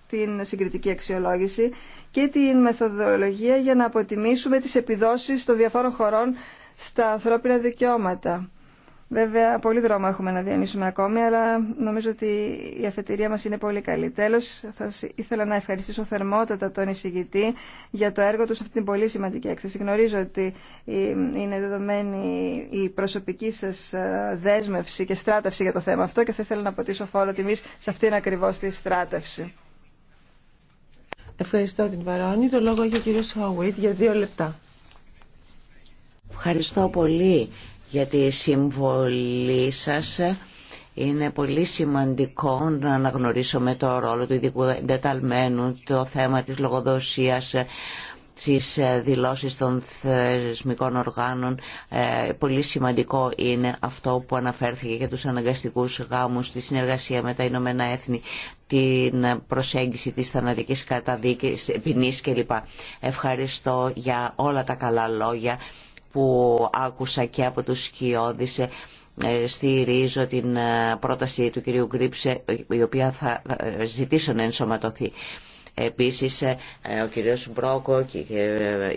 την συγκριτική αξιολόγηση και την μεθοδολογία για να αποτιμήσουμε τις επιδόσεις των διαφόρων χωρών στα ανθρώπινα δικαιώματα. Βέβαια, πολύ δρόμο έχουμε να διανύσουμε ακόμη, αλλά νομίζω ότι η αφετηρία μας είναι πολύ καλή. Τέλος, θα ήθελα να ευχαριστήσω θερμότατα τον εισηγητή για το έργο του σε αυτή την πολύ σημαντική έκθεση. Γνωρίζω ότι είναι δεδομένη η προσωπική σας ε, δέσμευση και στράτευση για το θέμα αυτό και θα ήθελα να αποτίσω φόρο τιμής σε αυτήν ακριβώς τη στράτευση. Ευχαριστώ την Βαρόνη. Το λόγο έχει ο κύριος Χαουίτ για δύο λεπτά. Ευχαριστώ πολύ γιατί η συμβολή σας είναι πολύ σημαντικό να αναγνωρίσουμε το ρόλο του ειδικού εντεταλμένου, το θέμα της λογοδοσίας, στις ε, δηλώσεις των θεσμικών οργάνων. Ε, πολύ σημαντικό είναι αυτό που αναφέρθηκε για τους αναγκαστικούς γάμους, τη συνεργασία με τα Ηνωμένα Έθνη, την προσέγγιση της θανατικής καταδίκης, ποινής κλπ. Ευχαριστώ για όλα τα καλά λόγια που άκουσα και από τους Σκιώδης ε, στηρίζω την ε, πρόταση του κυρίου Γκρίψε η οποία θα ε, ζητήσω να ενσωματωθεί. Επίσης ο κύριος Μπρόκο και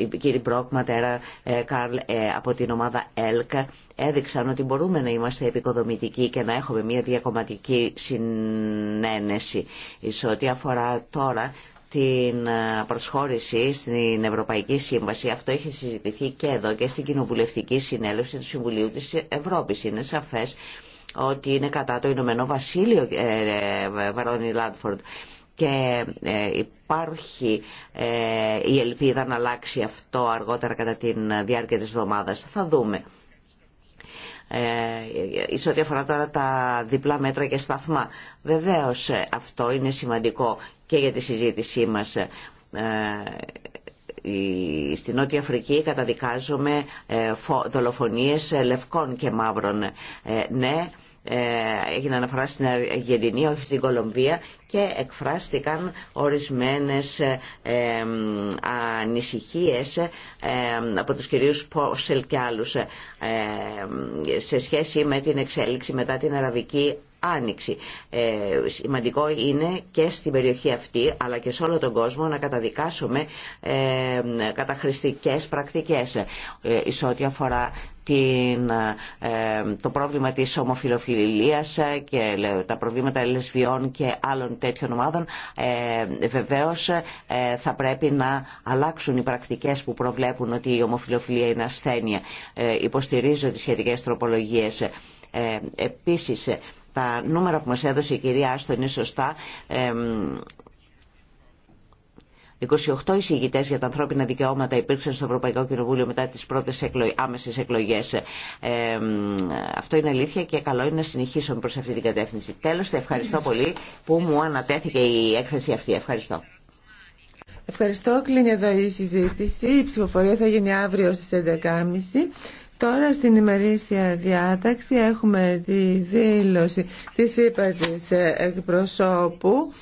η κύριε Μπρόκ, Ματέρα, Καρλ από την ομάδα ΕΛΚΑ έδειξαν ότι μπορούμε να είμαστε επικοδομητικοί και να έχουμε μια διακομματική συνένεση. Σε ό,τι αφορά τώρα την ε, προσχώρηση στην Ευρωπαϊκή Σύμβαση. Αυτό έχει συζητηθεί και εδώ και στην Κοινοβουλευτική Συνέλευση του Συμβουλίου της Ευρώπης. Είναι σαφές ότι είναι κατά το Ηνωμένο Βασίλειο ε, ε Βαρόνι Λάντφορντ και ε, υπάρχει η ελπίδα να αλλάξει αυτό αργότερα κατά τη διάρκεια της εβδομάδας. Θα δούμε. Ε, σε ό,τι αφορά τώρα τα διπλά μέτρα και σταθμά. Βεβαίως αυτό είναι σημαντικό και για τη συζήτησή μας. Ε, Στη Νότια Αφρική καταδικάζουμε δολοφονίες ε, λευκών και μαύρων. Ε, ναι, έγινε αναφορά στην Αργεντινή, όχι στην Κολομβία και εκφράστηκαν ορισμένες ανησυχίες από τους κυρίους Πόσελ και άλλους σε σχέση με την εξέλιξη μετά την Αραβική άνοιξη. Ε, σημαντικό είναι και στην περιοχή αυτή αλλά και σε όλο τον κόσμο να καταδικάσουμε ε, καταχρηστικές πρακτικές ε, σε ό,τι αφορά ε, το πρόβλημα της ομοφιλοφιλίας ε, και τα προβλήματα λεσβιών και άλλων τέτοιων ομάδων ε, βεβαίως θα πρέπει να αλλάξουν οι πρακτικές που προβλέπουν ότι η ομοφιλοφιλία είναι ασθένεια. Υποστηρίζω τις σχετικές τροπολογίες. Επίσης τα νούμερα που μας έδωσε η κυρία Άστον είναι σωστά. 28 εισηγητές για τα ανθρώπινα δικαιώματα υπήρξαν στο Ευρωπαϊκό Κοινοβούλιο μετά τι πρώτε άμεσες εκλογές Ε, αυτό είναι αλήθεια και καλό είναι να συνεχίσουμε προς αυτή την κατεύθυνση. τέλος θα ευχαριστώ πολύ που μου ανατέθηκε η έκθεση αυτή. Ευχαριστώ. Ευχαριστώ. Κλείνει εδώ η συζήτηση. Η ψηφοφορία θα γίνει αύριο στις 11.30. Τώρα στην ημερήσια διάταξη έχουμε τη δήλωση της ύπατης εκπροσώπου